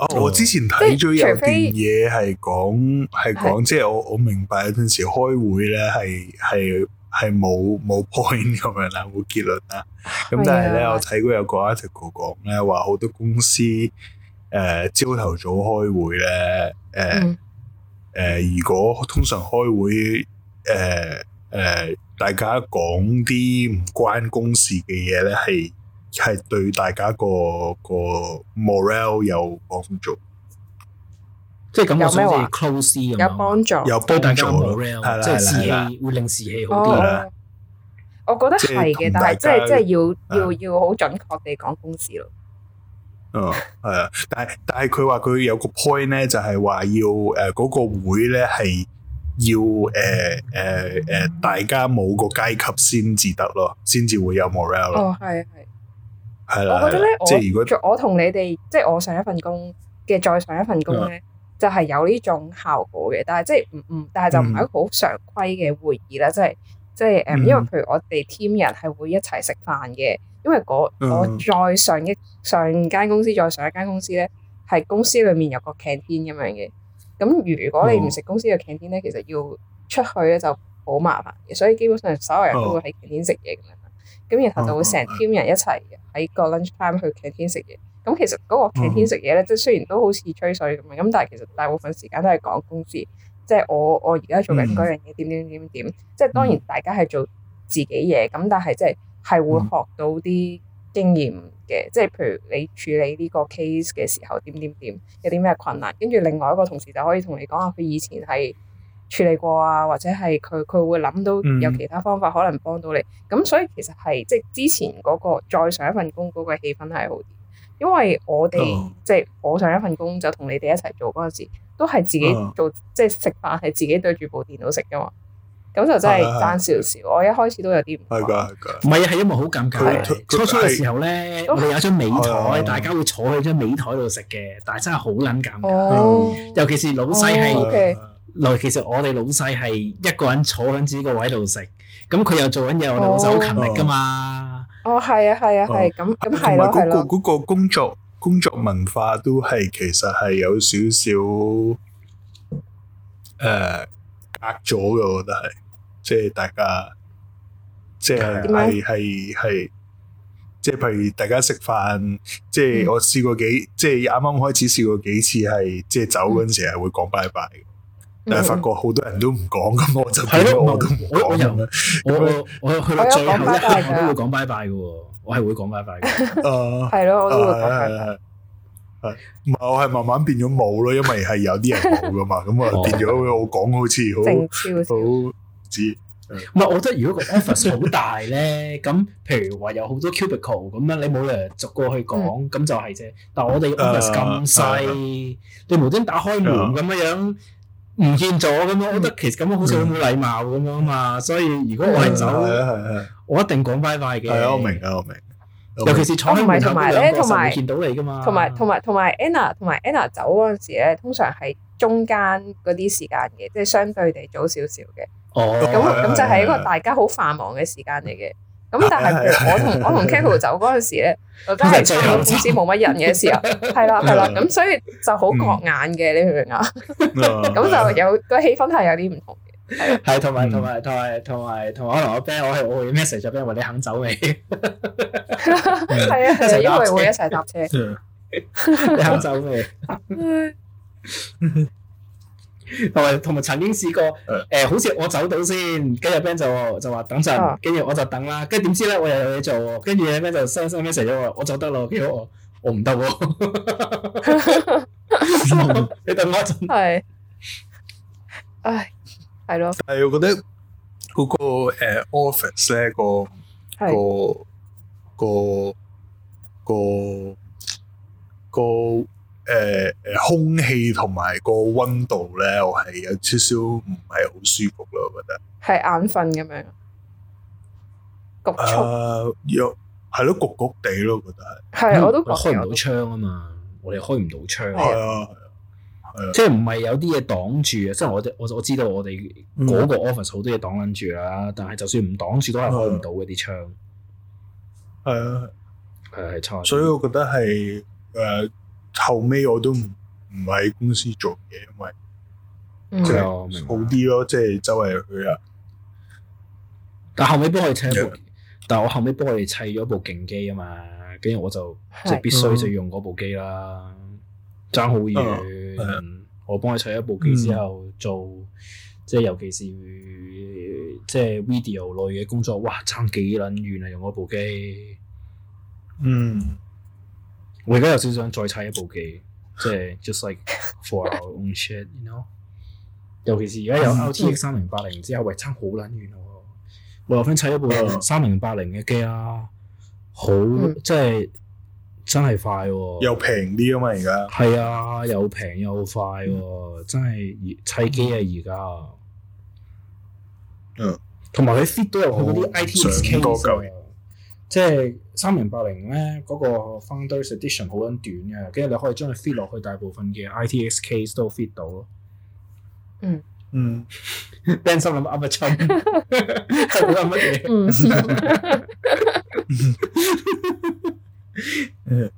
Speaker 3: 我之前睇咗有段
Speaker 1: 嘢係講，係講即係我我明白有陣時開會咧係係係冇冇 point 咁樣啦，冇結論啦。咁但係咧，我睇過有個 article 講咧，話好多公司誒朝頭早開會咧，誒誒，如果通常開會誒誒，大家講啲唔關公事嘅嘢咧係。係對大家個個 morale 有幫助，即係感覺好似 close 咁，有幫助，有幫大家 morale，即係士氣會令士氣好啲。我覺得係嘅，但
Speaker 3: 係即係即係要要要好準確地講公司咯。
Speaker 1: 嗯，係啊，但係但係佢話佢有個 point 咧，就係話要誒嗰個會咧係要誒誒誒大家冇個階級先至得咯，先至會有 morale 咯。哦，係係。我覺得咧，我
Speaker 3: 我同你哋，即係我上一份工嘅再上一份工咧，嗯、就係有呢種效果嘅。但係即係唔唔，但係就唔係一個好常規嘅會議啦。即係即係誒，嗯、因為譬如我哋 team 人係會一齊食飯嘅。因為我、嗯、我再上一上一間公司，再上一間公司咧，係公司裏面有個 canteen 咁樣嘅。咁如果你唔食公司嘅 canteen 咧，嗯、其實要出去咧就好麻煩嘅。所以基本上，所有人都會喺 canteen 食嘢嘅。咁然後就會成 team 人一齊喺個 lunch time 去全天食嘢。咁其實嗰個全天食嘢咧，即係雖然都好似吹水咁樣，咁、uh huh. 但係其實大部分時間都係講公司，即係我我而家做緊嗰樣嘢點點點點點。即係當然大家係做自己嘢，咁但係即係係會學到啲經驗嘅。即係譬如你處理呢個 case 嘅時候點點點，有啲咩困難，跟住另外一個同事就可以同你講下佢以前係。處理過啊，或者係佢佢會諗到有其他方法可能幫到你。咁所以其實係即係之前嗰個再上一份工嗰個氣氛係好啲，因為我哋即係我上一份工就同你哋一齊做嗰陣時，都係自己做，即係食飯係自己對住部電腦食㗎嘛，咁就真係爭少少。我一開始都有啲唔
Speaker 2: 係啊，係因為好尷尬。初初嘅時候咧，我哋有張美台，大家會坐喺張美台度食嘅，但係真係好撚尷尬。尤其是老細係。嚟，其實我哋老細係一個人坐喺自己個位度食，咁佢又做緊嘢，我哋老細好勤力噶嘛。
Speaker 3: 哦，係啊，係啊，係咁咁係咯，係咯。同埋嗰個
Speaker 1: 嗰個工作工作文化都係其實係有少少誒隔咗嘅，我覺得係，即係大家即係係係係，即係譬如大家食飯，即係我試過幾，即係啱啱開始試過幾次係，即係走嗰陣時係會講拜拜，但係發覺好多人都唔講，咁我就變咗我都冇
Speaker 2: 咁樣。我我去到最後一刻，我都會講拜拜噶。我係會講拜拜嘅。係
Speaker 1: 咯，
Speaker 2: 我都會。係係係
Speaker 1: 係。唔係我係慢慢變咗冇咯，因為係有啲人冇噶嘛。咁啊變咗，我講好似好少，好似。好少。唔係，我覺得如果個 office 好大咧，
Speaker 2: 咁譬如話有好多 cubicle 咁樣，你冇理由逐個去講，咁就係啫。但係我哋 office 咁細，你無端打開門咁樣。唔見咗咁樣，我覺得其實咁樣好似好冇禮貌咁樣啊嘛，嗯、所以如果我係走，我一定講拜拜嘅。係啊，我明啊，我明。尤其是坐喺度和，同埋咧，同埋見到你噶嘛，同埋
Speaker 3: 同埋同埋 Anna，同埋 Anna 走嗰陣時咧，通常係中間嗰啲時間嘅，即係相對地早少少嘅。哦，咁咁那的就係一個大家好繁忙嘅時間嚟嘅。
Speaker 4: 咁但係，譬如我同我
Speaker 3: 同 Kevin 走嗰陣時咧，我真係差公司冇乜人嘅時候，係啦係啦，咁所以就好覺眼嘅，你明唔明啊？
Speaker 2: 咁就有
Speaker 3: 個氣氛係有啲唔同嘅。
Speaker 2: 係，係同埋同埋同埋同埋同我同我 friend，我係我 message 咗 friend 話你肯走未？
Speaker 3: 係啊，因為會一齊搭車。
Speaker 2: 你肯走未？同埋同埋曾經試過誒，好似我走到先，跟住 Ben 就就話等陣，跟住我就等啦。跟住點知咧，我又要做，跟住 Ben 就 send send message 話我走得咯，叫我，我唔得喎。你等我一陣。
Speaker 4: 係。唉，
Speaker 1: 係咯。但係我覺得嗰個 office 咧個個個個個。誒誒，空氣同埋個温度咧，我係有少少唔係好舒服咯，我覺
Speaker 3: 得係眼瞓咁樣，焗
Speaker 1: 住又係咯，焗焗地咯，覺得係係我都開唔到窗啊嘛，
Speaker 2: 我哋開唔到窗係啊係啊，係啊。即係唔係有啲嘢擋住啊？即係我我我知道我哋嗰個 office 好多嘢擋緊住啦，但係就算唔擋住都係開唔到嗰啲窗，
Speaker 1: 係啊係係差，所以我覺得係誒。後尾我都唔唔喺公司做嘢，因為就係、是嗯、好啲咯，即、就、係、是、周圍去啊。但後尾幫我哋砌部機，Yeah.
Speaker 2: 但我後尾幫我哋砌咗部勁機啊嘛，跟住我就即係是必須就用嗰部機啦，爭好、嗯、遠。Uh, uh, uh, uh. 我幫佢砌一部機之後做，即係、嗯、尤其是即係、就是、video 類嘅工作，哇，爭幾撚遠啊！用嗰部機，嗯。我而家有少少想再砌一部機，即係 just like for our own shit，you know。尤其是而家有 RTX 三零八零之後，喂，差好撚遠喎。我又想砌一部三零八零嘅機、嗯、啊，
Speaker 1: 好
Speaker 2: 即係真係快喎。又
Speaker 1: 平啲啊嘛而家。
Speaker 2: 係啊，又平又快，嗯、真係砌機啊而家。嗯，同埋佢 fit 都有好多啲 ITX 機。嗯即係三零八零咧，嗰、那個 Founders Edition 好撚短嘅，跟住你可以將佢 fit 落去大部分嘅 ITX case 都 fit 到咯。嗯、mm hmm. 嗯，邊三零阿伯長係講緊乜嘢？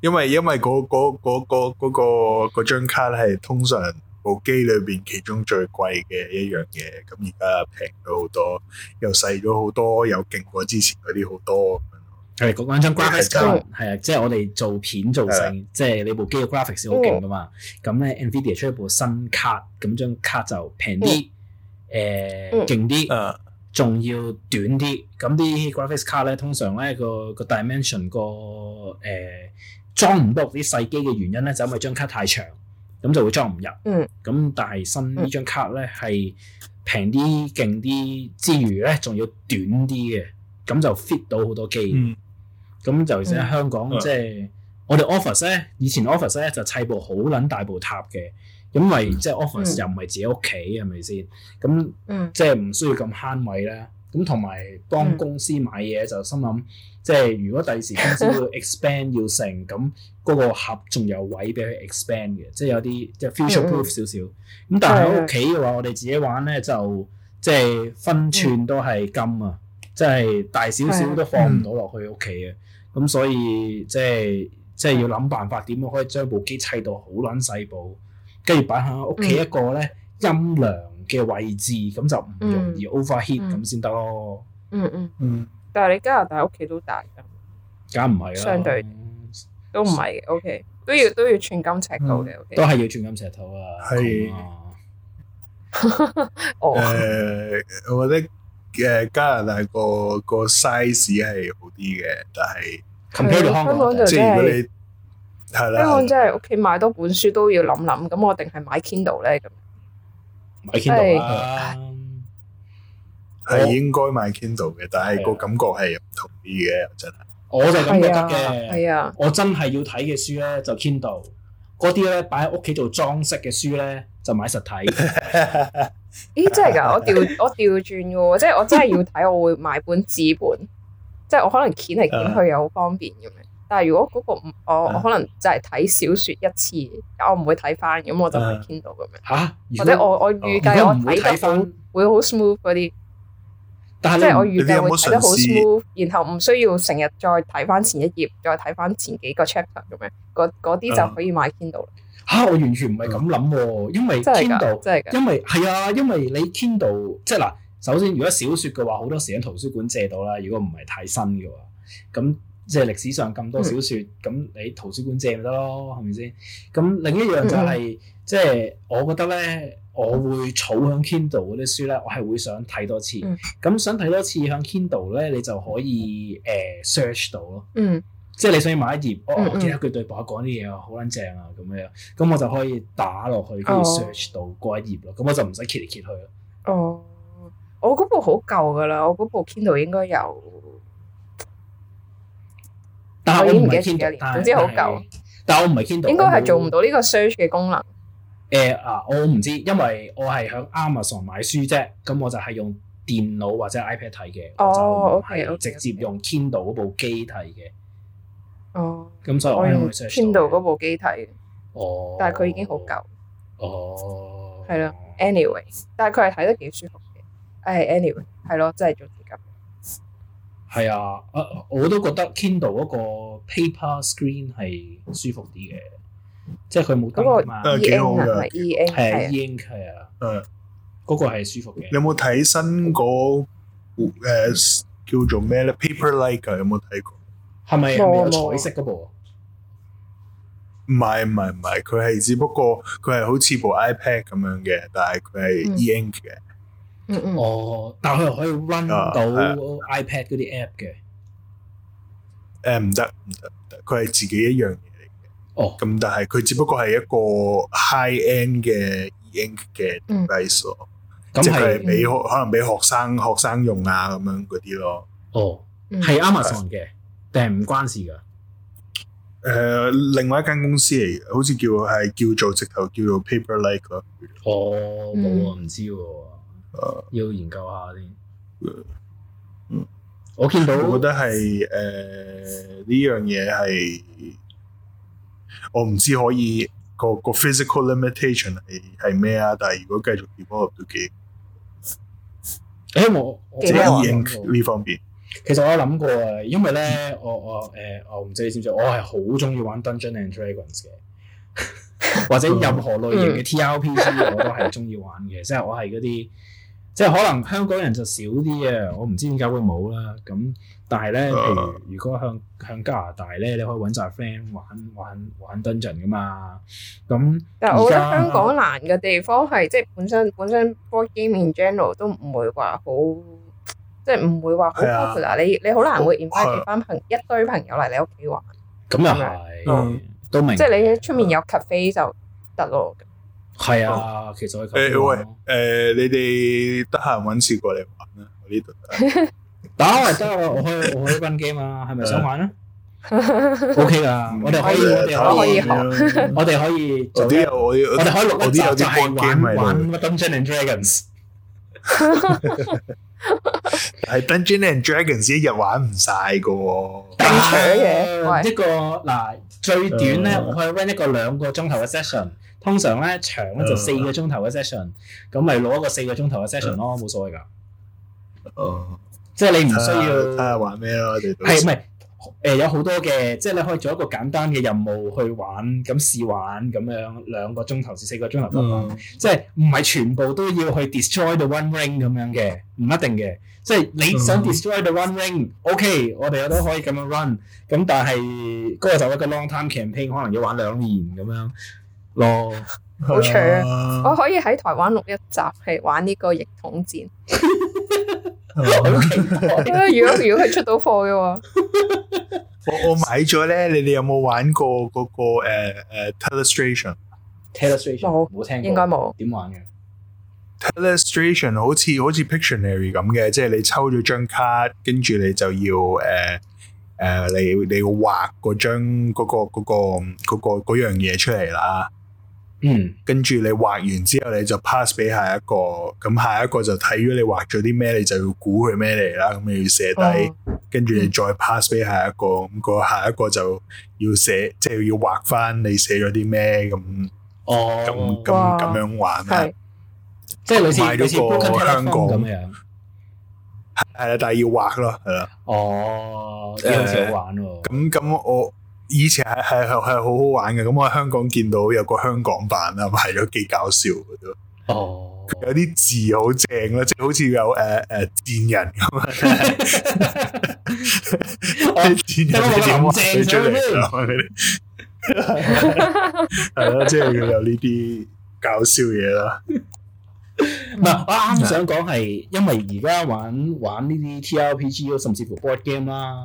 Speaker 1: 因為因為嗰嗰嗰嗰嗰個嗰張卡係通常。部機裏邊其中最貴嘅一樣嘢，咁而家平咗好多，又細咗好多，又勁過之前嗰啲好多。
Speaker 2: 係講翻張 graphics card 係啊，即、那、係、個就是、我哋做片做成，即係了你部機嘅 graphics 好勁噶嘛。咁咧、哦、，NVIDIA 出一部新卡，咁張卡就平啲，誒、哦，勁啲、呃，仲、嗯、要短啲。咁啲 graphics card 咧，通常咧、那個、那個 dimension、那個誒裝唔到啲細機嘅原因咧，就因為張卡太長。咁就會裝唔入。咁、嗯、但係新呢張卡咧係平啲、勁啲之餘咧，仲要短啲嘅，咁就 fit 到好多機。咁、嗯、就喺香港，即係、嗯、我哋 office 咧，以前 office 咧就砌部好撚大部塔嘅，因為即係 office 又唔係自己屋企，係咪先？咁即係唔需要咁慳位啦。咁同埋幫公司買嘢就心諗，即係如果第二時公司要 expand 要成，咁嗰個盒仲有位俾佢 expand 嘅，即係有啲即係 future proof 少少。咁但係喺屋企嘅話，我哋自己玩咧就即係分寸都係金啊，即係大少少都放唔到落去屋企啊。咁所以即係即係要諗辦法點樣可以將部機砌到好撚細部，跟住擺喺屋企一個咧音量，嗯嘅位置，咁就唔容易 overheat 咁先得咯。嗯嗯嗯，
Speaker 3: 但係你加拿大屋企都大噶？梗唔
Speaker 2: 係啦，相對
Speaker 3: 都唔係嘅。O K，都要都要寸金尺土嘅。O K，都
Speaker 1: 係要寸金尺土啊。係。誒，我覺得誒加拿大個個 size 係好啲嘅，但係，香港即係如果你係啦，香港真
Speaker 3: 係屋企買多本書都要諗諗，咁我定係買 Kindle 咧咁。
Speaker 1: 買 Kindle，係應該買 Kindle 嘅，我但係個感覺係唔同啲嘅，真係、啊。我就咁嘅，係啊，
Speaker 2: 啊我真係要睇嘅書咧就 Kindle，嗰啲咧擺喺屋企做裝飾嘅書咧就買實體。 咦，真係噶？我調
Speaker 3: 我調轉 即係我真係要睇，我會買本紙本，即係我可能剪嚟剪去又好方便咁樣。但係如果嗰個唔，我我可能就係睇小説一次，啊、我唔會睇翻，咁我就買 Kindle 咁樣、啊。嚇！
Speaker 4: 或者我我預計我睇得翻
Speaker 3: 會好 smooth 嗰啲，
Speaker 4: 即係、哦、我預
Speaker 3: 計我會睇得好 smooth，然後唔需要成日再睇翻前一頁，再睇翻前幾個 chapter 咁樣，嗰啲就可以買 Kindle
Speaker 2: 啦、啊。我完全唔係咁諗，因為 Kindle，因為係啊為，因為你 Kindle 即、就、係、是、嗱，首先如果小説嘅話，好多時喺圖書館借到啦。如果唔係太新嘅話，咁。即係歷史上咁多小説，咁、嗯、你圖書館借咪得咯，係咪先？咁另一樣就係、是，嗯、即係我覺得咧，我會儲響 Kindle 嗰啲書咧，我係會想睇多次。咁、嗯、想睇多次響 Kindle 咧，你就可以誒、呃、search 到咯。嗯。即係你想買一頁，嗯、哦，哦，我見下佢對白講啲嘢好撚正啊，咁樣。咁我就可以打落去，可以 search 到嗰一頁咯。咁、哦、我就唔使揭嚟揭去
Speaker 3: 咯。哦。我嗰部好舊噶啦，我嗰部 Kindle
Speaker 2: 應該有。
Speaker 3: 但我已經唔記得咗，總之好舊、
Speaker 2: 啊。但係我唔係 Kindle，應該係做唔到呢
Speaker 3: 個 search 嘅功能。誒、
Speaker 2: 欸、啊！我唔知，因為我係喺 Amazon 買書啫，咁我就係用電腦或者 iPad 睇嘅，哦，oh, 就係直接用 Kindle 嗰部機睇嘅。哦。咁所以我，到我用
Speaker 3: Kindle 嗰部機睇。哦。Oh, 但係佢已經好舊。
Speaker 2: 哦、oh。
Speaker 3: 係咯，anyway，s，但係佢係睇得幾舒服嘅。誒，anyway，係咯，即係
Speaker 2: 係啊，啊我都覺得 Kindle 嗰個 paper screen 係
Speaker 1: 舒服啲嘅，即係佢冇燈啊嘛，幾、e、好嘅。E Ink 係 E Ink 啊，嗯，嗰個係舒服嘅。你有冇睇新嗰誒叫做咩咧？Paper Like 有冇睇過？
Speaker 2: 係咪彩色嗰部啊？唔係
Speaker 1: 唔係唔係，佢係只不過佢係好似部 iPad 咁樣嘅，但係佢係 E Ink 嘅。嗯
Speaker 2: 嗯嗯哦，但
Speaker 1: 佢又可以 run 到 iPad 嗰啲 app 嘅。誒唔得唔得，佢、嗯、係自己一樣嘢嚟嘅。哦，咁但係佢只不過係一個 high end 嘅 e-ink 嘅 device 咯、嗯，即係俾、嗯、可能俾學生學生用啊咁樣嗰啲咯。哦，Am 嗯、係 Amazon 嘅，定係唔關事㗎？誒，另外一間公司嚟，好似叫係叫做直頭叫做 Paperlike 咯。Like, 啊、哦，冇、嗯、啊，唔知喎。要研究下先。嗯、我見到，我覺得係誒呢樣嘢係，我唔知可以個個 physical limitation 係係咩啊？但係如果繼續 develop 都幾，誒、欸，我即係呢方面。正其
Speaker 2: 實我有諗過啊，因為咧，我我誒，我唔、呃、知你知唔知，我係好中意玩 Dungeon and Dragons 嘅， 或者任何類型嘅 TRPG 我都係中意玩嘅，即係、 嗯、我係嗰啲。即係可能香港人就少啲啊，我唔知點解會冇啦。咁但係咧，譬如如果向向加拿大咧，你可以揾紮 friend 玩玩玩登場㗎嘛。咁但係我覺得香港
Speaker 3: 難嘅地方係即係本身本身 board game in general 都唔會話好，即係唔會話好 popular。你你好難會 invite 翻幾班朋一堆朋友嚟你屋企玩。
Speaker 2: 咁又係，都
Speaker 3: 明。即係你喺出面有 cafe 就得咯。
Speaker 1: 係啊，其實係咁講。誒喂，誒，你哋得閒揾次過嚟玩
Speaker 2: 啦，我呢度打啊，得啊，我去我去 run game 啊，係咪想玩啊？O K 噶，我哋可
Speaker 1: 以，我哋可以學，我哋可以。我哋可以錄一集就係玩玩《Dungeon and Dragons》。係《Dungeon and Dragons》一日玩唔晒噶喎，
Speaker 2: 頂死嘢！一個嗱最短咧，我去玩一個兩個鐘頭嘅 session。通常咧長咧就四個鐘頭嘅 session，咁咪攞一個四個鐘頭嘅 session 咯，冇、uh, 所謂噶。哦，即係你唔需要睇下玩咩咯？係唔係？誒有好多嘅，即係你可以做一個簡單嘅任務去玩，咁試玩咁樣兩個鐘頭至四個鐘頭都得。Uh, 即係唔係全部都要去 destroy the one ring 咁樣嘅？唔一定嘅。即係你想 destroy the one ring，OK，、uh, okay, 我哋都可以咁樣 run。咁但係嗰個就一個 long time campaign，可能要玩兩年咁樣。咯，嘍好趣、啊。啊、我
Speaker 3: 可以喺台灣錄一集，係玩呢個逆統戰。 如果 如果佢出到貨嘅話，
Speaker 1: 我我買咗咧。你哋有冇玩過嗰、嗰個誒誒 Telestration？Telestration 我冇聽過，應該冇。點玩嘅？Telestration 好似好似 Pictionary 咁嘅，即係你抽咗張卡，跟住你就要誒誒，uh, uh, 你你要畫嗰張嗰、嗰個嗰、嗰個嗰個嗰個、樣嘢出嚟啦。嗯，跟住你畫完之後，你就 pass 俾、er、下一個，咁下一個就睇咗你畫咗啲咩，你就要估佢咩嚟啦，咁你要寫低，跟住、哦、你再 pass 俾、er、下一個，咁個下一個就要寫，就是要畫哦、即係要畫翻你寫咗啲咩咁，哦，咁咁咁樣玩啊，即係類似類似香港咁樣，係係啊，但係要畫咯，係啦，哦，好似好玩喎，咁咁我。以前係係係好好玩嘅，咁我喺香港見到有個香港版啊，拍咗幾搞笑嘅都，哦，有啲字好正咧，就好似有誒誒賤人咁啊，賤人咁正上嚟嘅，係啦，即係佢有呢啲搞笑嘢啦。
Speaker 2: 唔係，我啱想講係，因為而家玩玩呢啲 TRPG 甚至乎 board game 啦。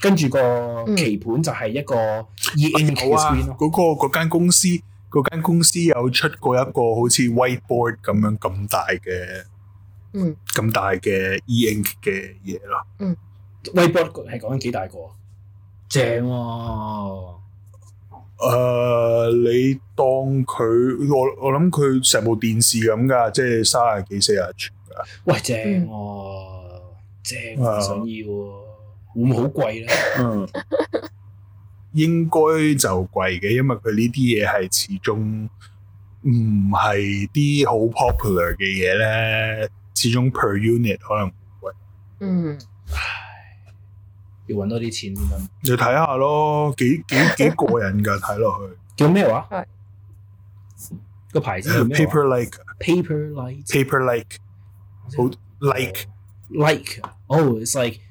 Speaker 1: 跟住個棋盤就係一個 E Ink，嗰個嗰間公司嗰間公司有出過一個好似 Whiteboard 咁樣咁大嘅，嗯，咁大嘅 E Ink 嘅嘢咯。嗯，Whiteboard 係講緊幾大個？正喎。誒，你當佢我我諗佢成部電視咁㗎，即係卅幾四十吋㗎。喂，正喎，正，好想要。會唔會好貴咧？嗯，應該就貴嘅，因為佢呢啲嘢係始終唔係啲好 popular 嘅嘢咧，始終 per unit 可能貴。嗯，唉要搵多啲錢先。你睇下咯，幾幾幾過癮噶，睇落去叫咩話，啊？個 Hi. 牌子叫咩，啊？Paper like
Speaker 2: paper like
Speaker 1: paper like 好 like
Speaker 2: like oh it's like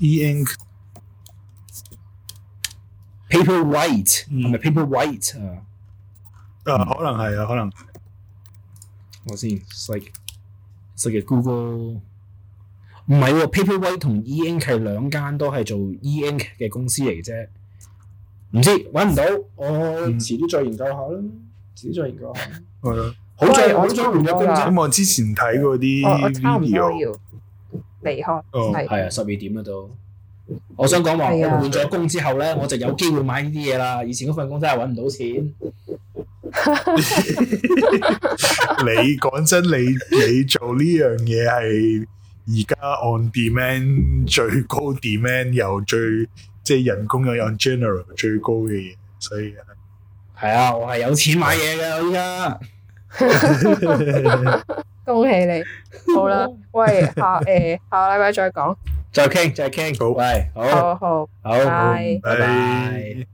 Speaker 2: E Ink，Paperwhite，唔係 Paperwhite 啊？可能係啊，可能。我先，世界 Google，唔係喎。Paperwhite 同 E Ink 係兩間都係做 E Ink 嘅公司嚟嘅啫。唔知，揾唔到。我遲啲再研究下啦，遲啲再研究下。
Speaker 1: 好彩，好彩換咗公仔。我之前睇過啲。
Speaker 3: 離開哦，係啊，
Speaker 2: 十二點啦都。我想講話，換咗的工之後咧，我就有機會買呢啲嘢啦。以前嗰份工真係揾唔到錢。
Speaker 1: 你講真，你你做呢樣嘢，係而家按 demand 最高 demand 又最即係人工又 on general 最高嘅嘢，所以係。係啊，我係有錢買嘢嘅依家。
Speaker 3: 恭喜你，好啦，喂，下，誒，下個禮拜再
Speaker 4: 講，
Speaker 1: 再傾，再傾，好，喂，好好，好，拜拜。